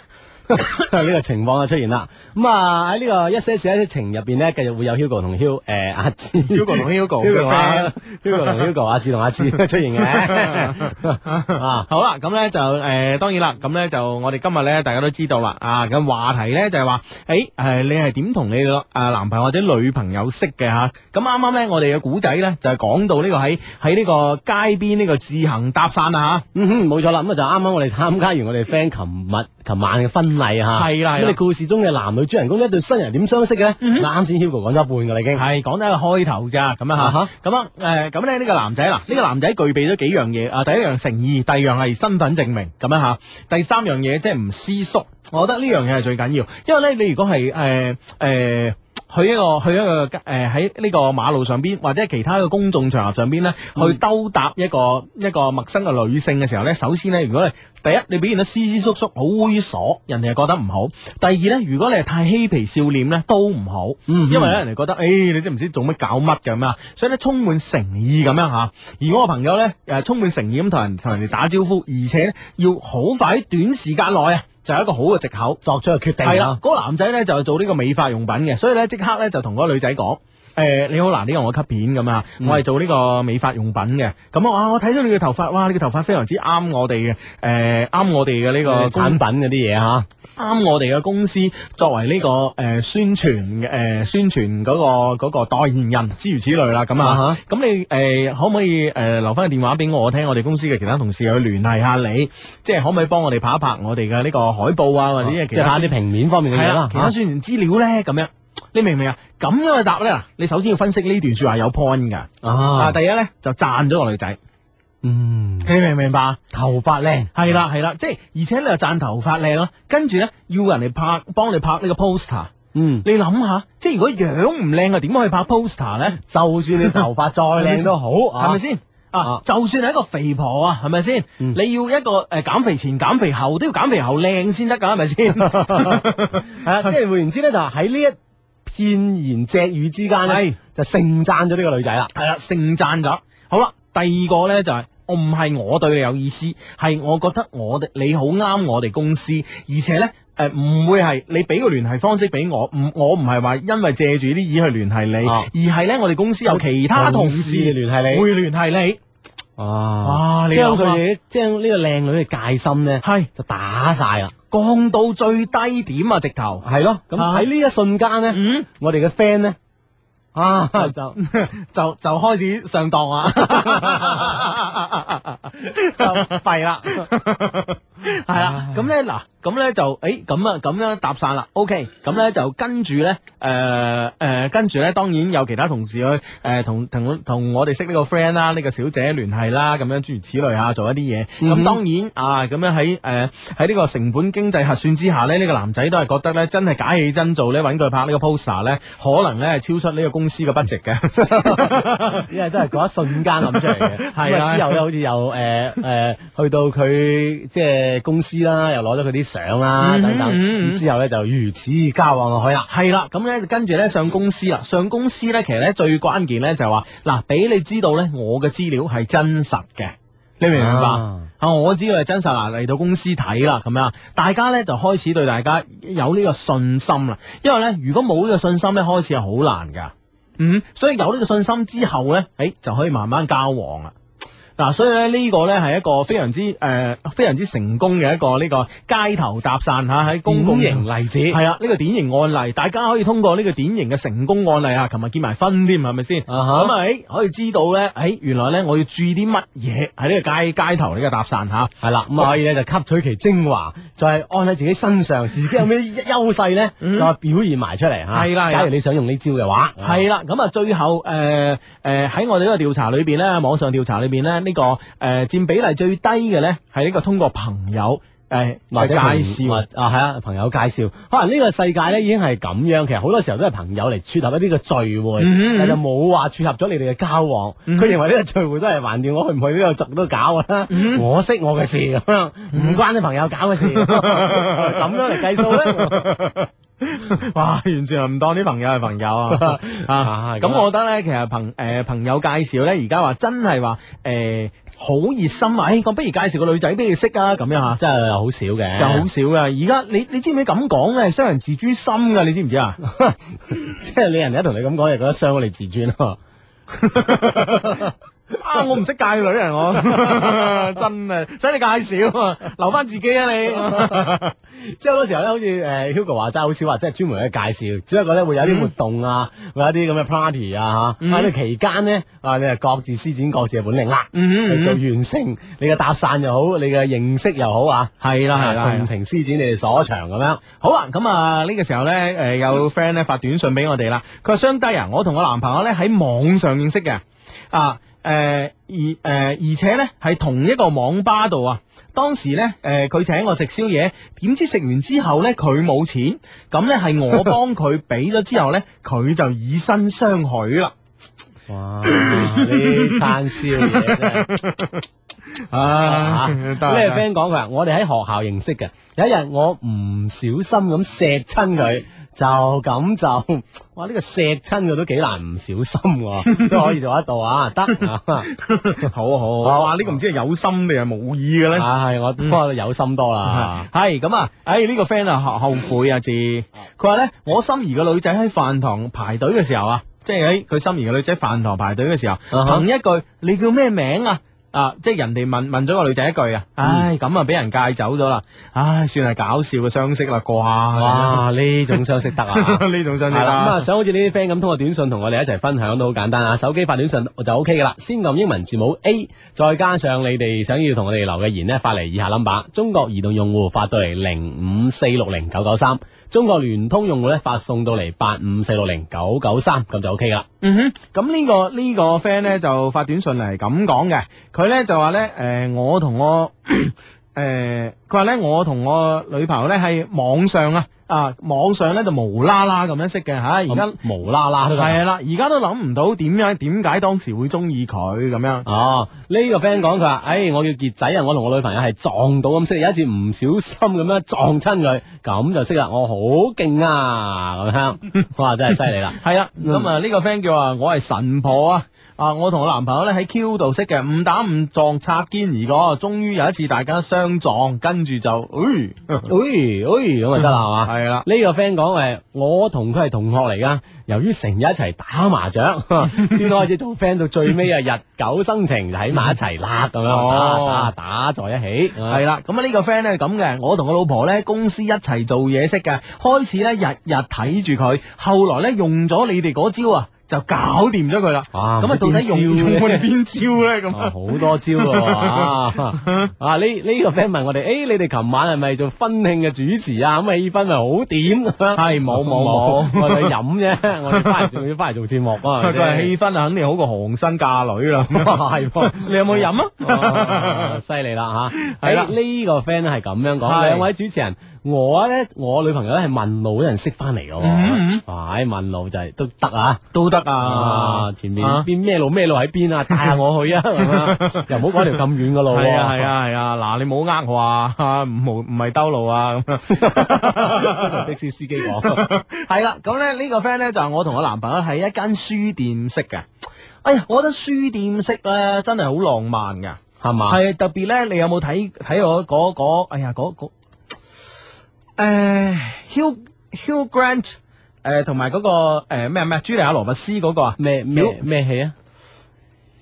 呢 個情況就出現啦，咁、嗯、啊喺呢、啊這個一些事一些情入邊呢，繼續會有 Hugo 同 Hugo 誒、欸、阿志，Hugo 同 Hugo 嘅 friend，Hugo 同 Hugo 阿志同阿志出現嘅，啊, Hugo, 啊,啊好啦，咁、嗯、呢就誒、呃、當然啦，咁、嗯、呢就我哋今日呢，大家都知道啦，啊咁話題呢，就係話誒誒你係點同你嘅男朋友或者女朋友識嘅吓，咁啱啱呢，我哋嘅古仔呢，就係、是、講到呢個喺喺呢個街邊呢個自行搭訕啊嗯哼，冇錯啦，咁、嗯、就啱啱我哋參加完我哋 friend 琴日琴晚嘅婚。嚟嚇，咁你故事中嘅男女主人公一對新人點相識嘅咧？啱先 Hugo 講咗一半噶啦，已經係講得一個開頭咋，咁啊嚇，咁啊誒，咁咧、uh huh. 呃、呢、呢個男仔嗱，呢、呢個男仔具備咗幾樣嘢啊，第一樣誠意，第二樣係身份證明，咁樣嚇、啊，第三樣嘢即係唔思縮，我覺得呢樣嘢係最緊要，因為咧你如果係誒誒。呃呃去一個去一個誒喺呢個馬路上邊，或者其他嘅公眾場合上邊咧，嗯、去兜搭一個一個陌生嘅女性嘅時候咧，首先呢，如果你第一你表現得斯斯縮縮好猥瑣，人哋係覺得唔好；第二呢，如果你係太嬉皮笑臉、嗯、呢，都唔好，嗯，因為咧人哋覺得，誒、哎、你都唔知做乜搞乜嘅咁啊，所以呢，充滿誠意咁樣嚇。而我個朋友呢誒、呃、充滿誠意咁同人同人哋打招呼，而且呢要好快喺短時間內啊。就係一個好嘅藉口，作出個決定啦。嗰、那個男仔咧就係、是、做呢個美髮用品嘅，所以咧即刻咧就同嗰個女仔講。誒、呃，你好啦，呢、嗯、個我 cut 片咁啊，我係做呢個美髮用品嘅，咁啊，我睇到你嘅頭髮，哇，你嘅頭髮非常之啱我哋嘅，誒、呃，啱我哋嘅呢個產品嗰啲嘢吓，啱、嗯、我哋嘅公司作為呢、這個誒、呃、宣傳誒、呃、宣傳嗰、那個、那個代言人之如此類啦，咁、嗯嗯、啊，咁你誒、呃、可唔可以誒、呃、留翻個電話俾我，我聽，我哋公司嘅其他同事去聯繫下你，嗯、即係可唔可以幫我哋拍一拍我哋嘅呢個海報啊，啊或者啲其他即下啲平面方面嘅嘢啊，其他、啊、其他宣傳資料咧咁、啊啊、樣。你明唔明啊？咁樣嘅答咧，你首先要分析呢段說話有 point 噶。啊，第一咧就讚咗個女仔。嗯，你明唔明白？頭髮靚，係啦係啦，即係而且你又讚頭髮靚咯。跟住咧要人哋拍，幫你拍呢個 poster。嗯，你諗下，即係如果樣唔靚嘅，點樣去拍 poster 咧？就算你頭髮再靚都好，係咪先？啊，就算係一個肥婆啊，係咪先？你要一個誒減肥前、減肥後都要減肥後靚先得噶，係咪先？係啊，即係換言之咧，就喺呢一。片言隻語之間咧，是就盛讚咗呢個女仔啦。係啊，盛讚咗。好啦，第二個呢，就係、是，我唔係我對你有意思，係我覺得我哋你好啱我哋公司，而且呢，誒、呃、唔會係你俾個聯繫方式俾我，唔我唔係話因為借住啲嘢去聯繫你，啊、而係呢，我哋公司有其他同事聯繫你，會聯繫你。
哇哇、啊！即係佢哋，即
係呢個靚女嘅戒心呢，係是就打晒啦。降到最低點啊！直頭係、啊、咯，咁喺呢一瞬間咧，嗯、我哋嘅 friend 咧啊，就 就就開始上當啊， 就廢糟啦。 係 啦，咁咧嗱，咁咧就誒，咁啊咁樣搭訕啦。OK，咁咧就跟住咧，誒、呃、誒、呃，跟住咧，當然有其他同事去誒、呃、同同同我哋識呢個 friend 啦，呢個小姐聯繫啦，咁樣諸如此類啊，做一啲嘢。咁當然啊，咁樣喺誒喺呢個成本經濟核算之下咧，呢、這個男仔都係覺得咧，真係假戲真做咧，揾佢拍個呢個 poster 咧，可能咧係超出呢個公司嘅 budget 嘅， 因為都係嗰一瞬間諗出嚟嘅。係 的的之後咧好似又誒誒去到佢即係。嘅公司啦，又攞咗佢啲相啦等等，嗯嗯、之後呢，就如此交往落去啦。係啦，咁、嗯、咧跟住呢，上公司啦，上公司呢，其實呢，最關鍵呢，就話、是、嗱，俾你知道呢，我嘅資料係真實嘅，你明唔明白啊，啊？我知道係真實啦，嚟到公司睇啦，咁樣大家呢，就開始對大家有呢個信心啦。因為呢，如果冇呢個信心呢，開始係好難噶。嗯，所以有呢個信心之後呢，誒、哎、就可以慢慢交往啦。嗱，所以咧呢個呢係一個非常之誒非常之成功嘅一個呢個街頭搭訕嚇，喺公共型
例子係啊，呢
個典型案例，大家可以通過呢個典型嘅成功案例啊，琴日結埋婚添，係咪先？咁啊，可以知道呢？誒原來呢，我要注意啲乜嘢喺呢個街街頭呢個搭訕嚇，係啦，咁可以咧就吸取其精華，再按喺自己身上，自己有咩優勢呢，再表現埋出嚟嚇。係啦，假如你想用呢招嘅話，係啦，咁啊最後誒誒喺我哋呢個調查裏邊呢，網上調查裏邊呢。呢、這個誒佔、呃、比例最低嘅咧，係呢個通過朋友誒、呃、或者介紹或啊，係啊朋友介紹。可能呢個世界咧已經係咁樣，其實好多時候都係朋友嚟撮合一啲嘅聚會，嗯嗯但就冇話撮合咗你哋嘅交往。佢、嗯嗯、認為呢個聚會都係橫掂，我去唔去都有集都搞啊。嗯嗯我識我嘅事，咁樣唔、 嗯、關啲朋友搞嘅事，
咁 樣嚟計數咧。
哇！ 完全係唔當啲朋友係朋友 啊！啊，咁我覺得咧，其實朋誒朋友介紹咧，而家話真係話誒好熱心啊！哎、欸，咁不如介紹個女仔俾你識啊！咁樣吓，真係好少嘅，又好少嘅。而家你你知唔知咁講咧，傷人自尊心噶？你知唔知，知啊？ 即係你人哋同你咁講，又覺得傷我哋自尊啊。 啊！我唔識介女啊！我 真係啊，使你介紹啊，留翻自己啊你。 即係好多時候咧，好似誒、啊、Hugo 話，齋好少話，即係專門去介紹，只不過咧會有啲活動啊，嗯、會有啲咁嘅 party 啊吓。喺呢期間呢，啊你係各自施展各自嘅本領啦，嗯嗯，嗯，嗯、就完成你嘅搭訕又好，你嘅認識又好啊，係啦係啦，盡情施展你哋所長咁樣。好啊，咁啊呢、這個時候咧，誒有 friend 咧發短信俾我哋啦。佢話相低啊，我同我男朋友咧喺網上認識嘅啊。啊誒、呃，而誒、呃，而且咧係同一個網吧度啊！當時咧，誒、呃，佢請我食宵夜，點知食完之後咧，佢冇錢，咁咧係我幫佢俾咗之後咧，佢就以身相許啦。哇！呢餐宵夜啊！啊，呢個 friend 講佢我哋喺學校認識嘅，有一日我唔小心咁錫親佢。就咁就，哇！呢、這個錫親嘅都幾難，唔小心喎、啊， 都可以做得到啊，得、啊， 好好、啊哇。哇！呢、這個唔知係有心定係冇意嘅咧。啊，係，我不過、嗯、有心多啦。係咁啊，唉、啊，呢、啊哎這個 friend 啊後悔啊字，佢話咧，我心儀嘅女仔喺飯堂排隊嘅時候啊，即係喺佢心儀嘅女仔飯堂排隊嘅時候，憑 一句你叫咩名啊？啊！即係人哋問問咗個女仔一句啊，唉咁啊俾人戒走咗啦，唉算係搞笑嘅相識啦啩？哇！呢種相識得啊，
呢 種相識啦。咁啊、嗯、
想好似呢啲 friend 咁，通過短信同我哋一齊分享都好簡單啊！手機發短信就 OK 噶啦，先撳英文字母 A，再加上你哋想要同我哋留嘅言呢，發嚟以下 number。中國移動用戶發到嚟零五四六零九九三。中國聯通用戶咧，發送到嚟，八五四六零九九三，咁就 O K 噶啦。嗯哼、咁、這個這個、呢個呢個 friend 咧，就發短信嚟咁講嘅，佢咧就話咧，誒、呃，我同我誒。 呃佢話咧，我同我女朋友咧係網上啊，啊網上咧就無啦啦咁樣識嘅吓，而家無啦啦係啦，而家都諗唔到點樣點解當時會中意佢咁樣。哦，呢個 friend 講佢話，誒，我叫傑仔啊，我同我女朋友係撞到咁識，有一次唔小心咁樣撞親佢，咁就識啦，我好勁啊，咁樣， 哇真係犀利啦。係啊 的，咁啊呢個 friend 叫話我係神婆啊，啊我同我男朋友咧喺 Q 度識嘅，唔打唔撞擦肩而過，終於有一次大家相撞跟。跟住就，哎，哎，哎，咁、哎、就得啦，係嘛？係啦了，呢個 friend 講誒，我同佢係同學嚟噶，由於成日一齊打麻雀，先 開始做 friend，到最尾啊，日久生情，就喺埋一齊啦，咁樣、 哦、打啊打，打在一起，係啦吧。咁啊呢個 friend 咧咁嘅，我同我老婆咧公司一齊做嘢識嘅，開始咧日日睇住佢，後來咧用咗你哋嗰招啊。就搞掂咗佢啦！咁啊，到底用用哋邊招咧？咁好多招喎！啊，呢呢個 friend 問我哋，誒，你哋琴晚係咪做婚慶嘅主持啊？咁氣氛咪好點？係冇冇冇，我哋飲啫，我哋翻嚟仲要翻嚟做節目啊！佢氣氛啊，肯定好過何生嫁女啦，係。你有冇飲啊？犀利啦！吓，喺呢個 friend 咧係咁樣講，兩位主持人。我咧，我女朋友咧係問路啲人識翻嚟嘅喎，哇、嗯嗯哎！問路就係、是、都得啊，都得啊，啊，前面邊咩、啊、路咩路喺邊啊，帶下我去啊， 又唔好講條咁遠嘅路喎，係啊，係啊，嗱、啊，啊啊、你唔好呃我啊，唔冇唔係兜路啊，咁啊，的士司機講，係、這、啦、個，咁咧呢個 friend 咧就係、是、我同我男朋友喺一間書店識嘅，哎呀，我覺得書店識咧真係好浪漫嘅，係嘛吧，係特別咧，你有冇睇睇我嗰、那、嗰、個，哎呀嗰嗰。誒，Hugh Hugh Grant 誒、uh, uh,，同埋嗰個誒咩咩朱莉亞羅伯斯嗰個啊？咩咩戲啊？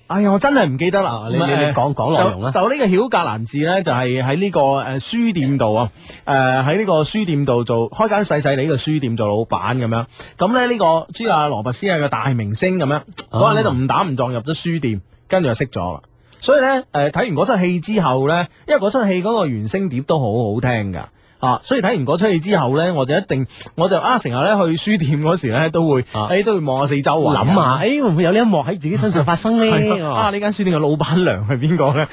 哎呀，我真係唔記得啦！你你講講內容啦。就個曉呢個《曉格蘭治》咧，就係喺呢個誒書店度啊！誒喺呢個書店度、 uh, 做開間細細哋嘅書店做老闆咁樣。咁咧呢、這個朱莉亞羅伯斯係個大明星咁樣，咁咧、uh. 就誤打誤撞入咗書店，跟住就識咗啦。所以咧，誒、呃、睇完嗰出戲之後咧，因為嗰出戲嗰個原聲碟都好好聽噶。啊！所以睇完嗰出戲之後咧，我就一定，我就啊成日咧去書店嗰時咧，都會誒，都會望下四周，諗下誒會唔會有呢一幕喺自己身上發生呢？啊！呢間書店嘅老闆娘係邊個咧？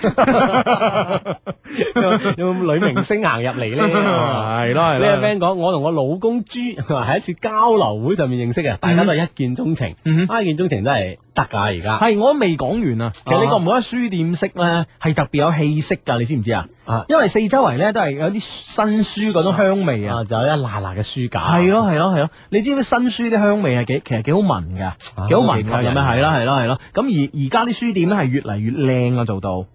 有冇女明星行入嚟咧？係咯係咯。呢個 friend 講，我同我老公朱喺一次交流會上面認識嘅，大家都係一見鍾情。一見鍾情真係得噶而家。係，我都未講完啊！其實呢個唔好喺書店識咧，係特別有氣息噶，你知唔知啊？啊因為四周圍咧都係有啲新書嗰種香味啊，啊，就有一辣辣嘅書架，係咯係咯係咯，你知唔知新書啲香味係幾其實幾好聞噶，幾、啊、幾好聞噶，係咯係咯係咯，咁而而家啲書店咧係越嚟越靚啊做到。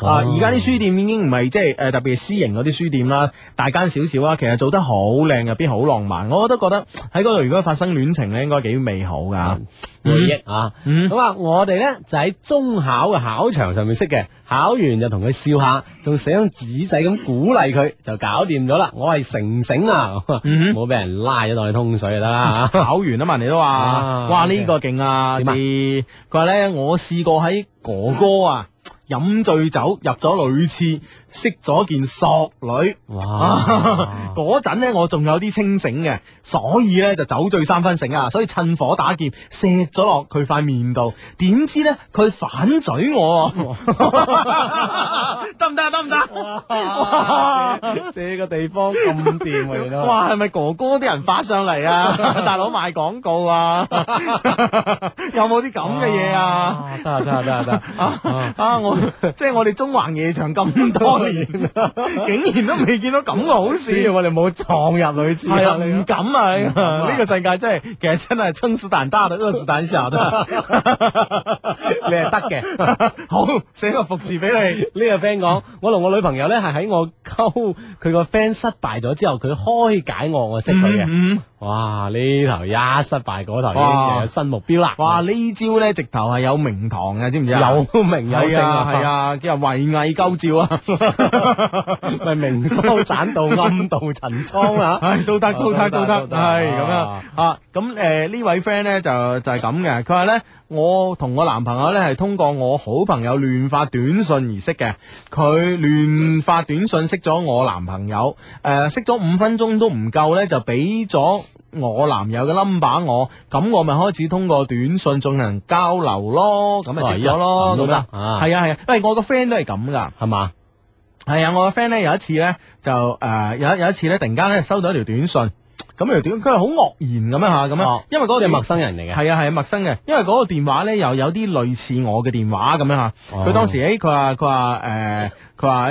啊！而家啲書店已經唔係即係誒，特別私營嗰啲書店啦，大間少少啦，其實做得好靚，入邊好浪漫。我覺得覺得喺嗰度如果發生戀情咧，應該幾美好噶回憶啊，咁啊、嗯，我哋咧就喺中考嘅考場上面識嘅，考完就同佢笑下，仲寫張紙仔咁鼓勵佢，就搞掂咗啦。我係成成啊，唔好俾人拉咗落去通水就得啦。 考完啊嘛，你都話，哇呢個勁啊！點哇啊？佢話咧，我試過喺哥哥啊。飲醉酒入咗女廁。識咗件索女，嗰陣咧我仲有啲清醒嘅，所以咧就酒醉三分醒啊，所以趁火打劫，錫咗落佢塊面度。點知咧佢反嘴我，
得唔得？得唔得？哇！
呢個地方咁掂嚟得。哇！係咪哥哥啲人發上嚟啊？大佬賣廣告啊？有冇啲咁嘅嘢啊？得啊！得啊！得啊！啊啊！我即係我哋中環夜場咁多。 竟然都未見到咁嘅好事，我哋冇撞入女廁啊，你唔敢啊！呢個世界真係，其實真係撐死膽大，餓死膽小，都你係得嘅。好，寫個福字俾你。呢個 friend 講，我同我女朋友咧係喺我溝佢個 friend 失敗咗之後，佢開解我，我識佢嘅。嗯嗯哇！呢頭一失敗，嗰頭已經有新目標啦。哇！呢招咧，直頭係有名堂嘅，知唔知啊？有名有姓啊，係啊，叫做圍魏救趙啊，咪 明修棧道，暗度陳倉啊，都得，都得，都得，係咁啊樣！啊，咁、嗯、誒、呃、呢位 friend 咧就是、就係咁嘅，佢話咧。就是我同我男朋友呢，係通過我好朋友亂發短信而識嘅，佢亂發短信識咗我男朋友，誒、呃，識咗五分鐘都唔夠呢，就俾咗我男友嘅 number 我，咁我咪開始通過短信進行交流咯，咁咪識咗咯。係啊係啊，喂、啊，我個 friend 都係咁噶，係嘛？係啊，啊，啊，我個 friend 吧、啊、呢，有一次呢，就誒、呃、有有一次呢，突然間呢收到一條短信。咁又點？佢係好愕然咁樣吓，咁樣、哦啊，因為嗰個即係陌生人嚟嘅。係啊係啊，陌生嘅。因為嗰個電話咧又有啲類似我嘅電話咁樣吓。佢、哦、當時誒，佢話佢話誒，佢話誒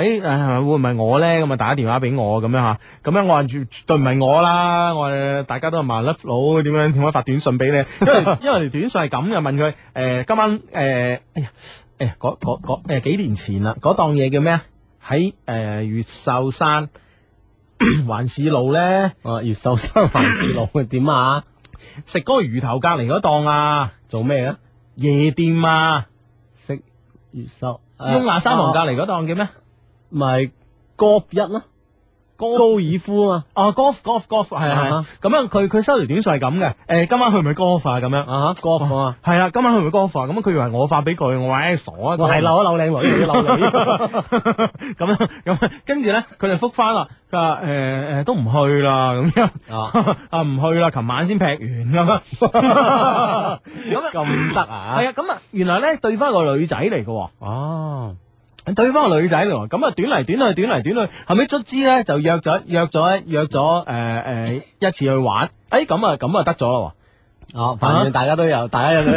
會唔係我咧？咁啊打電話俾我咁樣吓。咁樣我話絕對唔係我啦。我話大家都係麻甩佬，點樣點樣發短信俾你？因為因為條短信係咁嘅，問佢誒、呃，今晚誒、呃，哎呀，哎呀，嗰嗰誒幾年前啦，嗰檔嘢叫咩啊？喺誒越秀山。環市路咧，啊，越秀山環市路點 啊？食嗰個魚頭隔籬嗰檔啊？做咩啊？夜店啊？食越秀雍雅、呃、那山房隔籬嗰檔叫咩？咪？係 Golf 一咯、啊。高爾夫啊，啊，golf golf golf，係啊，咁樣佢佢收條短信係咁嘅，誒、欸，今晚去唔去 golf 啊？咁樣啊，吓，golf 啊，係啊，今晚去唔去 golf 啊？咁佢以為我發俾佢，我話誒，傻啊，我係扭一扭靚女，扭女，咁樣咁，跟住咧，佢就覆翻啦，佢話誒誒，都唔去啦，咁樣啊啊，唔去啦，琴晚先劈完噶嘛，咁咁得啊？係啊，
咁
啊，原來咧對翻個女仔嚟嘅，哦。啊對方個女仔嚟喎，咁啊短嚟短去，短嚟短去，後尾卒之咧就約咗，約咗，約咗誒誒一次去玩，哎咁啊咁啊得咗喎！哦，反正大家都有，大家有去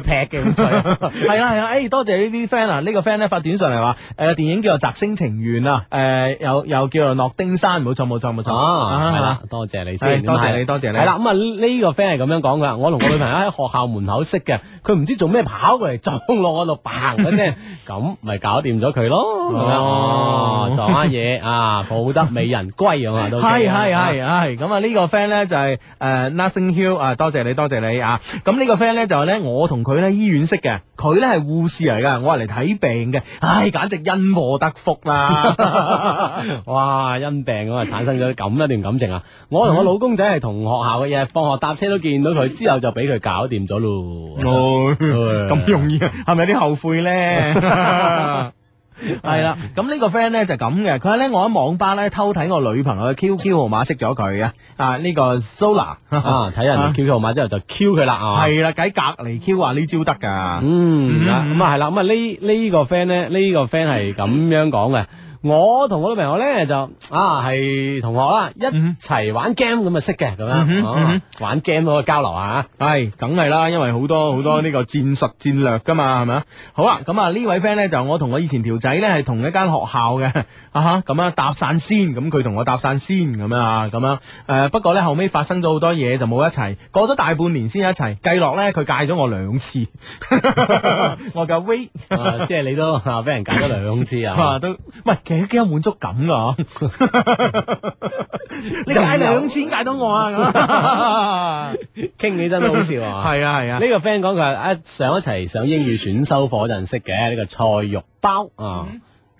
劈嘅興趣，係啦係啦，誒，多謝呢啲 friend 啊，呢個 friend 咧發短信嚟話，誒，電影叫做《摘星情緣》啊，誒，又又叫做《諾丁山》，冇錯冇錯冇錯，係啦，多謝你先，多謝你，多謝你，係啦，咁啊呢個 friend 係咁樣講噶，我同我女朋友喺學校門口識嘅，佢唔知做咩跑過嚟撞落我度，嘭嘅先，咁咪搞掂咗佢咯，哦，撞下嘢啊，抱得美人歸啊，都係係係係，咁啊呢個 friend 咧就係誒 Notting Hill 啊，多謝你多謝你啊！咁呢個 friend 咧就係咧，我同佢咧醫院識嘅，佢咧係護士嚟噶，我係嚟睇病嘅，唉，簡直因禍得福啦！ 哇，因病咁啊產生咗咁一段感情啊！我同我老公仔係同學校嘅嘢，放學搭車都見到佢，之後就俾佢搞掂咗咯。哦，咁容易啊？係咪 有啲後悔咧？ 係啦，咁呢 foi 個 friend 咧就咁嘅，佢咧我喺網吧咧偷睇我女朋友嘅 QQ 號碼，識咗佢嘅，啊呢、這個 Sola 睇人 QQ 號碼之後就 Q 佢啦，係、啊、嘛？係啦，喺隔籬 Q 啊，呢招得噶、嗯，嗯，
咁、
嗯、啊係啦，咁啊呢呢個 friend 咧，呢個 friend 係咁樣講嘅。我同我個朋友咧就啊係同學啦，一齊玩 game 咁啊識嘅咁樣，玩 game 嗰個交流啊，係梗係啦，因為好多好多呢個戰術戰略噶嘛，係咪啊？好啦，咁啊呢位 friend 咧就我同我以前條仔咧係同一間學校嘅啊哈，咁啊搭訕先，咁佢同我搭訕先咁樣啊，咁樣誒，不過咧後尾發生咗好多嘢就冇一齊，過咗大半年先一齊，計落咧佢戒咗我兩次，我叫 wait，即係你都啊俾人戒咗兩次啊，都唔幾有滿足感啊 有！ 你嗌兩次，嗌到我啊！咁傾起真好笑啊！係啊係啊！呢、啊、個 friend 講佢係一上一齊上英語選修課陣識嘅呢、這個菜肉包啊！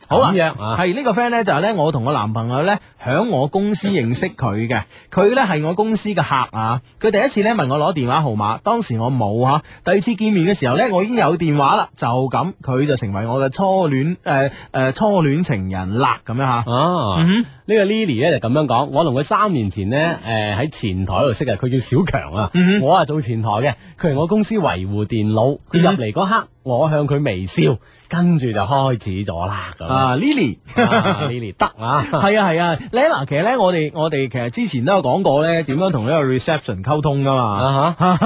好、嗯、啊，係呢、啊這個 friend 咧就係咧我同我男朋友咧。響我公司認識佢嘅，佢呢係我公司嘅客啊！佢第一次呢問我攞電話號碼，當時我冇吓。第二次見面嘅時候呢，我已經有電話啦，就咁佢就成為我嘅初戀誒誒初戀情人啦咁樣吓。哦，呢個 Lily 呢就咁樣講，我同佢三年前呢誒喺前台度識嘅，佢叫小強啊，我啊做前台嘅，佢係我公司維護電腦，佢入嚟嗰刻我向佢微笑，跟住就開始咗啦咁啊
！Lily，Lily 得啊，
係啊係啊。咧嗱，其實咧，我哋我哋其實之前都有講過咧，點樣同呢個 reception 溝通噶嘛，呢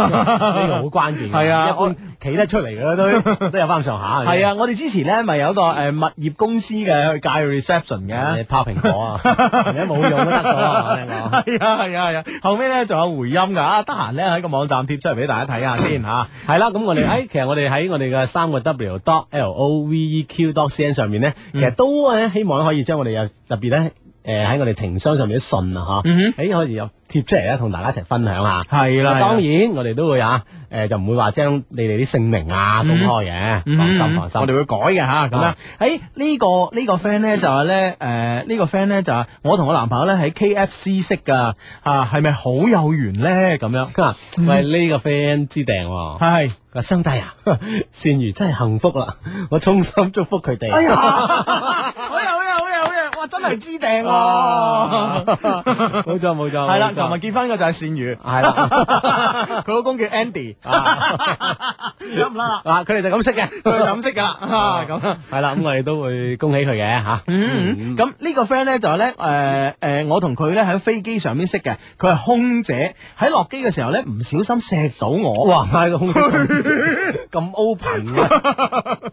個好關鍵。係啊，一般企得出嚟嘅都都有翻上下。係啊，我哋之前咧咪有個誒物業公司嘅去介 reception 嘅你拍蘋果啊，而
家冇用都得㗎啦。係啊係啊係
啊，後尾咧仲有回音㗎，得閒咧喺個網站貼出嚟俾大家睇下先嚇。係啦，咁我哋誒，其實我哋喺我哋嘅三個 W dot L O V E Q dot C N 上面咧，其實都咧希望可以將我哋有特別咧。誒喺我哋情商上面信啊嚇，誒開始有貼出嚟咧，同大家一齊分享下。係啦，當然我哋都會啊，誒就唔會話將你哋啲姓名啊公開嘅，放心放心，我哋會改嘅嚇。咁樣，誒呢個呢個 friend 咧就係咧，誒呢個 friend 咧就係我同我男朋友咧喺 K F C 識噶，啊係咪好有緣咧？咁樣，佢話喂，呢個 friend 之訂喎，係，個兄弟啊，善如真係幸福啦，我衷心祝福佢哋。
真係知訂，
冇錯冇錯，係啦，同埋結婚嘅就係善如，係啦，佢老公叫 Andy，拉唔拉嗱，佢哋就咁識嘅，佢哋咁識噶，咁係啦，咁我哋都會恭喜佢嘅吓。咁呢個 friend 咧就咧，誒誒，我同佢咧喺飛機上面識嘅，佢係空姐，喺落機嘅時候咧唔小心錫到我。哇，係個空姐咁 open，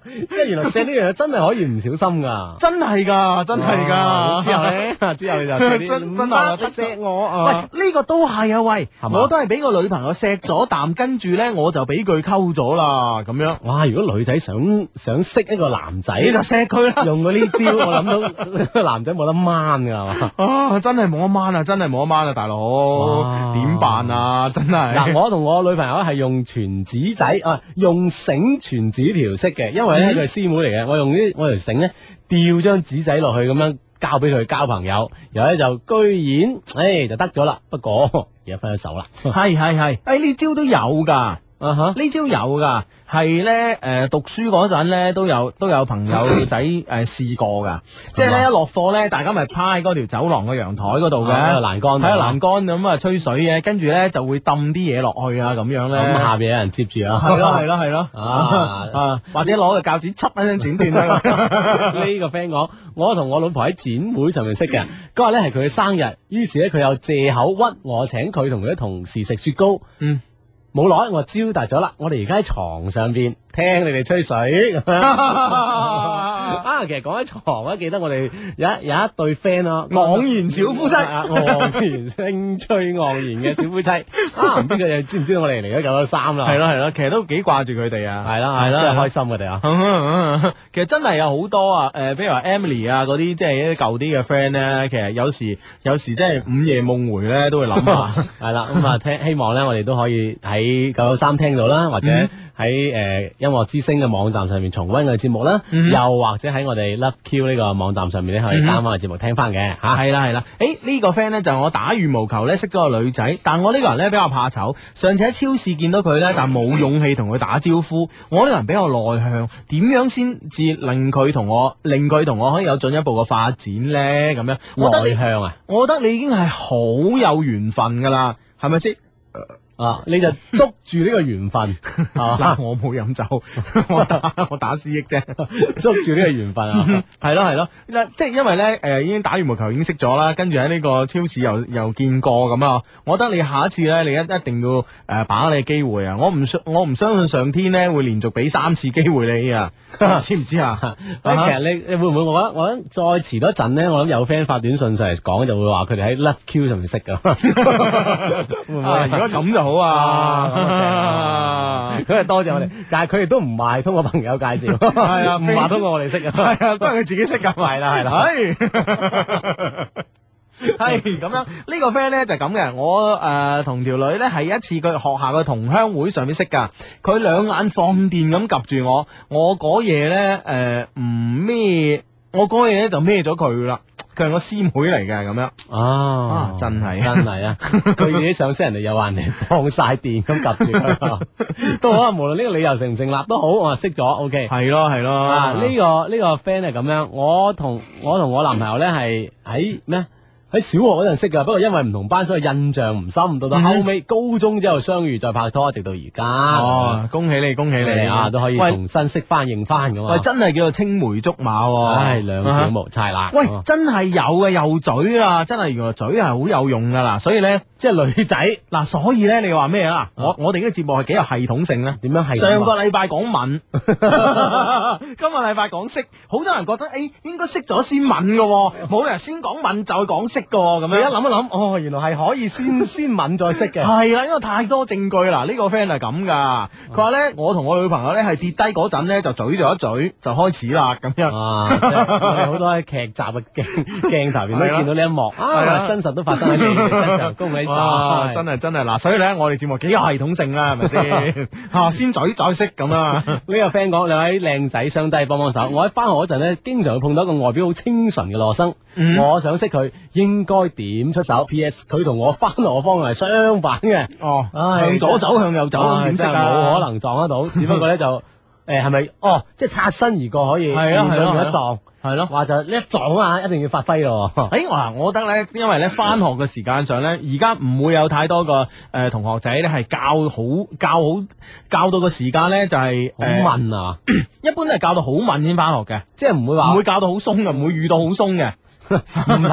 即係原來錫呢樣嘢真係可以唔小心噶，真係噶，真係噶。之後咧，之後就真真係錫我，啊。 喂，呢個都係啊，喂，吧我都係俾個女朋友錫咗啖，跟住咧我就俾佢溝咗啦，咁樣。哇，如果女仔想想識一個男仔，就錫佢啦， 用嗰呢招，我諗到個男仔冇得掹噶。 啊，真係冇得掹啊，真係冇得掹啊，大佬，點哇辦啊？真係嗱，啊，我同我女朋友係用傳紙仔啊，用繩傳紙條識嘅，因為咧佢係師妹嚟嘅，我用啲我條繩咧。掉張紙仔落去咁樣交俾佢交朋友，然後咧就居然誒、哎、就得咗啦，不過而家分咗手啦。係係係，誒呢招都有噶，啊吓呢招有噶。係咧，誒讀書嗰陣咧都有都有朋友仔誒試過㗎，即係咧一落課咧，大家咪趴喺嗰條走廊嘅陽台嗰度嘅，睇下欄杆咁啊吹水嘅，跟住咧就會抌啲嘢落去啊咁樣咧，咁下邊有人接住啊，係咯係咯係咯，啊啊或者攞個鉸剪，唰一聲剪斷。呢個 friend 講，我同我老婆喺展會上面識嘅，嗰日咧係佢嘅生日，於是咧佢又藉口屈我請佢同佢啲同事食雪糕。冇耐，我招待咗啦！我哋而家喺床上邊。聽你哋吹水，啊，其實講起床咧，記得我哋有有一對 friend 咯，昂然小夫妻，昂然風趣昂然嘅小夫妻，啊，唔知佢哋知唔知道我哋嚟咗九九三啦？係咯係咯，其實都幾掛住佢哋啊，係啦係啦，真係開心佢哋啊，其實真係有好多啊，誒，比如話 Emily 啊，嗰啲即係一啲舊啲嘅 friend 咧，其實有時有時即係午夜夢回咧都會諗下，係啦，咁啊，聽希望咧我哋都可以喺九九三聽到啦，或者喺誒。音樂之星嘅網站上面重温我嘅節目啦，嗯、哼又或者喺我哋 Love Q 呢個網站上面咧、嗯、哼可以 download 嘅節目聽翻嘅吓。係啦係啦，誒呢、欸這個 friend 呢，就係、我打羽毛球呢識咗個女仔，但我呢個人呢比較怕醜，上次喺超市見到佢呢，但冇勇氣同佢打招呼。我呢個人比較內向，點樣先至令佢同我令佢同我可以有進一步嘅發展呢？咁樣內向啊？我覺得你已經係好有緣分噶啦，係咪先？啊！你就捉住呢個緣分 啊！我冇飲酒 我打，我打私益啫。捉 住呢個緣分啊，係咯係咯。即係因為咧，誒已經打羽毛球已經識咗啦，跟住喺呢個超市又又見過咁啊！我覺得你下一次咧，你一一定要誒、呃、把握你嘅機會啊！我唔相我唔相信上天咧會連續俾三次機會你啊！ 你知唔知啊？ 其實你你會唔會覺得我我再遲多一陣咧？我諗有 friend 發短信上嚟講，就會話佢哋喺 Love Q 上面識噶。會唔會啊？如果咁就好。好啊，咁啊哇 多謝我哋， 但係佢哋都唔係通過朋友介紹，係 啊唔係通過我哋識啊，係啊 都係佢自己識夾埋啦，係啦，係咁樣，呢個，呢個 friend 咧就咁，係，嘅，我誒同條女咧係一次佢學校嘅同鄉會上面識噶，佢兩眼放電咁及住我，我嗰夜咧誒唔咩，我嗰夜咧就咩咗佢啦。佢係我師妹嚟嘅，咁樣、哦、啊，真係真係啊！佢 自己想識人，人哋又話人哋放晒電咁夾住，都好啊！無論呢個理由成唔成立都好，我就識咗，OK，係咯係咯，呢個呢個 friend 係咁樣，我同我同我男朋友咧係喺咩？喺小學嗰陣識噶，不過因為唔同班，所以印象唔深。到到後尾高中之後相遇再拍拖，直到而家。哦，恭喜你，恭喜你啊，都可以重新識翻認翻噶嘛。喂，真係叫做青梅竹馬，唉，兩小無猜啦。喂，真係有嘅，又嘴啊，真係原來嘴係好有用噶啦。所以咧，即係女仔嗱，所以咧，你話咩啊？我我哋呢個節目係幾有系統性咧？點樣係？上個禮拜講吻，今個禮拜講識，好多人覺得誒，應該識咗先吻噶，冇人先講吻就講識。個咁樣，你一諗一諗，哦，原來係可以先先吻再識嘅。係啊，因為太多證據啦。呢個 friend 係咁噶，佢話咧，我同我女朋友咧係跌低嗰陣咧就嘴咗一嘴就開始啦，咁樣啊，好多喺劇集嘅鏡頭入面都見到呢一幕啊，真實都發生。恭喜晒，真係真係嗱。所以咧，我哋節目幾有系統性啦，係咪先？吓，先嘴再識咁啊。呢個 friend 講，兩位靚仔上帝幫幫手。我喺翻學嗰陣咧，經常會碰到一個外表好清純嘅男生，我想識佢應。應該點出手？P.S. 佢同我翻學方向係相反嘅。
哦，向左走向右走，真係冇可能撞得到。只不過咧就
誒，係咪哦，即係擦身而過可以，係咯，唔會一撞。係咯，話就一撞啊，一定要發揮咯。誒，我覺得咧，因為咧翻學嘅時間上咧，而家唔會有太多個誒同學仔咧係教好教好教到個時間咧就
係好悶啊。一般都係教到好悶先翻學嘅，即係唔會話唔會教到好鬆嘅，唔會遇到好鬆嘅。